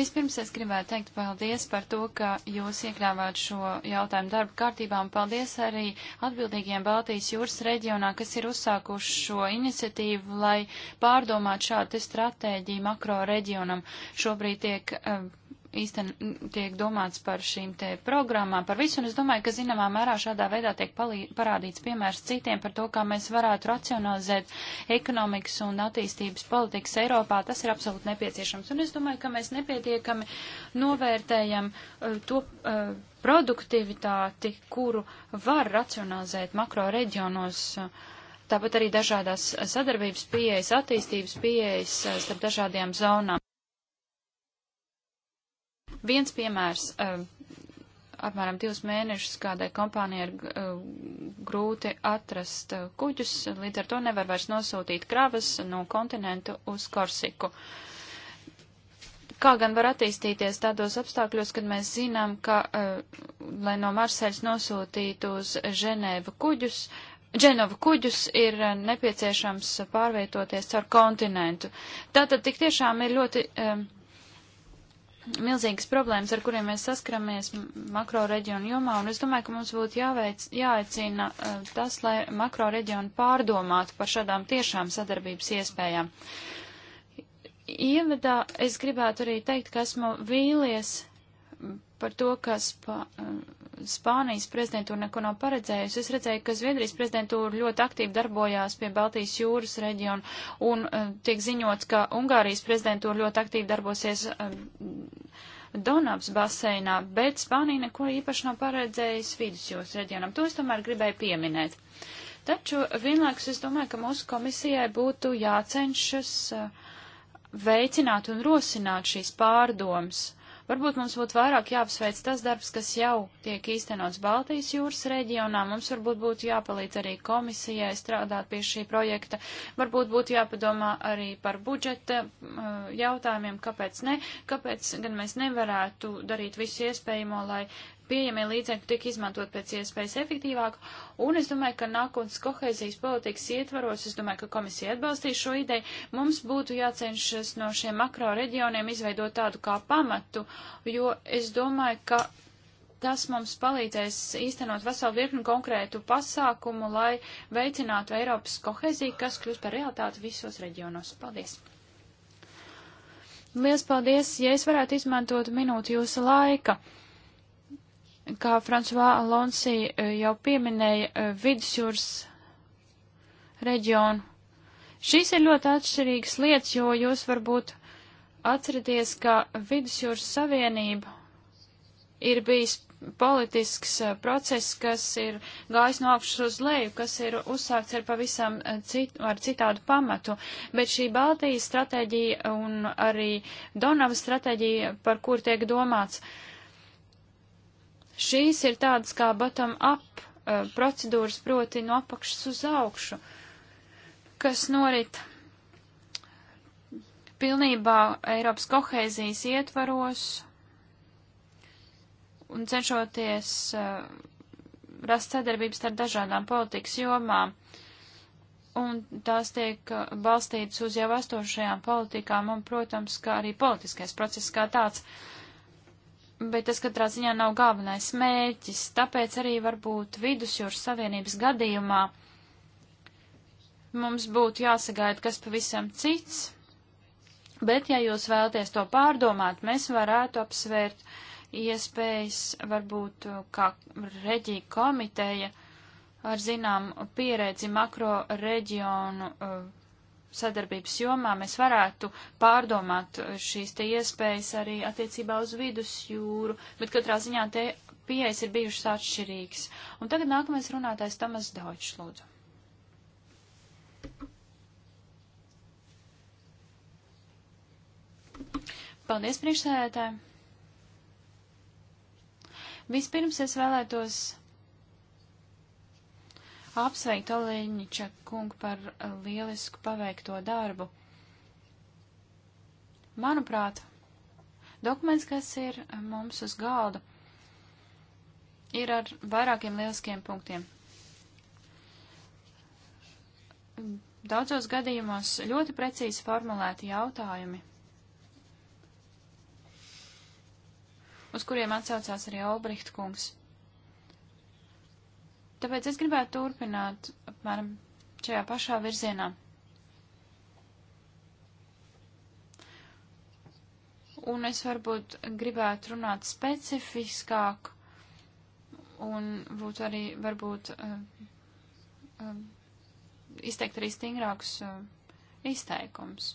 Vispirms es gribētu teikt paldies par to, ka jūs iekļāvāt šo jautājumu darba kārtībā un paldies arī atbildīgiem Baltijas jūras reģionā, kas ir uzsākuši šo iniciatīvu, lai pārdomātu šādu stratēģiju makro reģionam. Šobrīd tiek um, īsten tiek domāts par šīm te programmām, par visu, un es domāju, ka zināmā mērā šādā veidā tiek parādīts piemērs citiem par to, kā mēs varētu racionalizēt ekonomikas un attīstības politikas Eiropā. Tas ir absolūti nepieciešams, un es domāju, ka mēs nepietiekami novērtējam uh, to. Uh, produktivitāti, kuru var racionalizēt makro reģionos uh, tāpat arī dažādās sadarbības pieejas, attīstības pieejas uh, starp dažādajām zonām. Viens piemērs, eh, apmēram divus mēnešus kādai kompānijai ir eh, grūti atrast eh, kuģus, līdz ar to nevar vairs nosūtīt kravas no kontinentu uz Korsiku. Kā gan var attīstīties tādos apstākļos, kad mēs zinām, ka, lai no Marseļas nosūtītu uz Ženēvu kuģus, Dženovu kuģus ir nepieciešams pārvietoties caur kontinentu. Tātad tik tiešām ir ļoti um, milzīgas problēmas, ar kuriem mēs saskaramies makro reģionu jomā, un es domāju, ka mums būtu jāveic, jāaicina e, tas, lai makro reģionu pārdomātu par šādām tiešām sadarbības iespējām. Ievadā es gribētu arī teikt, ka esmu vīlies par to, kas pa, Spānijas prezidentūra neko nav paredzējusi. Es redzēju, ka Zviedrijas prezidentūra ļoti aktīvi darbojās pie Baltijas jūras reģiona un uh, tiek ziņots, ka Ungārijas prezidentūra ļoti aktīvi darbosies uh, Donavas baseinā, bet Spānija neko īpaši nav paredzējusi vidusjūras reģionam. To es tomēr gribēju pieminēt. Taču vienlaikus es domāju, ka mūsu komisijai būtu jācenšas uh, veicināt un rosināt šīs pārdomas Varbūt mums būtu vairāk jāapsveic tas darbs, kas jau tiek īstenots Baltijas jūras reģionā. Mums varbūt būtu jāpalīdz arī komisijai strādāt pie šī projekta. Varbūt būtu jāpadomā arī par budžeta uh, jautājumiem, kāpēc ne, kāpēc gan mēs nevarētu darīt visu iespējamo, lai pieejamie līdzekļi tiek izmantot pēc iespējas efektīvāk, un es domāju, ka nākotnes kohēzijas politikas ietvaros, es domāju, ka komisija atbalstīs šo ideju, mums būtu jācenšas no šiem makro reģioniem izveidot tādu kā pamatu, jo es domāju, ka tas mums palīdzēs īstenot veselu virkni konkrētu pasākumu, lai veicinātu Eiropas kohēziju, kas kļūst par realitāti visos reģionos. Paldies! Lielas paldies, ja es varētu izmantot minūti jūsu laika. Kā Fransuā Alonsī e, jau pieminēja e, vidusjūras reģionu, šīs ir ļoti atšķirīgas lietas, jo jūs varbūt atceraties, ka vidusjūras savienība ir bijis politisks e, process, kas ir gājis no augšas uz leju, kas ir uzsākts ar pavisam cit, ar citādu pamatu. Bet šī Baltijas stratēģija un arī Donava stratēģija, par kur tiek domāts, uh, Šīs ir tādas kā bottom-up uh, procedūras, proti no apakšas uz augšu, kas norit pilnībā Eiropas kohēzijas ietvaros un cenšoties uh, rast sadarbības starp dažādām politikas jomām. Un tās tiek uh, balstītas uz jau esošajām politikām un, protams, kā arī politiskais process kā tāds. Uh, bet tas katrā ziņā nav galvenais mērķis, tāpēc arī varbūt vidusjūras savienības gadījumā mums būtu jāsagaida kas pavisam cits, bet ja jūs vēlaties to pārdomāt, mēs varētu apsvērt iespējas varbūt uh, kā reģija komiteja ar zinām pieredzi makro reģionu uh, sadarbības jomā mēs varētu pārdomāt šīs te iespējas arī attiecībā uz vidusjūru, bet katrā ziņā te pieejas ir bijušas atšķirīgas. Un tagad nākamais runātājs Tamas Daučs, lūdzu. Paldies, priekšsēdētāji! Vispirms es vēlētos apsveikt Oleņķa kungu par eh, lielisku paveikto darbu. Manuprāt, dokuments, kas ir eh, mums uz galda, ir ar vairākiem lieliskiem punktiem. Daudzos gadījumos ļoti precīzi formulēti jautājumi, uz kuriem atsaucās arī Olbricht kungs. Tāpēc es gribētu turpināt apmēram šajā pašā virzienā. Un es varbūt gribētu runāt specifiskāk un būtu arī varbūt uh, uh, izteikt arī stingrākus uh, eh, izteikums.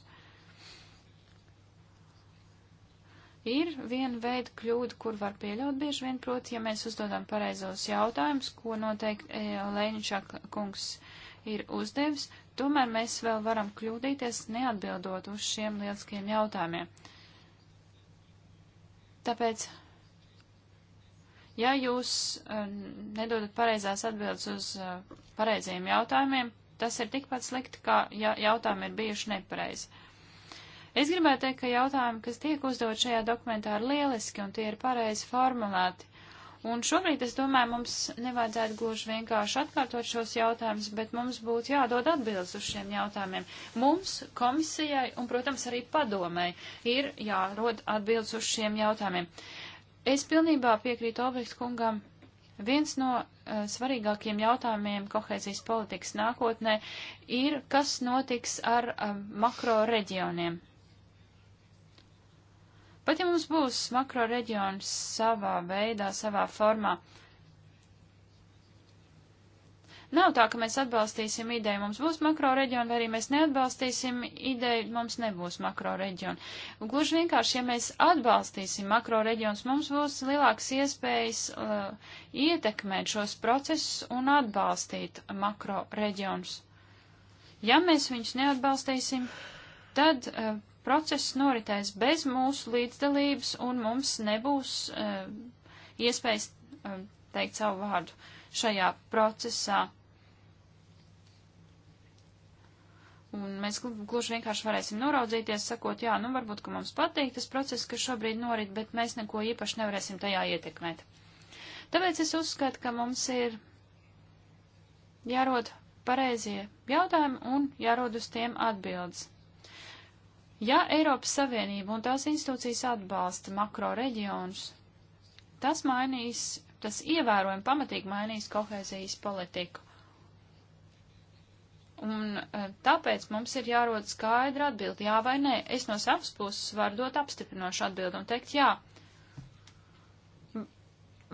Ir viena veida kļūda, kur var pieļaut bieži vien, proti, ja mēs uzdodam pareizos jautājumus, ko noteikti e, Lēņšā kungs ir uzdevis, tomēr mēs vēl varam kļūdīties neatbildot uz šiem lieliskiem jautājumiem. Tāpēc, ja jūs uh, nedodat pareizās atbildes uz uh, e, pareizajiem jautājumiem, tas ir tikpat slikti, kā ja jautājumi ir bijuši nepareizi. Es gribētu teikt, ka jautājumi, kas tiek uzdot šajā dokumentā, ir lieliski un tie ir pareizi formulēti. Un šobrīd, es domāju, mums nevajadzētu gluži vienkārši atkārtot šos jautājumus, bet mums būtu jādod atbildes uz šiem jautājumiem. Mums, komisijai un, protams, arī padomai ir jārod atbildes uz šiem jautājumiem. Es pilnībā piekrītu Obrikt kungam. Viens no uh, svarīgākiem jautājumiem kohēzijas politikas nākotnē ir, kas notiks ar uh, eh, makro reģioniem. Pat ja mums būs makro reģions savā veidā, savā formā, nav tā, ka mēs atbalstīsim ideju, mums būs makro reģiona, vai arī mēs neatbalstīsim ideju, mums nebūs makro reģiona. Gluži vienkārši, ja mēs atbalstīsim makro reģionus, mums būs lielāks iespējas uh, ietekmēt šos procesus un atbalstīt makro reģionus. Ja mēs viņus neatbalstīsim, tad uh, Process noritēs bez mūsu līdzdalības, un mums nebūs uh, iespējas uh, teikt savu vārdu šajā procesā. Un mēs gluži vienkārši varēsim noraudzīties, sakot, jā, nu varbūt, ka mums patīk tas process, kas šobrīd norit, bet mēs neko īpaši nevarēsim tajā ietekmēt. Tāpēc es uzskatu, ka mums ir jārod pareizie jautājumi un jārod uz tiem atbildes. Ja Eiropas Savienība un tās institūcijas atbalsta makro reģionus, tas mainīs, tas ievērojami pamatīgi mainīs kohēzijas politiku. Un eh, tāpēc mums ir jārod skaidra atbildi, jā vai nē. Es no savas puses varu dot apstiprinošu atbildi un teikt jā.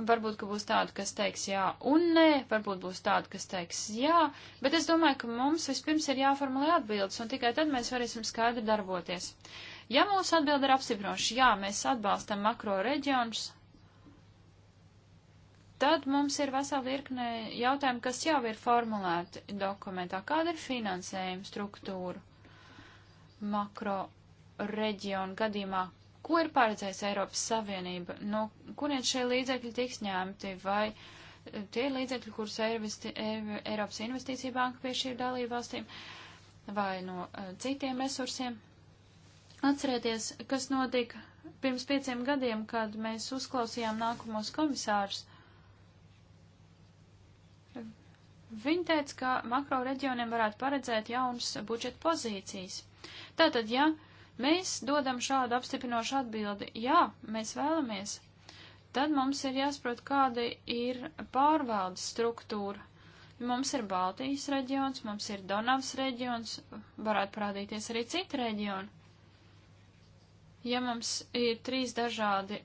Varbūt, ka būs tāda, kas teiks jā un nē, varbūt būs tāda, kas teiks jā, bet es domāju, ka mums vispirms ir jāformulē atbildes, un tikai tad mēs varēsim skaidri darboties. Ja mūsu atbilde ir apstiprinoša, jā, mēs atbalstam makro reģionus, tad mums ir vesela virkne jautājumu, kas jau ir formulēti dokumentā. Kāda ir finansējuma struktūra makro reģionu gadījumā? Ko ir paredzējis Eiropas Savienība? No kurien šie līdzekļi tiks ņemti? Vai eh, tie līdzekļi, kurus Eiropas, Eiropas Investīcija banka piešķīra dalību valstīm, vai no eh, citiem resursiem? Atcerieties, kas notika pirms pieciem gadiem, kad mēs uzklausījām nākamos komisārus. Viņa teica, ka makro reģioniem varētu paredzēt jaunas budžeta pozīcijas. Tātad, ja Mēs dodam šādu apstiprinošu atbildi, jā, mēs vēlamies. Tad mums ir jāsaprot, kāda ir pārvaldes struktūra. Mums ir Baltijas reģions, mums ir Donavas reģions, varētu parādīties arī citi reģioni ja mums ir trīs dažādi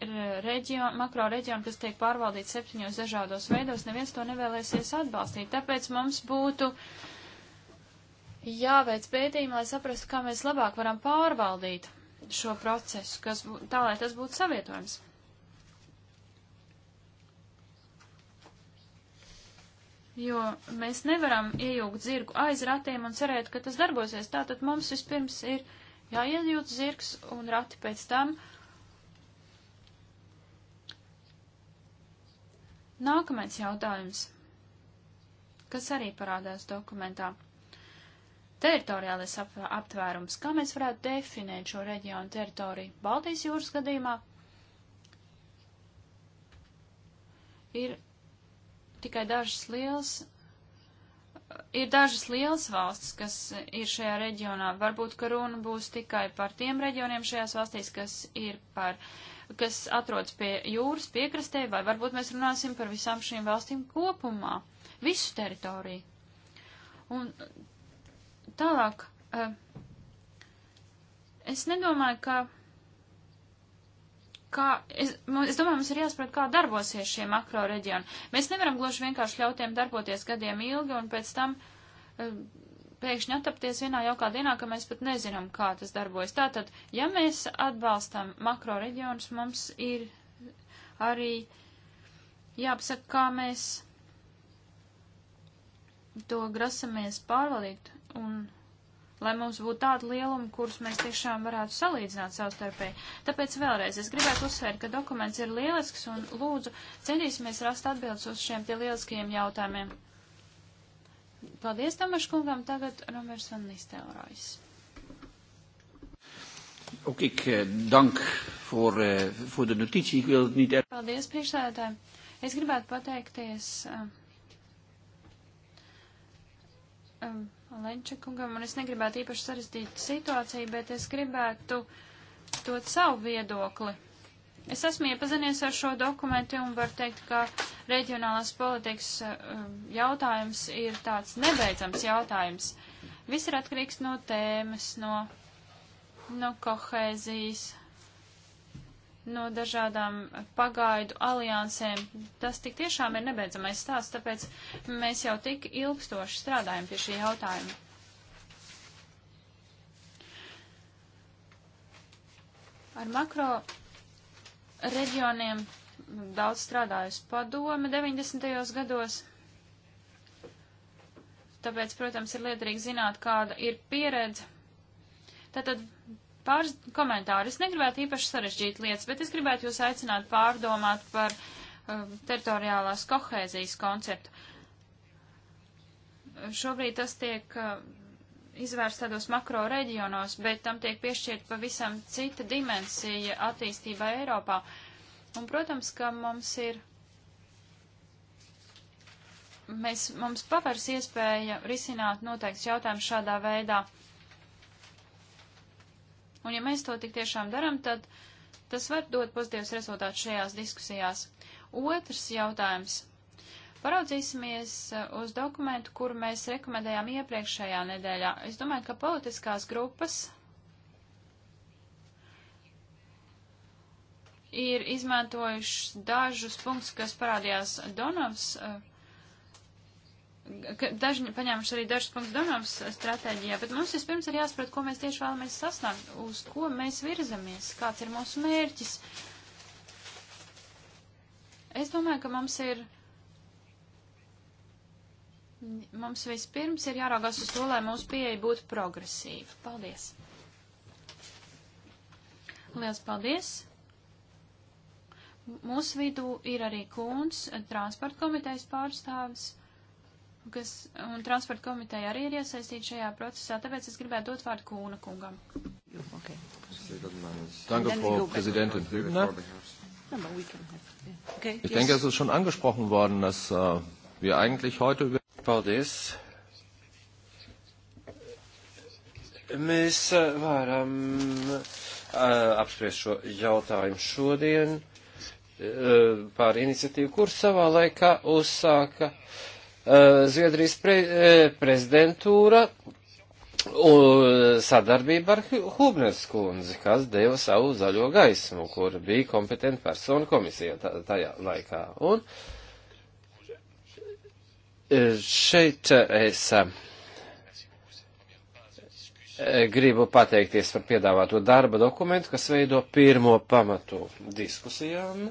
reģioni, makro reģioni, kas tiek pārvaldīti septiņos dažādos veidos, neviens to nevēlēsies atbalstīt. Tāpēc mums būtu jāveic pētījumi, lai saprastu, kā mēs labāk varam pārvaldīt šo procesu, kas, tā lai tas būtu savietojams. Jo mēs nevaram iejūgt zirgu aiz ratiem un cerēt, ka tas darbosies. Tātad mums vispirms ir jāiejūt zirgs un rati pēc tam. Nākamais jautājums, kas arī parādās dokumentā teritoriālais ap, aptvērums. Kā mēs varētu definēt šo reģionu teritoriju? Baltijas jūras gadījumā ir tikai dažas lielas. Ir dažas lielas valstis, kas ir šajā reģionā. Varbūt, ka runa būs tikai par tiem reģioniem šajās valstīs, kas ir par, kas atrodas pie jūras piekrastē, vai varbūt mēs runāsim par visām šīm valstīm kopumā, visu teritoriju. Un Tālāk, eh, es nedomāju, ka. Kā, es, es domāju, mums ir jāsaprot, kā darbosies šie makro reģioni. Mēs nevaram gluži vienkārši ļaut tiem darboties gadiem ilgi un pēc tam eh, pēkšņi atapties vienā jaukā dienā, ka mēs pat nezinām, kā tas darbojas. Tātad, ja mēs atbalstam makro reģionus, mums ir arī jāpasaka, kā mēs to grasamies pārvaldīt un lai mums būtu tāda lieluma, kurus mēs tiešām varētu salīdzināt savstarpēji. Tāpēc vēlreiz es gribētu uzsvērt, ka dokuments ir lielisks un lūdzu cenīsimies rast atbildes uz šiem tie lieliskajiem jautājumiem. Paldies Tamaš kungam, tagad Romers van Nistelrojs. Ook ik eh, dank voor, eh, voor de notitie. Ik wil het niet er... Paldies, priekšsēdētāji. Es gribētu pateikties. Um, um, Lenčakungam, un es negribētu īpaši sarastīt situāciju, bet es gribētu dot savu viedokli. Es esmu iepazinies ar šo dokumentu un varu teikt, ka reģionālās politikas eh, jautājums ir tāds nebeidzams jautājums. Viss ir atkarīgs no tēmas, no, no kohēzijas, no dažādām pagaidu aliansēm. Tas tik tiešām ir nebeidzamais stāsts, tāpēc mēs jau tik ilgstoši strādājam pie šī jautājuma. Ar makro reģioniem daudz strādājusi padome 90. gados. Tāpēc, protams, ir lietarīgi zināt, kāda ir pieredze. Tātad Pāris komentāri. Es negribētu īpaši sarežģīt lietas, bet es gribētu jūs aicināt pārdomāt par uh, teritoriālās kohēzijas konceptu. Šobrīd tas tiek uh, izvērsts tādos makro reģionos, bet tam tiek piešķirt pavisam cita dimensija attīstībai Eiropā. Un, protams, ka mums ir mēs, mums pavērs iespēja risināt noteikts jautājums šādā veidā. Un ja mēs to tik tiešām daram, tad tas var dot pozitīvs rezultāts šajās diskusijās. Otrs jautājums. Paraudzīsimies uh, uz dokumentu, kuru mēs rekomendējām iepriekšējā nedēļā. Es domāju, ka politiskās grupas ir izmantojušas dažus punktus, kas parādījās Donovs uh, dažņi paņēmuši arī dažus punktus domāms stratēģijā, bet mums vispirms ir jāsaprot, ko mēs tieši vēlamies sasniegt, uz ko mēs virzamies, kāds ir mūsu mērķis. Es domāju, ka mums ir. Mums vispirms ir jāraugās uz to, lai mūsu pieeja būtu progresīva. Paldies! Liels paldies! Mūsu vidū ir arī Kūns, transporta komitejas pārstāvis kas, un transporta komiteja arī ir iesaistīta šajā procesā, tāpēc es gribētu dot vārdu Kūna kungam. Okay. Danke, Frau Präsidentin Hübner. Ich denke, es ist schon angesprochen worden, dass uh, wir eigentlich heute über. Paldies. Mēs äh, varam uh, apspriest šo jautājumu šodien uh, par iniciatīvu, kur savā laikā uzsāka uh, Eh, Zviedrijas pre, eh, prezidentūra sadarbība ar Hubners kundzi, kas deva savu zaļo gaismu, kur bija kompetenta persona komisija tajā laikā. Un eh, šeit es gribu pateikties par piedāvāto darba dokumentu, kas veido pirmo pamatu diskusijām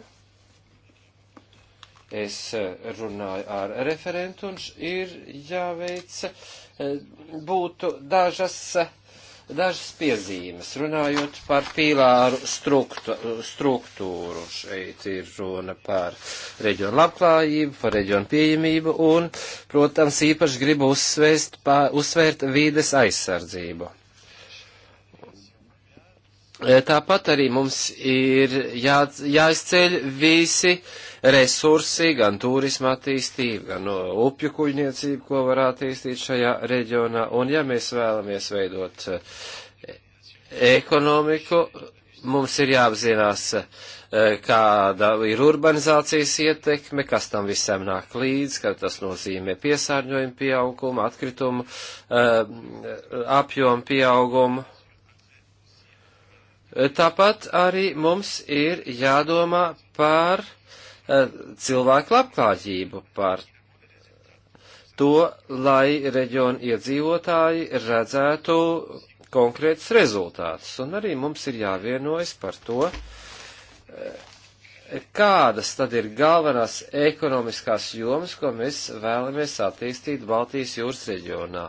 es eh, runāju ar referentu un ir jāveic eh, būtu dažas, eh, dažas piezīmes. Runājot par pīlāru struktu, struktūru, šeit ir runa par reģionu labklājību, par reģionu pieejamību un, protams, īpaši gribu uzsvēst, pā, uzsvērt vīdes aizsardzību Eh, tāpat arī mums ir jā, jāizceļ visi resursi, gan turisma attīstība, gan no upju kuģniecība, ko var attīstīt šajā reģionā. Un ja mēs vēlamies veidot eh, ekonomiku, mums ir jāapzinās, eh, kāda ir urbanizācijas ietekme, kas tam visam nāk līdz, ka tas nozīmē piesārņojumu pieaugumu, atkritumu apjomu pieaugumu Tāpat arī mums ir jādomā par eh, cilvēku labklājību, par to, lai reģionu iedzīvotāji redzētu konkrētus rezultātus. Un arī mums ir jāvienojas par to, eh, kādas tad ir galvenās ekonomiskās jomas, ko mēs vēlamies attīstīt Baltijas jūras reģionā.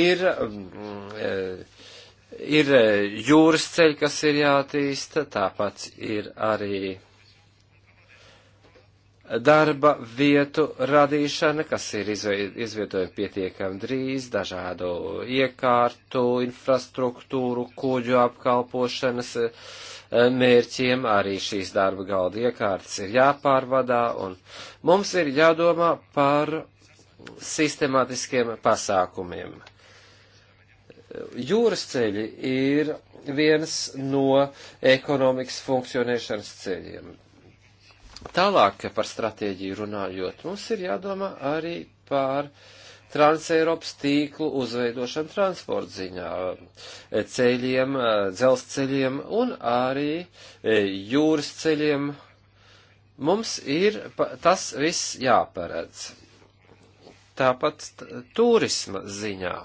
Ir mm, eh, Ir e, jūras ceļi, kas ir jātīsta, tāpat ir arī darba vietu radīšana, kas ir izveidojama pietiekami drīz, dažādu iekārtu, infrastruktūru, kuģu apkalpošanas e, mērķiem, arī šīs darba galda iekārtas ir jāpārvadā, un mums ir jādomā par sistemātiskiem pasākumiem. Jūras ceļi ir viens no ekonomikas funkcionēšanas ceļiem. Tālāk par stratēģiju runājot, mums ir jādomā arī par Transeiropas tīklu uzveidošanu transporta ziņā, ceļiem, dzelzceļiem un arī e, jūras ceļiem. Mums ir tas viss jāparedz. Tāpat turisma ziņā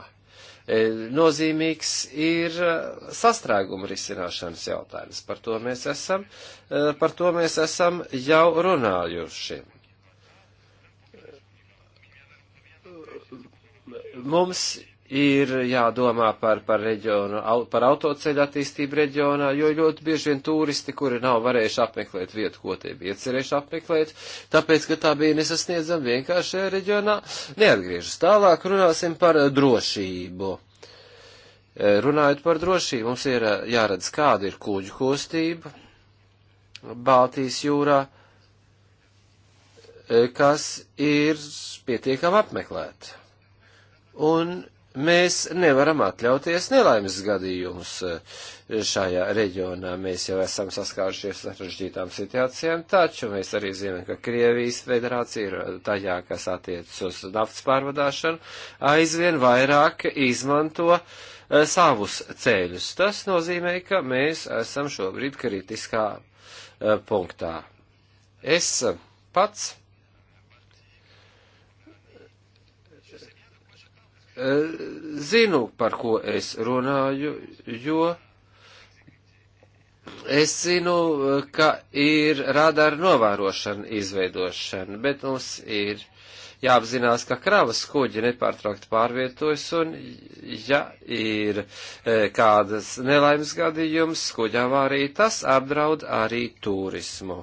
E, nozīmīgs ir e, sastrēguma risināšanas jautājums. Par to mēs esam, e, par to mēs esam jau runājuši. Mums ir jādomā par, par reģionu, par autoceļu attīstību reģionā, jo ļoti bieži vien turisti, kuri nav varējuši apmeklēt vietu, ko tie bija iecerējuši apmeklēt, tāpēc, ka tā bija nesasniedzama vienkāršajā reģionā, neatgriežas. Tālāk runāsim par drošību. E, runājot par drošību, mums ir e, jāredz, kāda ir kuģu kostība Baltijas jūrā, e, kas ir pietiekami apmeklēta. Un mēs nevaram atļauties nelaimes gadījumus eh, šajā reģionā. Mēs jau esam saskārušies ar sarežģītām situācijām, taču mēs arī zinām, ka Krievijas federācija ir tajā, kas attiecas uz naftas pārvadāšanu, aizvien vairāk izmanto eh, savus ceļus. Tas nozīmē, ka mēs esam šobrīd kritiskā eh, punktā. Es pats Eh, zinu, par ko es runāju, jo es zinu, eh, ka ir radara novērošana izveidošana, bet mums ir jāapzinās, ka kravas kuģi nepārtraukti pārvietojas, un ja ir e, kādas nelaimes gadījums, kuģa avārija, tas apdraud arī turismu.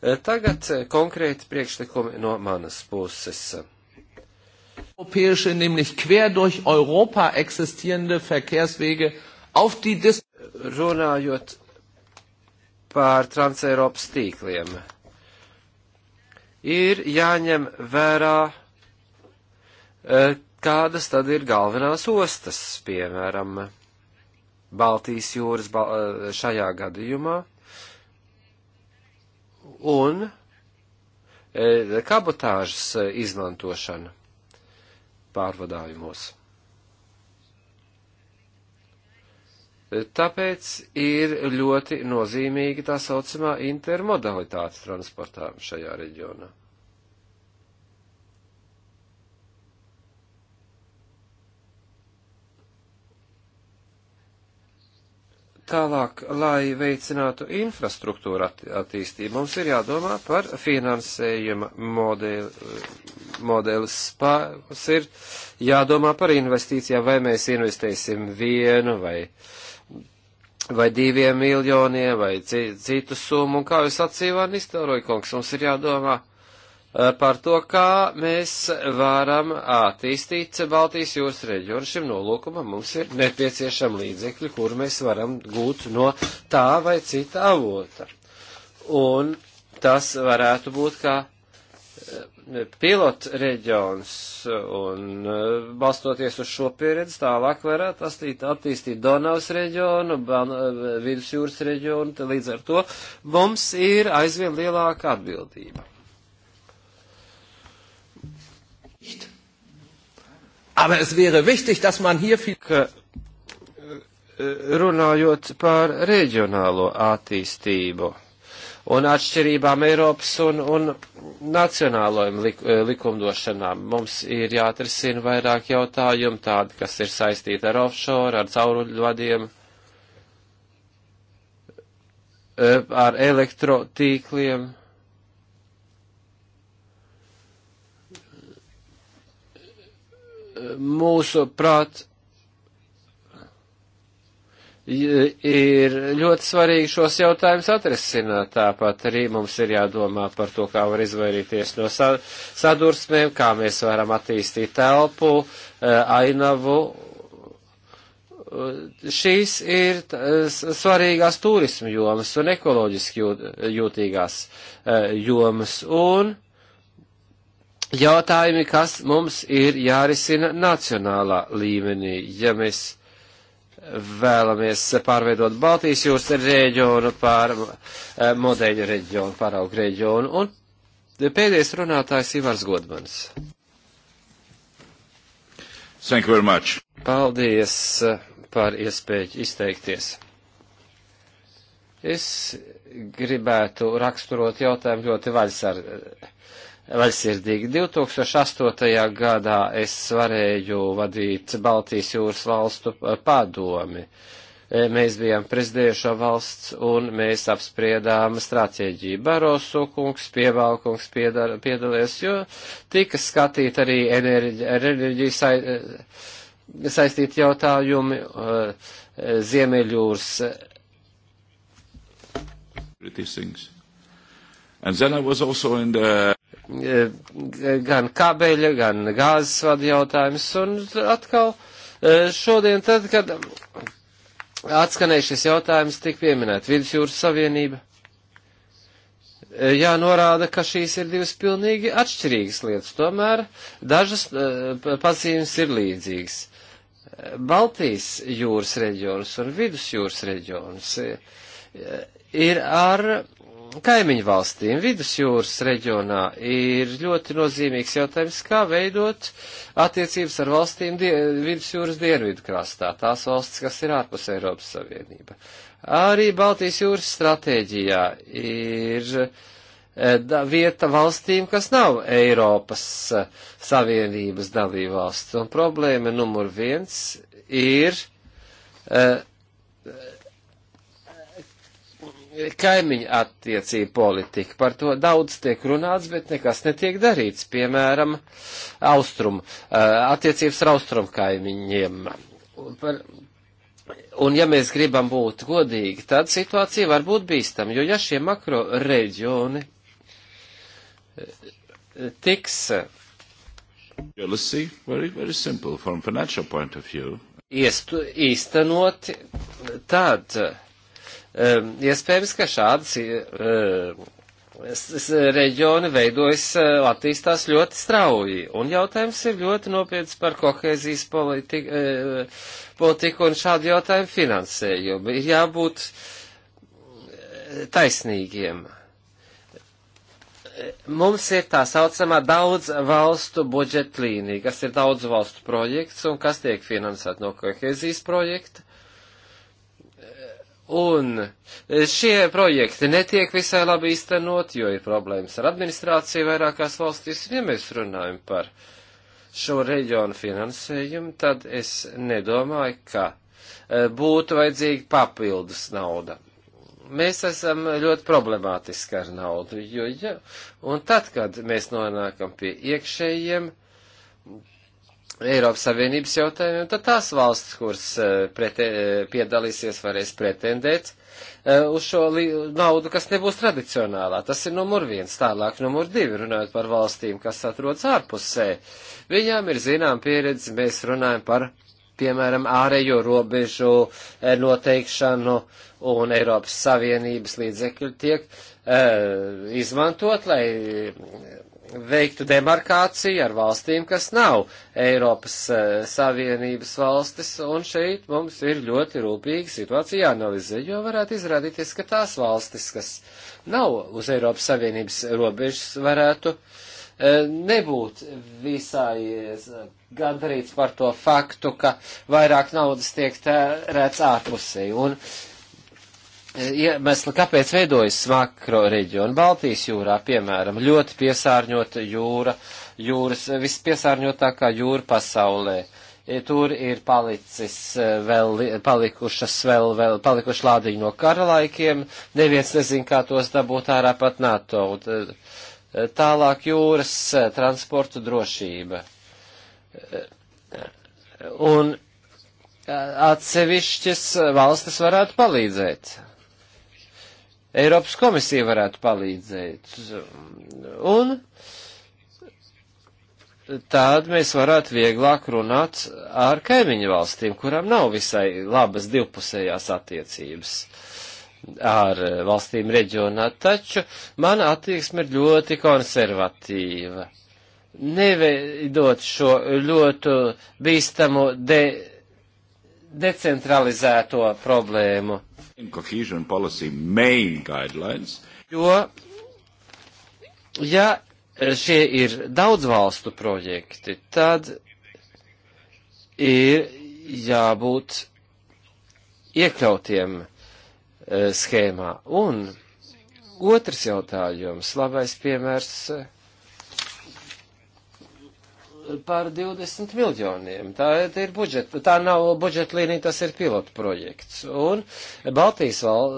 E, tagad konkrēti priekšlikumi no manas puses. Europäische, nämlich quer durch Europa existierende Verkehrswege auf die Dis Runājot par Transeiropas tīkliem, ir jāņem vērā, e, kādas tad ir galvenās ostas, piemēram, Baltijas jūras e, šajā gadījumā, un e, kabotāžas izmantošana pārvadājumos. Tāpēc ir ļoti nozīmīga tā saucamā intermodalitātes transportā šajā reģionā. Tālāk, lai veicinātu infrastruktūru att attīstību, mums ir jādomā par finansējuma modeli, modelis. Mums ir jādomā par investīcijām, vai mēs investēsim vienu vai, vai diviem miljoniem vai citu summu. Un kā jūs atsīvāni iztauroja, kungs, mums ir jādomā Eh, par to, kā mēs varam attīstīt Baltijas jūras reģionu. Šim nolūkumam mums ir nepieciešama līdzekļi, kur mēs varam gūt no tā vai cita avota. Un tas varētu būt kā eh, pilot reģions, un eh, balstoties uz šo pieredzi, tālāk varētu attīstīt, attīstīt Donavas reģionu, Vidusjūras reģionu, līdz ar to mums ir aizvien lielāka atbildība. Aber es wäre wichtig, dass man hier viel. Ka, e, runājot par reģionālo attīstību un atšķirībām Eiropas un, un nacionālajiem lik, e, likumdošanām, mums ir jāatrisina vairāk jautājumu, tādi, kas ir saistīti ar offshore, ar cauruļvadiem, e, ar elektrotīkliem mūsu prāt ir ļoti svarīgi šos jautājumus atrisināt. Tāpat arī mums ir jādomā par to, kā var izvairīties no sadursmēm, kā mēs varam attīstīt telpu, e, ainavu. E, šīs ir e, svarīgās turismu jomas un ekoloģiski jūtīgās jomas. Un jautājumi, kas mums ir jārisina nacionālā līmenī, ja mēs vēlamies pārveidot Baltijas jūras reģionu par eh, modeļu reģionu, paraugu reģionu. Un pēdējais runātājs Ivars Godmans. Thank you very much. Paldies eh, par iespēju izteikties. Es gribētu raksturot jautājumu ļoti vaļsardzīgi vaļsirdīgi. 2008. gadā es varēju vadīt Baltijas jūras valstu eh, padomi. Eh, mēs bijām prezidējušo valsts un mēs apspriedām stratēģiju. Barosu kungs, pievalkungs piedalījās, jo tika skatīt arī enerģi, enerģiju sai, eh, saistīti jautājumi Ziemeļjūras. And then I was also in the Eh, gan kabeļa, gan gāzes vada jautājums. Un atkal eh, šodien tad, kad atskanēja šis jautājums, tik pieminēt Vidusjūras Savienība. Eh, Jānorāda, ka šīs ir divas pilnīgi atšķirīgas lietas, tomēr dažas pazīmes ir līdzīgas. Baltijas jūras reģions un Vidusjūras reģions ir ar kaimiņu valstīm vidusjūras reģionā ir ļoti nozīmīgs jautājums, kā veidot attiecības ar valstīm die, vidusjūras dienvidu krastā, tās valstis, kas ir ārpus Eiropas Savienība. Arī Baltijas jūras stratēģijā ir eh, da, vieta valstīm, kas nav Eiropas eh, Savienības dalībvalsts, un problēma numur viens ir uh, kaimiņa attiecību politika. Par to daudz tiek runāts, bet nekas netiek darīts. Piemēram, austrum, eh, attiecības ar austrum kaimiņiem. Par, un ja mēs gribam būt godīgi, tad situācija var būt bīstama, jo ja šie makro reģioni eh, tiks. Jealousy, very, very simple from financial point of view. Iestu, īstenoti, tad uh, Ehm, iespējams, ka šādas e, e, reģioni veidojas, e, attīstās ļoti strauji, un jautājums ir ļoti nopietns par kohēzijas politiku, politiku un šādu jautājumu finansējumu. Ir jābūt taisnīgiem mums ir tā saucamā daudz valstu budžetlīnija, kas ir daudz valstu projekts un kas tiek finansēt no kohēzijas projekta. Un šie projekti netiek visai labi īstenot, jo ir problēmas ar administrāciju vairākās valstīs. Ja mēs runājam par šo reģionu finansējumu, tad es nedomāju, ka e, būtu vajadzīga papildus nauda. Mēs esam ļoti problemātiski ar naudu, jo, ja, un tad, kad mēs nonākam pie iekšējiem Eiropas Savienības jautājumiem, tad tās valsts, kuras eh, prete, eh, piedalīsies, varēs pretendēt eh, uz šo naudu, kas nebūs tradicionālā. Tas ir numur viens, tālāk numur divi, runājot par valstīm, kas atrodas ārpusē. Viņām ir zinām pieredze, mēs runājam par, piemēram, ārējo robežu noteikšanu un Eiropas Savienības līdzekļu tiek uh, izmantot, lai veiktu demarkāciju ar valstīm, kas nav Eiropas eh, Savienības valstis, un šeit mums ir ļoti rūpīgi situācija jāanalizē, jo varētu izrādīties, ka tās valstis, kas nav uz Eiropas Savienības robežas, varētu eh, nebūt visai eh, gandarīts par to faktu, ka vairāk naudas tiek tērēts ārpusē. Un uh, Eh, iemesli, kāpēc veidojas makro reģioni. Baltijas jūrā, piemēram, ļoti piesārņota jūra, jūras, eh, vispiesārņotākā jūra pasaulē. Eh, tur ir palicis vēl, palikušas vēl, vēl palikuši lādiņi no karalaikiem, neviens nezin, kā tos dabūt ārā pat NATO. Tālāk jūras transportu drošība. Un atsevišķas valstis varētu palīdzēt. Eiropas komisija varētu palīdzēt. Un tad mēs varētu vieglāk runāt ar kaimiņu valstīm, kurām nav visai labas divpusējās attiecības ar valstīm reģionā, taču mana attieksme ir ļoti konservatīva. Neveidot šo ļoti bīstamo de decentralizēto problēmu Jo, ja e, šie ir daudz valstu projekti, tad ir jābūt iekļautiem e, schēmā. Un otrs jautājums, labais piemērs e, par 20 miljoniem. Tā ir budžeta, tā nav budžeta līnija, tas ir pilotu projekts. Un Baltijas val,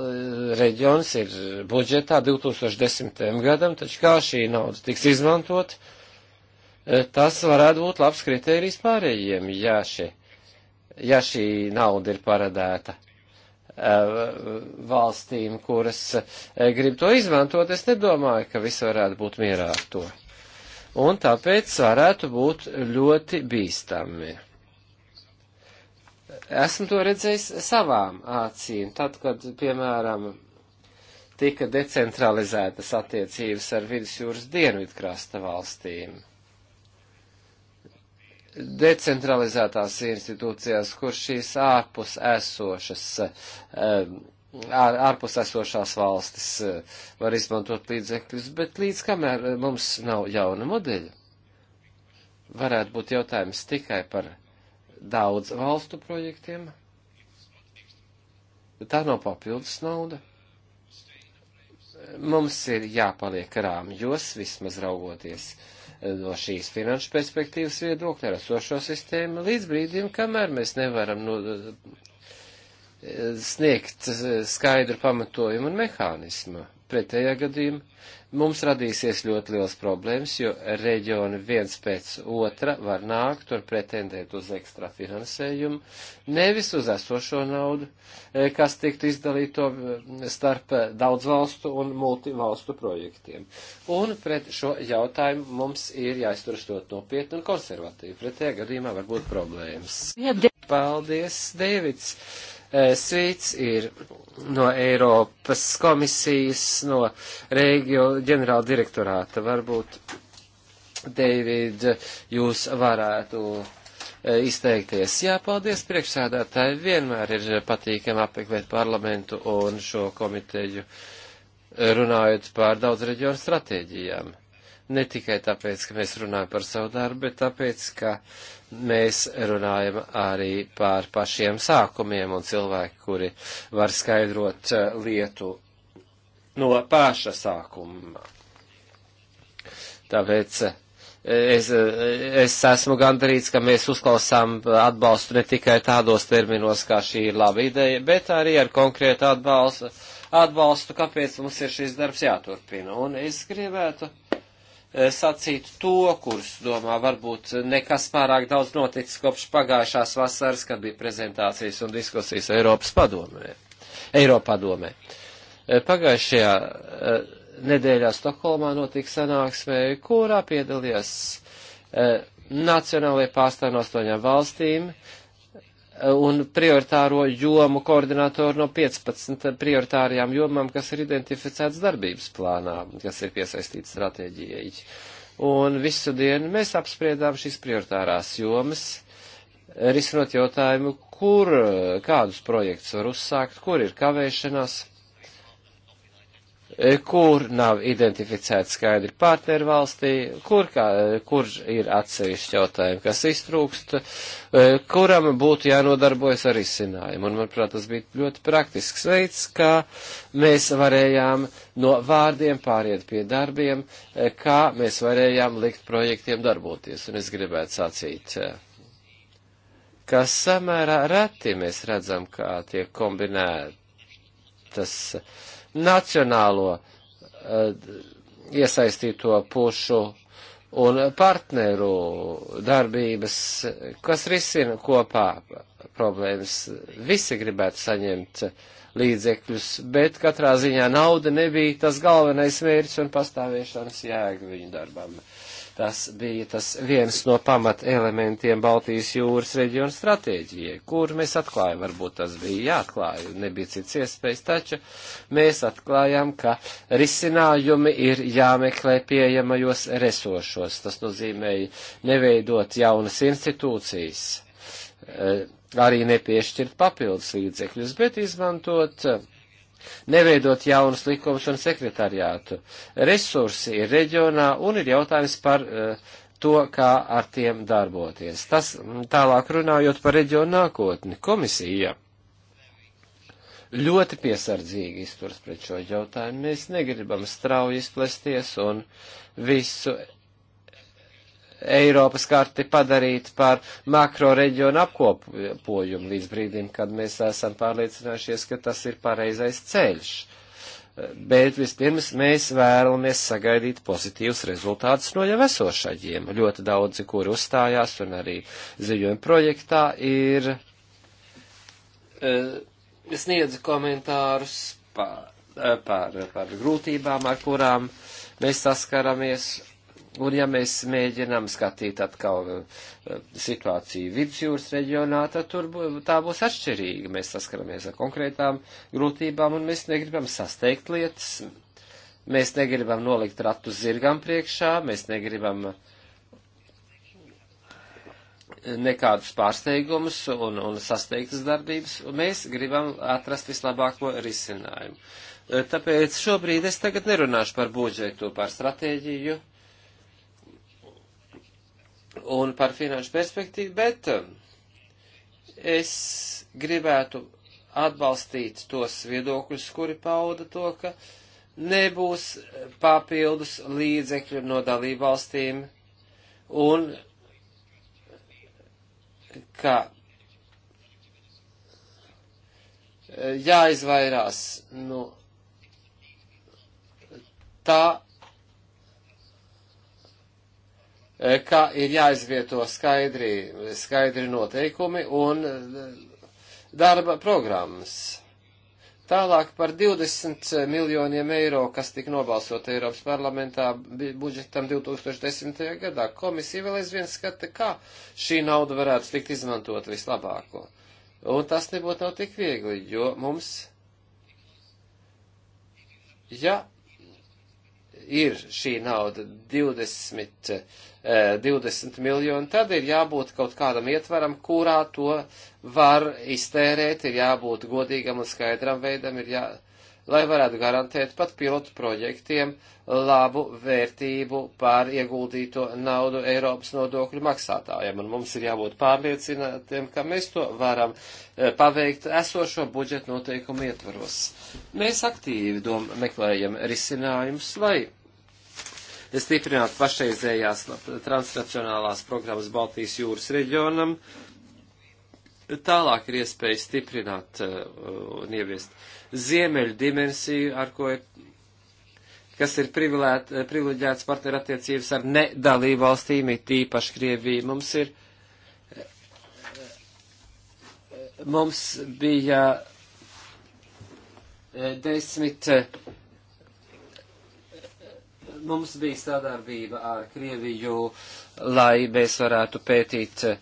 reģions ir budžetā 2010. gadam, taču kā šī nauda tiks izmantot, e, tas varētu būt labs kriterijs pārējiem, ja, šie, ja šī nauda ir paredēta e, valstīm, kuras e, grib to izmantot, es nedomāju, ka viss varētu būt mierā ar to un tāpēc varētu būt ļoti bīstami. Esmu to redzējis savām acīm, tad, kad, piemēram, tika decentralizētas attiecības ar vidusjūras dienvidkrasta valstīm. Decentralizētās institūcijās, kur šīs ārpus esošas um, ār, ārpus esošās valstis var izmantot līdzekļus, bet līdz kamēr mums nav jauna modeļa, varētu būt jautājums tikai par daudz valstu projektiem. Tā nav papildus nauda. Mums ir jāpaliek rāmjos, vismaz raugoties no šīs finanšu perspektīvas viedokļa ar esošo sistēmu, līdz brīdim, kamēr mēs nevaram no, sniegt eh, skaidru pamatojumu un mehānismu. Pretējā gadījumā mums radīsies ļoti liels problēmas, jo reģioni viens pēc otra var nākt un pretendēt uz ekstra finansējumu, nevis uz esošo naudu, eh, kas tiktu izdalīto eh, starp daudz valstu un multivalstu projektiem. Un pret šo jautājumu mums ir jāizturas ļoti nopietni un konservatīvi. Pretējā gadījumā var būt problēmas. Paldies, Dēvids! Eh, svīts ir no Eiropas komisijas, no Rēgio ģenerāla direktorāta. Varbūt, Deivid, jūs varētu eh, izteikties. Jā, paldies priekšsēdētāji. Vienmēr ir patīkami apmeklēt parlamentu un šo komiteju runājot par daudz reģionu stratēģijām ne tikai tāpēc, ka mēs runājam par savu darbu, bet tāpēc, ka mēs runājam arī par pašiem sākumiem un cilvēku, kuri var skaidrot eh, lietu no paša sākuma. Tāpēc eh, es, eh, es esmu gandrīz, ka mēs uzklausām atbalstu ne tikai tādos terminos, kā šī ir laba ideja, bet arī ar konkrētu atbalstu, atbalstu kāpēc mums ir šis darbs jāturpina. Un es gribētu Eh, sacīt to, kurus domā varbūt nekas pārāk daudz noticis kopš pagājušās vasaras, kad bija prezentācijas un diskusijas Eiropas padomē. Eiropā domē. Eh, pagājušajā eh, nedēļā Stokholmā notika sanāksmē, kurā piedalījās nacionālajie pārstāvji no astoņām valstīm, un prioritāro jomu koordinātoru no 15 prioritārajām jomām, kas ir identificēts darbības plānā, kas ir piesaistīts stratēģijai. Un visu dienu mēs apspriedām šīs prioritārās jomas, risinot jautājumu, kur, kādus projektus var uzsākt, kur ir kavēšanās E, kur nav identificēta skaidri partneru valstī, kur, kā, e, kur ir atsevišķi jautājumi, kas iztrūkst, e, kuram būtu jānodarbojas ar izcinājumu. Un, manuprāt, tas bija ļoti praktisks veids, kā mēs varējām no vārdiem pāriet pie darbiem, kā mēs varējām likt projektiem darboties. Un es gribētu sacīt, ka samērā reti mēs redzam, kā tiek kombinētas. Uh, nacionālo eh, iesaistīto pušu un partneru darbības, kas risina kopā problēmas. Visi gribētu saņemt līdzekļus, bet katrā ziņā nauda nebija tas galvenais mērķis un pastāvēšanas jēga viņu darbam. Uh, Tas bija tas viens no pamat elementiem Baltijas jūras reģiona stratēģijai, kur mēs atklājām, varbūt tas bija jāatklāja, nebija cits iespējas, taču mēs atklājām, ka risinājumi ir jāmeklē pieejamajos resošos. Tas nozīmēja neveidot jaunas institūcijas, eh, arī nepiešķirt papildus līdzekļus, bet izmantot eh, neveidot jaunas likumus un sekretariātu. Resursi ir reģionā un ir jautājums par uh, to, kā ar tiem darboties. Tas tālāk runājot par reģionu nākotni. Komisija ļoti piesardzīgi izturs pret šo jautājumu. Mēs negribam strauji izplesties un visu Eiropas karti padarīt par makro reģionu apkopojumu līdz brīdim, kad mēs esam pārliecinājušies, ka tas ir pareizais ceļš. Bet vispirms mēs vēlamies sagaidīt pozitīvus rezultātus no jau esošajiem. Ļoti daudzi, kuri uzstājās un arī ziņojuma projektā, ir uh, sniedz komentārus par, eh, par, par grūtībām, ar kurām mēs saskaramies Un ja mēs mēģinām skatīt atkal eh, situāciju vidusjūras reģionā, tad tur tā būs atšķirīga. Mēs saskaramies ar konkrētām grūtībām un mēs negribam sasteigt lietas. Mēs negribam nolikt ratus zirgam priekšā, mēs negribam eh, nekādus pārsteigumus un, un sasteigtas darbības. Mēs gribam atrast vislabāko risinājumu. Eh, tāpēc šobrīd es tagad nerunāšu par budžetu, par stratēģiju, un par finanšu perspektīvu, bet um, es gribētu atbalstīt tos viedokļus, kuri pauda to, ka nebūs papildus līdzekļu no dalībvalstīm un ka jāizvairās no tā, Eh, ka ir jāizvieto skaidri, skaidri noteikumi un eh, darba programmas. Tālāk par 20 miljoniem eiro, kas tika nobalsot Eiropas parlamentā budžetam 2010. gadā, komisija vēl aizvien skata, kā šī nauda varētu tikt izmantot vislabāko. Un tas nebūtu nav tik viegli, jo mums, ja ir šī nauda 20, 20 eh, miljoni, tad ir jābūt kaut kādam ietvaram, kurā to var iztērēt, ir jābūt godīgam un skaidram veidam, ir jābūt lai varētu garantēt pat pilotu projektiem labu vērtību pār ieguldīto naudu Eiropas nodokļu maksātājiem. Un mums ir jābūt pārliecinātiem, ka mēs to varam eh, paveikt esošo budžetu noteikumu ietvaros. Mēs aktīvi dom, meklējam risinājumus, lai stiprinātu pašreizējās transnacionālās programmas Baltijas jūras reģionam Tālāk ir iespēja stiprināt uh, un ieviest ziemeļu dimensiju, ar ko ir, kas ir eh, privileģēts partnerattiecības ar nedalību valstīm, ir tīpaši Krievija. Mums ir, eh, mums bija desmit, mums bija sadarbība ar Krieviju, lai mēs varētu pētīt uh,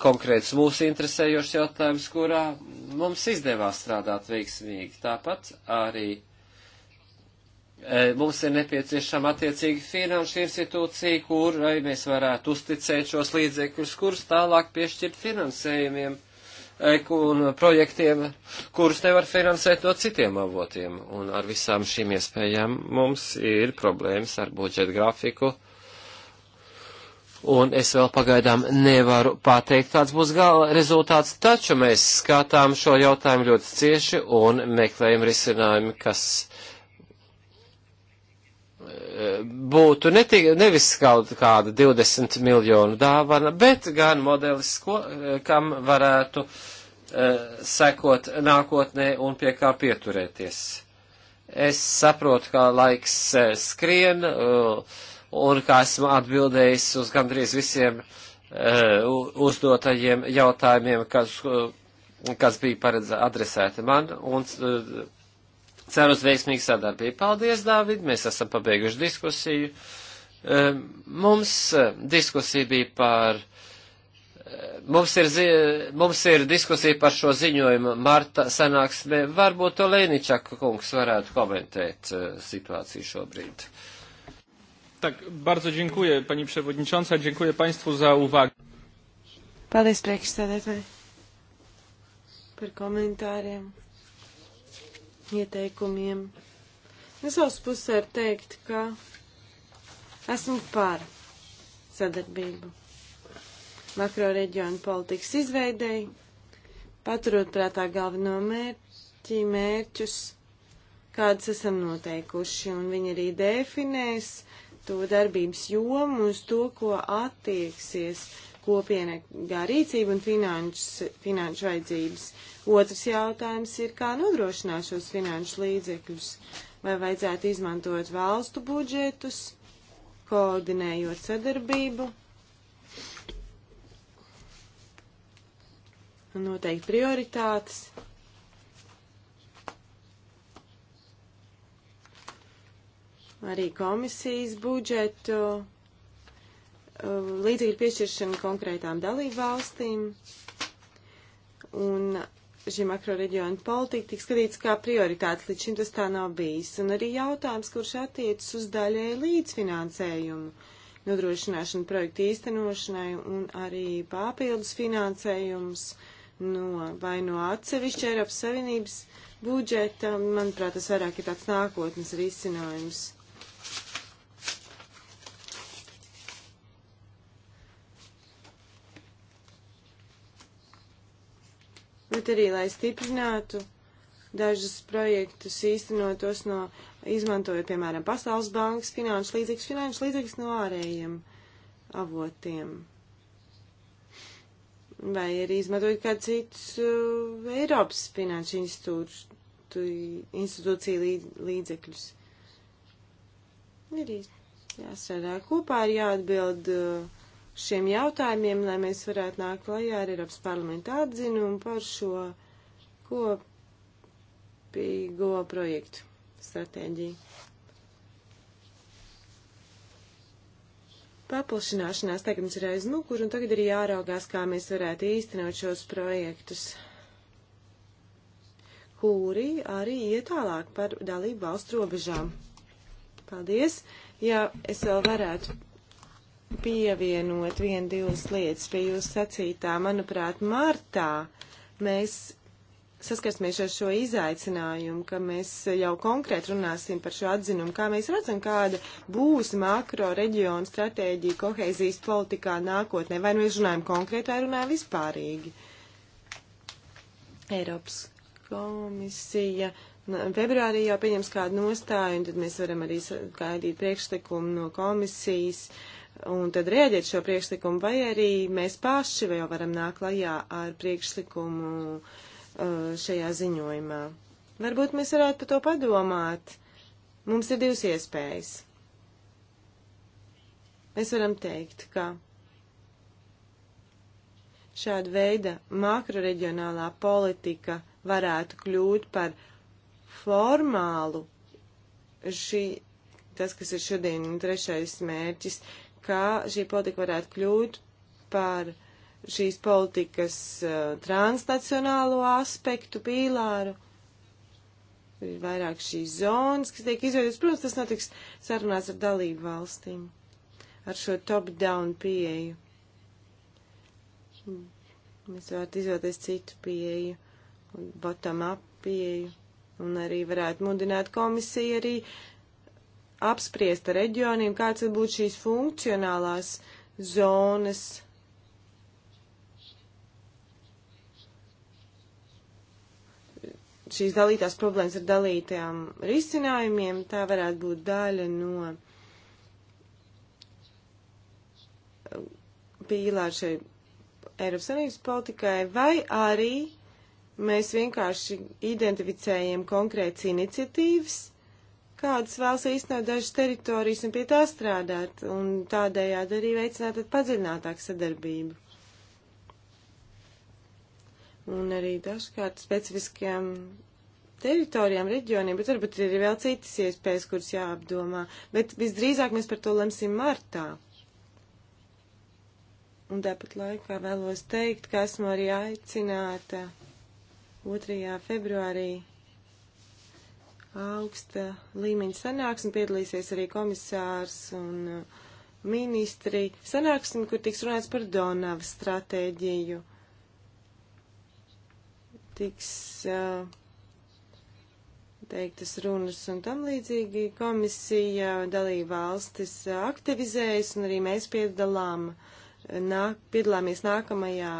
konkrēts mūsu interesējošs jautājums, kurā mums izdevās strādāt veiksmīgi. Tāpat arī mums ir nepieciešama attiecīga finanšu institūcija, kurai mēs varētu uzticēt šos līdzekļus, kurus tālāk piešķirt finansējumiem un projektiem, kurus nevar finansēt no citiem avotiem. Un ar visām šīm iespējām mums ir problēmas ar budžeta grafiku un es vēl pagaidām nevaru pateikt, kāds būs gala rezultāts, taču mēs skatām šo jautājumu ļoti cieši un meklējam risinājumu, kas e, būtu ne tik, nevis kaut kāda 20 miljonu dāvana, bet gan modelis, ko, e, kam varētu uh, sekot nākotnē un pie kā pieturēties. Es saprotu, kā laiks skrien, uh, un kā esmu atbildējis uz gandrīz visiem uh, uzdotajiem jautājumiem, kas, uh, kas bija paredzēti adresēti man, un uh, ceru uz veiksmīgu sadarbību. Paldies, Dāvid, mēs esam pabeiguši diskusiju. Mums diskusija bija par. Mums ir, zi, mums ir diskusija par šo ziņojumu Marta sanāksmē. Varbūt Olēničaka kungs varētu komentēt situāciju šobrīd. Tak, bardzo dziękuję pani przewodnicząca, dziękuję państwu za uwagę. Paldies priekšsēdētāji par komentāriem, ieteikumiem. Es savas pusē varu teikt, ka esmu par sadarbību makroreģionu politikas izveidēji, paturot prātā galveno mērķi, mērķus, kādas esam noteikuši, un viņi arī definēs to darbības jomu, uz to, ko attieksies kopienā rīcība un finanšs, finanšu vajadzības. Otrs jautājums ir, kā nodrošināt šos finanšu līdzekļus, vai vajadzētu izmantot valstu budžetus, koordinējot sadarbību. Noteikti prioritātes. arī komisijas budžetu, uh, līdzīgi piešķiršana konkrētām dalībvalstīm. Un šī makroreģiona politika tiks skatīts kā prioritāte, līdz šim tas tā nav bijis. Un arī jautājums, kurš attiecas uz daļēju līdzfinansējumu, nodrošināšanu projektu īstenošanai un arī papildus finansējums no, vai no atsevišķa Eiropas Savienības budžeta. Manuprāt, tas vairāk ir tāds nākotnes risinājums. bet arī, lai stiprinātu dažus projektus, īstenot tos no, izmantojot, piemēram, Pasaules bankas finanšu līdzīgas, finanšu līdzīgas no ārējiem avotiem. Vai arī izmantojot kādu citus uh, Eiropas finanšu institūtu, institūciju līdzekļus. Ir jāsarā kopā, ir jāatbild. Uh, šiem jautājumiem, lai mēs varētu nākt klajā ar Eiropas parlamenta atzinumu par šo kopīgo projektu stratēģiju. Paplašināšanās tagad mums ir aiz muguru, un tagad ir jāraugās, kā mēs varētu īstenot šos projektus, kuri arī iet tālāk par dalību valstu robežām. Paldies! Ja es vēl varētu pievienot vienu, divas lietas pie jūsu sacītā. Manuprāt, martā mēs saskarsimies ar šo izaicinājumu, ka mēs jau konkrēti runāsim par šo atzinumu, kā mēs redzam, kāda būs makro reģionu stratēģija kohēzijas politikā nākotnē. Vai nu mēs runājam konkrēti, vai runājam vispārīgi. Eiropas komisija februārī jau pieņems kādu nostāju, un tad mēs varam arī gaidīt priekšlikumu no komisijas. Uh, un tad rēģēt šo priekšlikumu, vai arī mēs paši vēl varam nākt klajā ar priekšlikumu uh, šajā ziņojumā. Varbūt mēs varētu par to padomāt. Mums ir divas iespējas. Mēs varam teikt, ka šāda veida makroreģionālā politika varētu kļūt par formālu šī, tas, kas ir šodien trešais mērķis, uh, ka šī politika varētu kļūt par šīs politikas uh, transnacionālo aspektu pīlāru. Ir vairāk šīs zonas, kas tiek izveidotas. Protams, tas notiks sarunās ar dalību valstīm, ar šo top-down pieeju. Hmm. Mēs varētu izvēlēties citu pieeju, bottom-up pieeju, un arī varētu mudināt komisiju arī uh, apspriest ar reģioniem, kāds var būt šīs funkcionālās zonas. Šīs dalītās problēmas ar dalītajām risinājumiem, tā varētu būt daļa no pīlāra šai Eiropas Savienības politikai, vai arī mēs vienkārši identificējam konkrētas iniciatīvas, kādas vēlas īstenot dažas teritorijas un pie tā strādāt, un tādējādi arī veicināt padziļinātāku sadarbību. Un arī dažkārt specifiskajām teritorijām, reģioniem, bet varbūt ir vēl citas iespējas, kuras jāapdomā, bet visdrīzāk mēs par to lemsim martā. Un tāpat laikā vēlos teikt, ka esmu arī aicināta 2. februārī augsta līmeņa sanāksme, piedalīsies arī komisārs un uh, ministri sanāksmi, kur tiks runāts par Donavas stratēģiju. Tiks uh, teiktas runas un tam līdzīgi komisija dalība valstis aktivizējas un arī mēs piedalām, nāk, piedalāmies nākamajā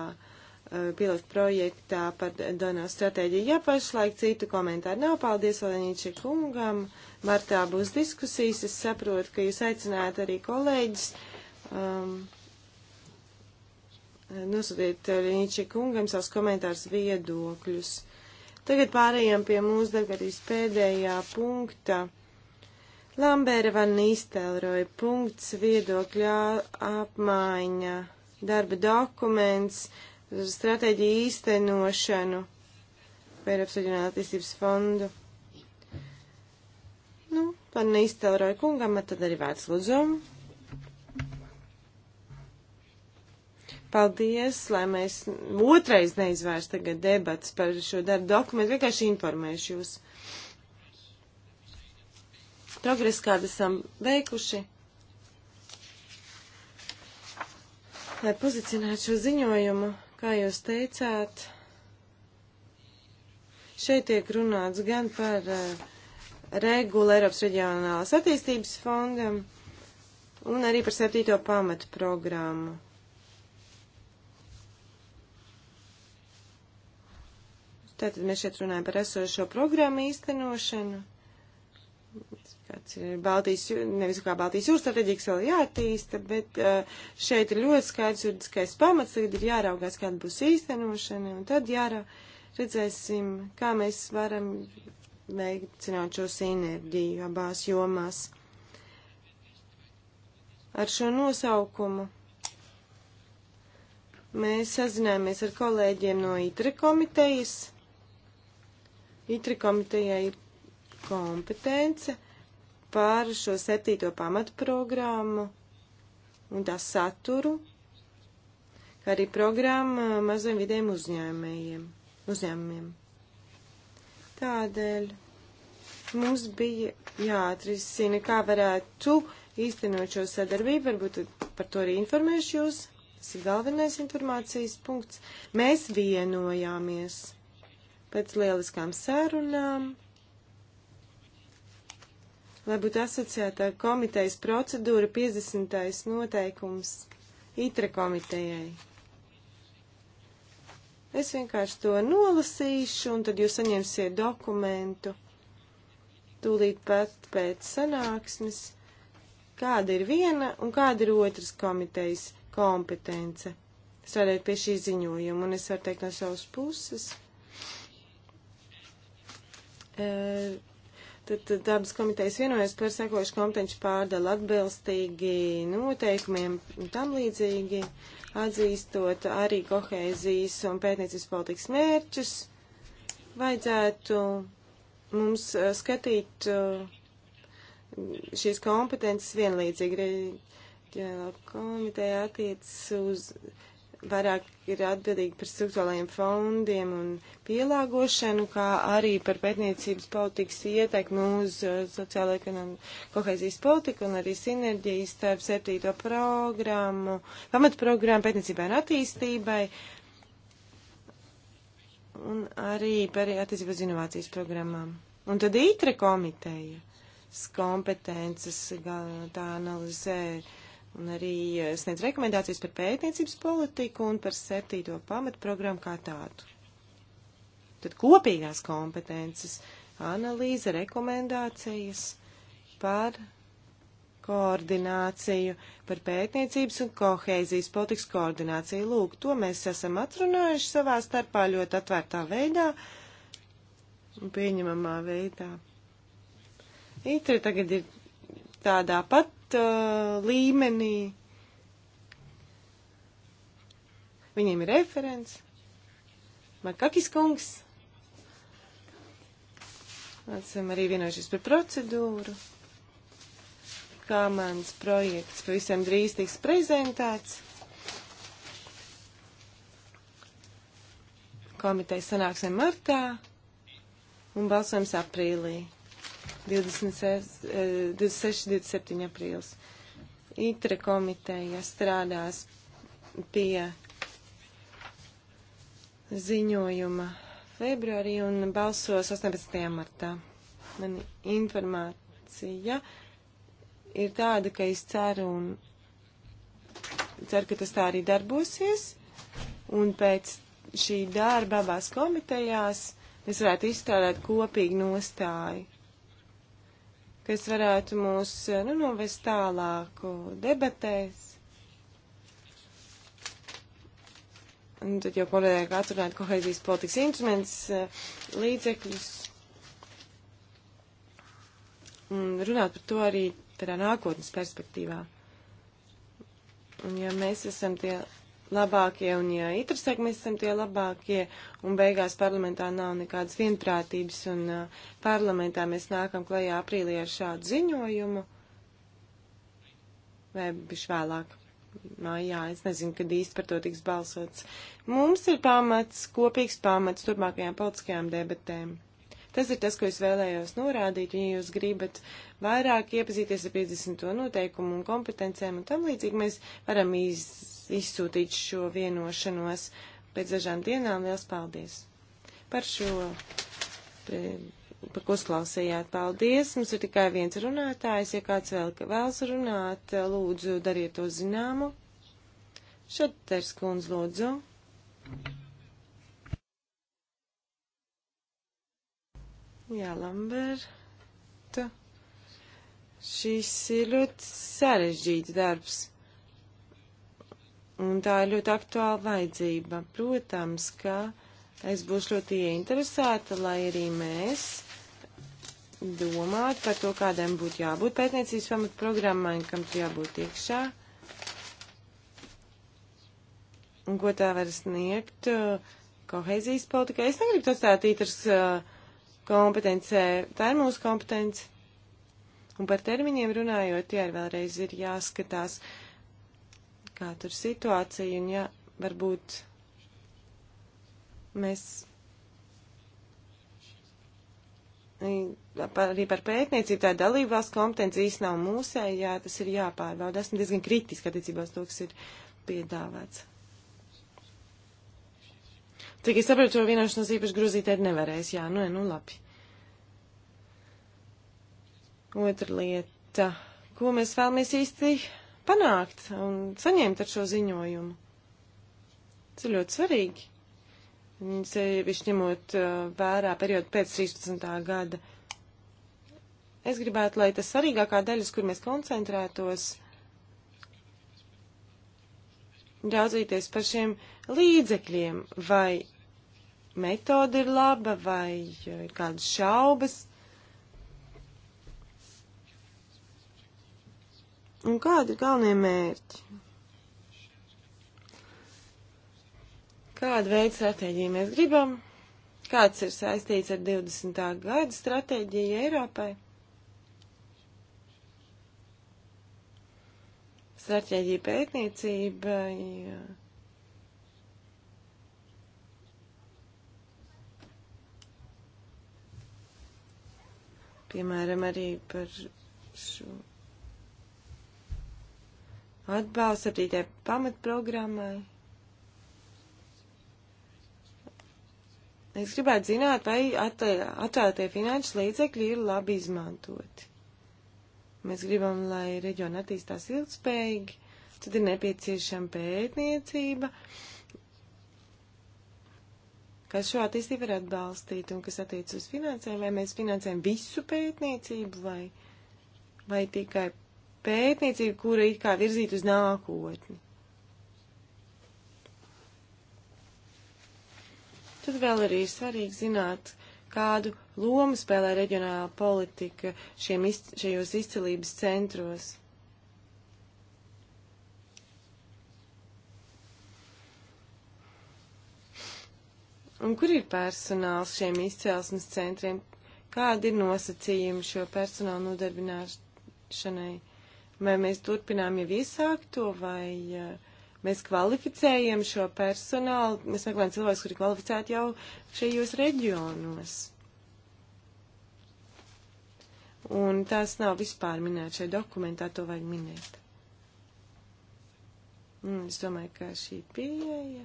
Eh, pilotu projektā par Donavas stratēģiju. Ja pašlaik citu komentāru nav, paldies Valēnīča kungam. Martā būs diskusijas. Es saprotu, ka jūs aicināt arī kolēģis. Um, nosūtiet Valēnīča kungam savus komentārus viedokļus. Tagad pārējām pie mūsu darbības pēdējā punkta. Lambēra van Nīstelroja punkts viedokļa apmaiņa darba dokuments stratēģiju īstenošanu par Eiropas reģionālā attīstības fondu. Nu, par neiztēloju kungam, tad arī vērts lūdzumu. Paldies, lai mēs otrais neizvērst tagad debats par šo darbu dokumentu, vienkārši informēšu jūs. Progress, kādu esam veikuši, lai pozicionētu šo ziņojumu. Kā jūs teicāt, šeit tiek runāts gan par uh, regulu Eiropas reģionālās attīstības fondam un arī par septīto pamatu programmu. Tātad mēs šeit runājam par esošo programmu īstenošanu kāds ir Baltijas, nevis kā Baltijas jūras strateģikas vēl jātīsta, bet šeit ir ļoti skaidrs juridiskais pamats, tagad ir jāraugās, kāda būs īstenošana, un tad jārā, redzēsim, kā mēs varam veicināt šo sinerģiju abās jomās. Ar šo nosaukumu mēs sazinājāmies ar kolēģiem no ITRE komitejas. ITRE komiteja ir kompetence par šo septīto pamatprogrammu un tā saturu, kā arī programmu uh, maziem vidiem uzņēmējiem, uzņēmumiem. Tādēļ mums bija jāatrisina, kā varētu īstenot šo sadarbību, varbūt par to arī informēšu jūs. Tas ir galvenais informācijas punkts. Mēs vienojāmies pēc lieliskām sērunām lai būtu asociētā komitejas procedūra 50. noteikums ITRA komitejai. Es vienkārši to nolasīšu, un tad jūs saņemsiet dokumentu tūlīt pat pēc sanāksmes, kāda ir viena un kāda ir otras komitejas kompetence strādājot pie šī ziņojuma, un es varu teikt no savas puses. E, Tad dabas komitejas vienojas par sekojušu kompetenci pārdalu atbilstīgi noteikumiem un tam līdzīgi, atzīstot arī kohēzijas un pētniecības politikas mērķus, vajadzētu mums uh, skatīt uh, šīs kompetences vienlīdzīgi. Komiteja attiec uz vairāk ir atbildīgi par struktūrālajiem fondiem un pielāgošanu, kā arī par pētniecības politikas ietekmi uz uh, sociālo ekonomiku kohēzijas politiku un arī sinerģijas starp septīto programmu, pamatprogrammu pētniecībai un attīstībai un arī par attiecību uz inovācijas programmām. Un tad ītre komiteja kompetences, tā analizē uh, un arī eh, sniedz rekomendācijas par pētniecības politiku un par septīto pamatprogrammu kā tādu. Tad kopīgās kompetences, analīze, rekomendācijas par koordināciju, par pētniecības un kohēzijas politikas koordināciju. Lūk, to mēs esam atrunājuši savā starpā ļoti atvērtā veidā un pieņemamā veidā. Itri tagad ir tādā pat uh, līmenī. Viņiem ir referents. Markakis kungs. Esam arī vienojušies par procedūru. Kā mans projekts pavisam drīz tiks prezentēts. Komiteja sanāksim martā un balsojums aprīlī. 26. 27. Eh, aprīlis. ITRE komiteja strādās pie ziņojuma februārī un balsos 18. martā. Man informācija ir tāda, ka es ceru un ceru, ka tas tā arī darbosies. Un pēc šī darba abās komitejās mēs varētu izstrādāt kopīgu nostāju kas varētu mūs nu, novest tālāk debatēs. Un tad jau kolēģi atrunāt kohēzijas politikas instruments, eh, līdzekļus. Un runāt par to arī tādā nākotnes perspektīvā. Un ja mēs esam tie labākie, un ja itrasek mēs esam tie labākie, un beigās parlamentā nav nekādas vienprātības, un uh, parlamentā mēs nākam klajā aprīlī ar šādu ziņojumu, vai bišķi vēlāk. Mājā, es nezinu, kad īsti par to tiks balsots. Mums ir pamats, kopīgs pamats turpmākajām politiskajām debatēm. Tas ir tas, ko es vēlējos norādīt, ja jūs gribat vairāk iepazīties ar 50. noteikumu un kompetencēm un tam līdzīgi mēs varam iz izsūtīt šo vienošanos pēc dažām dienām. Liels paldies par šo, eh, par ko klausījāt. Paldies! Mums ir tikai viens runātājs. Ja kāds vēl vēlas runāt, eh, lūdzu, dariet to zināmu. Šaters kundz, lūdzu. Jā, Lamberta. Šis ir ļoti sarežģīts darbs. Un tā ir ļoti aktuāla vajadzība. Protams, ka es būšu ļoti ieinteresēta, lai arī mēs domātu par to, kādiem būtu jābūt pētniecības pamatprogrammai, kam tur jābūt iekšā. Un ko tā var sniegt uh, kohēzijas politikā. Es negribu to stāt ītras uh, kompetencē. Tā ir mūsu kompetence. Un par termiņiem runājot, tie ir vēlreiz ir jāskatās. Uh, kā tur situācija, un ja varbūt mēs arī par pētniecību tā dalībvalsts kompetence īsti nav mūsēji, jā, tas ir jāpārbauda. Esmu diezgan kritiski attiecībās to, kas ir piedāvāts. Cik es saprotu, šo vienošanos īpaši grozīt arī nevarēs, jā, nu, nu labi. Otra lieta. Ko mēs vēlamies īsti panākt un saņemt ar šo ziņojumu. Tas ir ļoti svarīgi. Sevišķi ņemot uh, vērā periodu pēc 13. gada. Es gribētu, lai tas svarīgākā daļa, uz kur mēs koncentrētos, raudzīties par šiem līdzekļiem, vai metode ir laba, vai ir kādas šaubas Un kādi ir galvenie mērķi? Kādu veidu stratēģiju mēs gribam? Kāds ir saistīts ar 20. gada stratēģiju Eiropai? Stratēģija pētniecībai. Jā. piemēram, arī par šo atbalsts septītē pamatprogrammai. Es gribētu zināt, vai atvēlētie finanšu līdzekļi ir labi izmantoti. Mēs gribam, lai reģiona attīstās ilgspējīgi, tad ir nepieciešama pētniecība, kas šo attīstību var atbalstīt un kas attiec uz finansēm, vai mēs finansējam visu pētniecību vai, vai tikai pētniecība, kura it kā virzīt uz nākotni. Tad vēl arī ir svarīgi zināt, kādu lomu spēlē reģionāla politika šiem, iz, šajos izcilības centros. Un kur ir personāls šiem izcelsmes centriem? Kādi ir nosacījumi šo personālu nodarbināšanai? Vai mēs turpinām jau iesākto, vai eh, mēs kvalificējam šo personālu, mēs meklējam cilvēkus, kuri kvalificēti jau šajos reģionos. Un tās nav vispār minētas šajā dokumentā, to vajag minēt. Un mm, es domāju, ka šī pieeja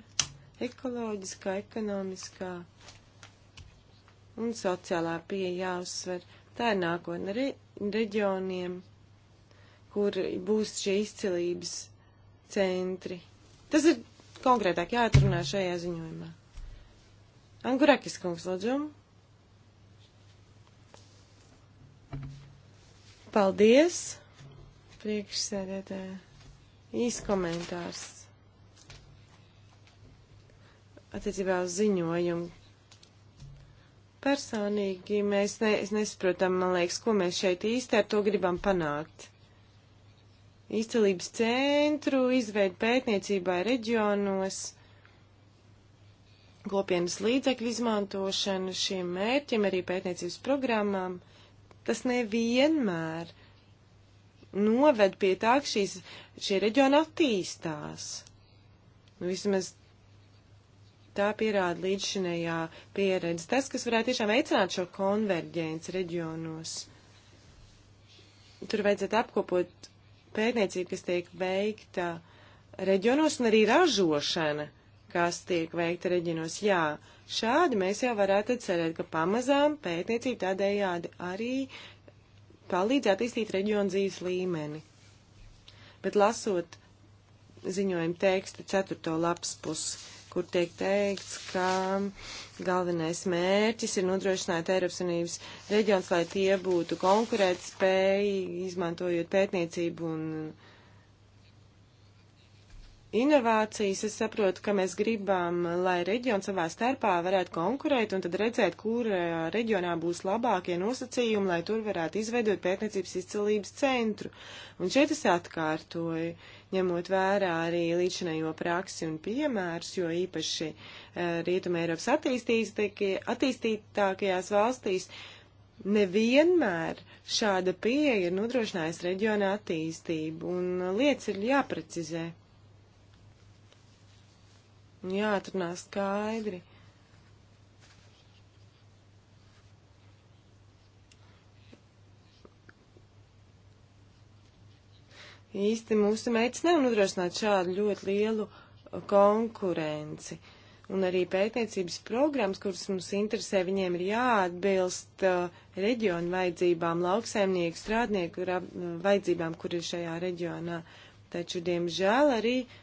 ekoloģiskā, ekonomiskā un sociālā pieeja jāuzsver. Tā ir nākotne re reģioniem kur būs šie izcilības centri. Tas ir konkrētāk jāatrunā šajā ziņojumā. Angurakis kungs, lūdzu. Paldies, priekšsēdētāji. Īs komentārs. Attiecībā uz ziņojumu. Personīgi mēs ne, nesprotam, man liekas, ko mēs šeit īsti ar to gribam panākt izcelības centru izveidu pētniecībai reģionos, kopienas līdzekļu izmantošanu šiem mērķiem, arī pētniecības programmām. Tas nevienmēr noved pie tā, ka šīs, šie reģioni attīstās. Nu, vismaz tā pierāda līdzšinējā pieredze. Tas, kas varētu tiešām veicināt šo konverģenci reģionos. Tur vajadzētu apkopot pētniecība, kas tiek veikta reģionos, un arī ražošana, kas tiek veikta reģionos. Jā, šādi mēs jau varētu cerēt, ka pamazām pētniecība tādējādi arī palīdz attīstīt reģionu dzīves līmeni. Bet lasot ziņojumu tekstu 4. lapas pusi, kur tiek teikts, ka galvenais mērķis ir nodrošināt Eiropas Unības reģions, lai tie būtu konkurētspējīgi, izmantojot pētniecību un uh, inovācijas, es saprotu, ka mēs gribam, lai reģioni savā starpā varētu konkurēt un tad redzēt, kur reģionā būs labākie nosacījumi, lai tur varētu izveidot pētniecības izcilības centru. Un šeit es atkārtoju, ņemot vērā arī līdzinējo praksi un piemērus, jo īpaši Rietuma Eiropas attīstītākajās valstīs nevienmēr šāda pieeja ir nodrošinājusi reģiona attīstību, un lietas ir jāprecizē jāatrunā skaidri. Īsti mūsu meitas nevar nodrošināt šādu ļoti lielu uh, konkurenci. Un arī pētniecības programmas, kuras mums interesē, viņiem ir jāatbilst uh, reģionu vajadzībām, lauksaimnieku strādnieku vajadzībām, kur ir šajā reģionā. Taču, diemžēl, arī uh,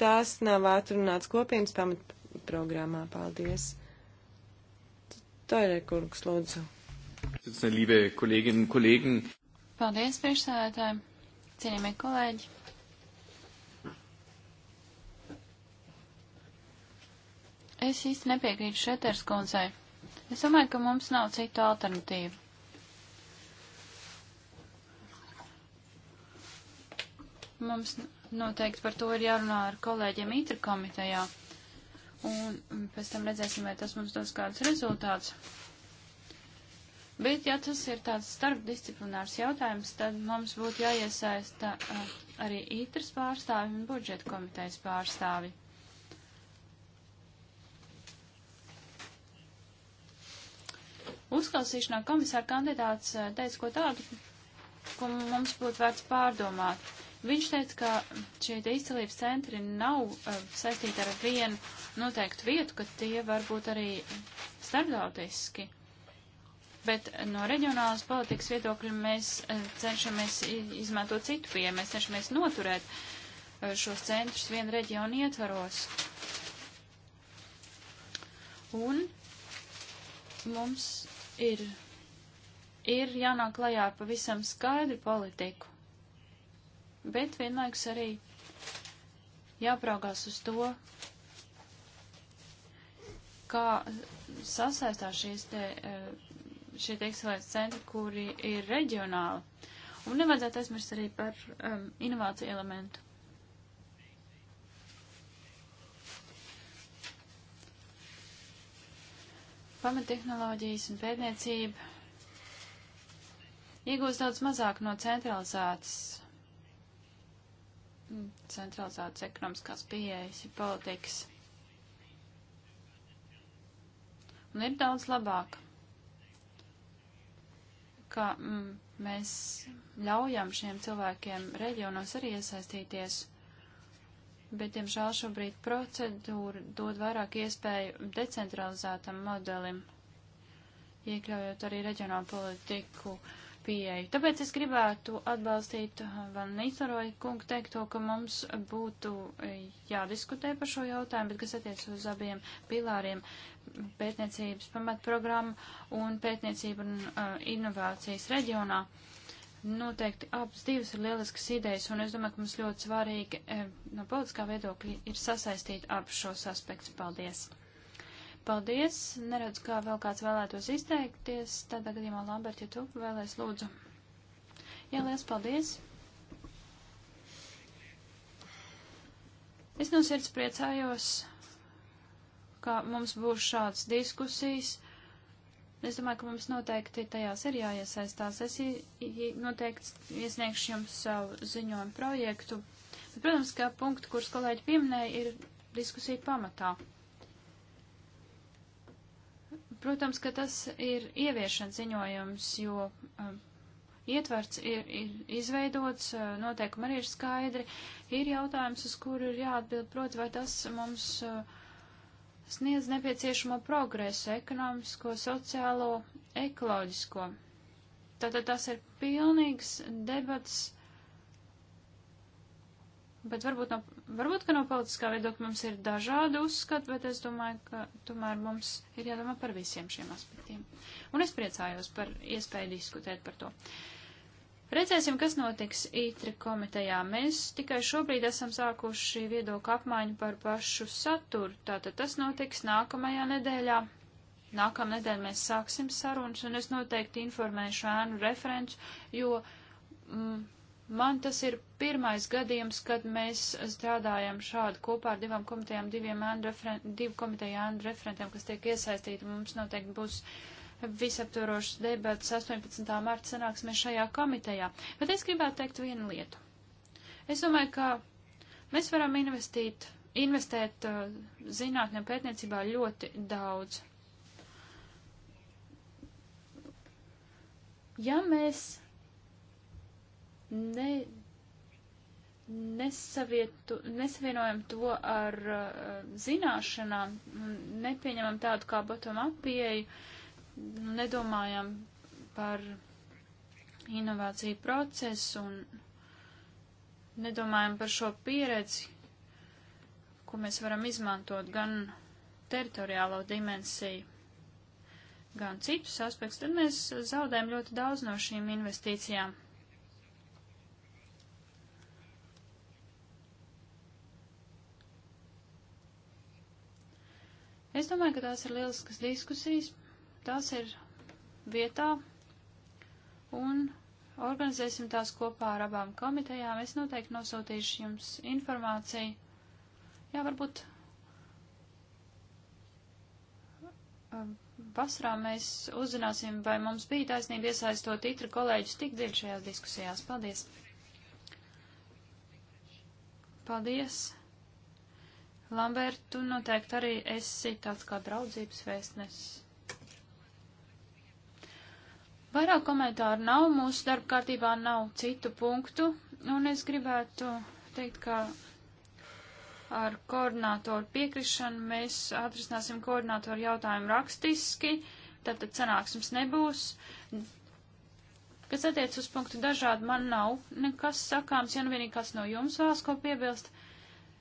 tas nav atrunāts kopienas pamatprogrammā. Paldies. Toirē kungs, lūdzu. Paldies, priekšsēdētāji, cienījamie kolēģi. Es īsti nepiekrītu Šeters kundzei. Es domāju, ka mums nav citu alternatīvu. Mums noteikti par to ir jārunā ar kolēģiem ITRA komitejā. Un pēc tam redzēsim, vai tas mums dos kādus rezultātus. Bet, ja tas ir tāds starpdisciplinārs jautājums, tad mums būtu jāiesaista arī ITRAS pārstāvi un budžeta komitejas pārstāvi. Uzklausīšanā komisāra kandidāts teica ko tādu, ko mums būtu vērts pārdomāt. Viņš teica, ka šie izcelības centri nav uh, saistīti ar vienu noteiktu vietu, ka tie var būt arī starptautiski. Bet eh, no reģionālas politikas viedokļa mēs uh, cenšamies izmantot citu pieeju, mēs cenšamies noturēt uh, šos centrus vienu reģionu ietvaros. Un mums ir, ir jānāk klajā pavisam skaidru politiku bet vienlaiks arī jāpraugās uz to, kā sasaistās šīs te, eh, šie te ekscelences centri, kuri ir reģionāli. Un nevajadzētu aizmirst arī par um, inovāciju elementu. Pamattehnoloģijas un pētniecība iegūst daudz mazāk no centralizētas centralizētas ekonomiskās pieejas politikas. Un ir daudz labāk, ka mm, mēs ļaujam šiem cilvēkiem reģionos arī iesaistīties, bet, diemžēl, šobrīd procedūra dod vairāk iespēju decentralizētam modelim, iekļaujot arī reģionālu politiku. Uh, pieeju. Tāpēc es gribētu atbalstīt Van Nīsaroju kungu teikto, ka mums būtu e, jādiskutē par šo jautājumu, bet kas attiec uz abiem pilāriem - pētniecības pamatprogrammu un pētniecību un uh, inovācijas reģionā. Noteikti abas divas ir lieliskas idejas, un es domāju, ka mums ļoti svarīgi eh, no politiskā viedokļa ir sasaistīt abus šos aspektus. Paldies! Paldies. Neredzu, kā vēl kāds vēlētos izteikties. Tādā gadījumā, Lambert, ja tu vēlēs, lūdzu. Jā, liels paldies. Es no sirds priecājos, ka mums būs šāds diskusijas. Es domāju, ka mums noteikti tajās ir jāiesaistās. Es noteikti iesniegšu jums savu ziņojumu projektu. Bet, protams, ka punkti, kurus kolēģi pieminēja, ir diskusija pamatā. Protams, ka tas ir ieviešanas ziņojums, jo um, ietvarts ir, ir izveidots, uh, noteikumi arī ir skaidri. Ir jautājums, uz kuru ir jāatbild, proti, vai tas mums uh, sniedz nepieciešamo progresu ekonomisko, sociālo, ekoloģisko. Tātad tas ir pilnīgs debats Bet varbūt, no, varbūt ka no politiskā viedokļa mums ir dažādi uzskati, bet es domāju, ka tomēr mums ir jādomā par visiem šiem aspektiem. Un es priecājos par iespēju diskutēt par to. Redzēsim, kas notiks ITRI komitejā. Mēs tikai šobrīd esam sākuši viedokļu apmaiņu par pašu saturu. Tātad tas notiks nākamajā nedēļā. Nākamnedēļ mēs sāksim sarunas, un es noteikti informēšu ēnu referents, jo. Mm, Man tas ir pirmais gadījums, kad mēs strādājam šādu kopā ar divām komitejām, diviem divu komiteju ānu referentiem, kas tiek iesaistīti. Mums noteikti būs visaptvarošs debats 18. marta sanāksmē šajā komitejā. Bet es gribētu teikt vienu lietu. Es domāju, ka mēs varam investīt, investēt uh, zinātnē pētniecībā ļoti daudz. Ja mēs ne, nesavietu, nesavienojam to ar uh, zināšanām, nepieņemam tādu kā bottom-up pieeju, nu, nedomājam par inovāciju procesu un nedomājam par šo pieredzi, ko mēs varam izmantot gan teritoriālo dimensiju, gan citus aspektus, tad mēs zaudējam ļoti daudz no šīm investīcijām. Es domāju, ka tās ir lieliskas diskusijas, tās ir vietā un organizēsim tās kopā ar abām komitejām. Es noteikti nosūtīšu jums informāciju. Jā, varbūt um, vasarā mēs uzzināsim, vai mums bija taisnība iesaistot itri kolēģus tik dziļi šajās diskusijās. Paldies! Paldies! Lambert, tu noteikti arī esi tāds kā draudzības vēstnesis. Vairāk komentāru nav, mūsu darba kārtībā nav citu punktu, un es gribētu teikt, ka ar koordinātoru piekrišanu mēs atrisināsim koordinātoru jautājumu rakstiski, tātad sanāksmes nebūs. Kas attiec uz punktu dažādi, man nav nekas sakāms, ja nu vienīgi kāds no jums vēlas ko piebilst.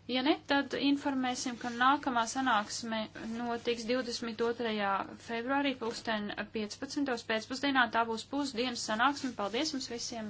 Ja ne, tad informēsim, ka nākamā sanāksme notiks 22. februārī, pulksten 15. pēcpusdienā. Tā būs pusdienas sanāksme. Paldies jums visiem!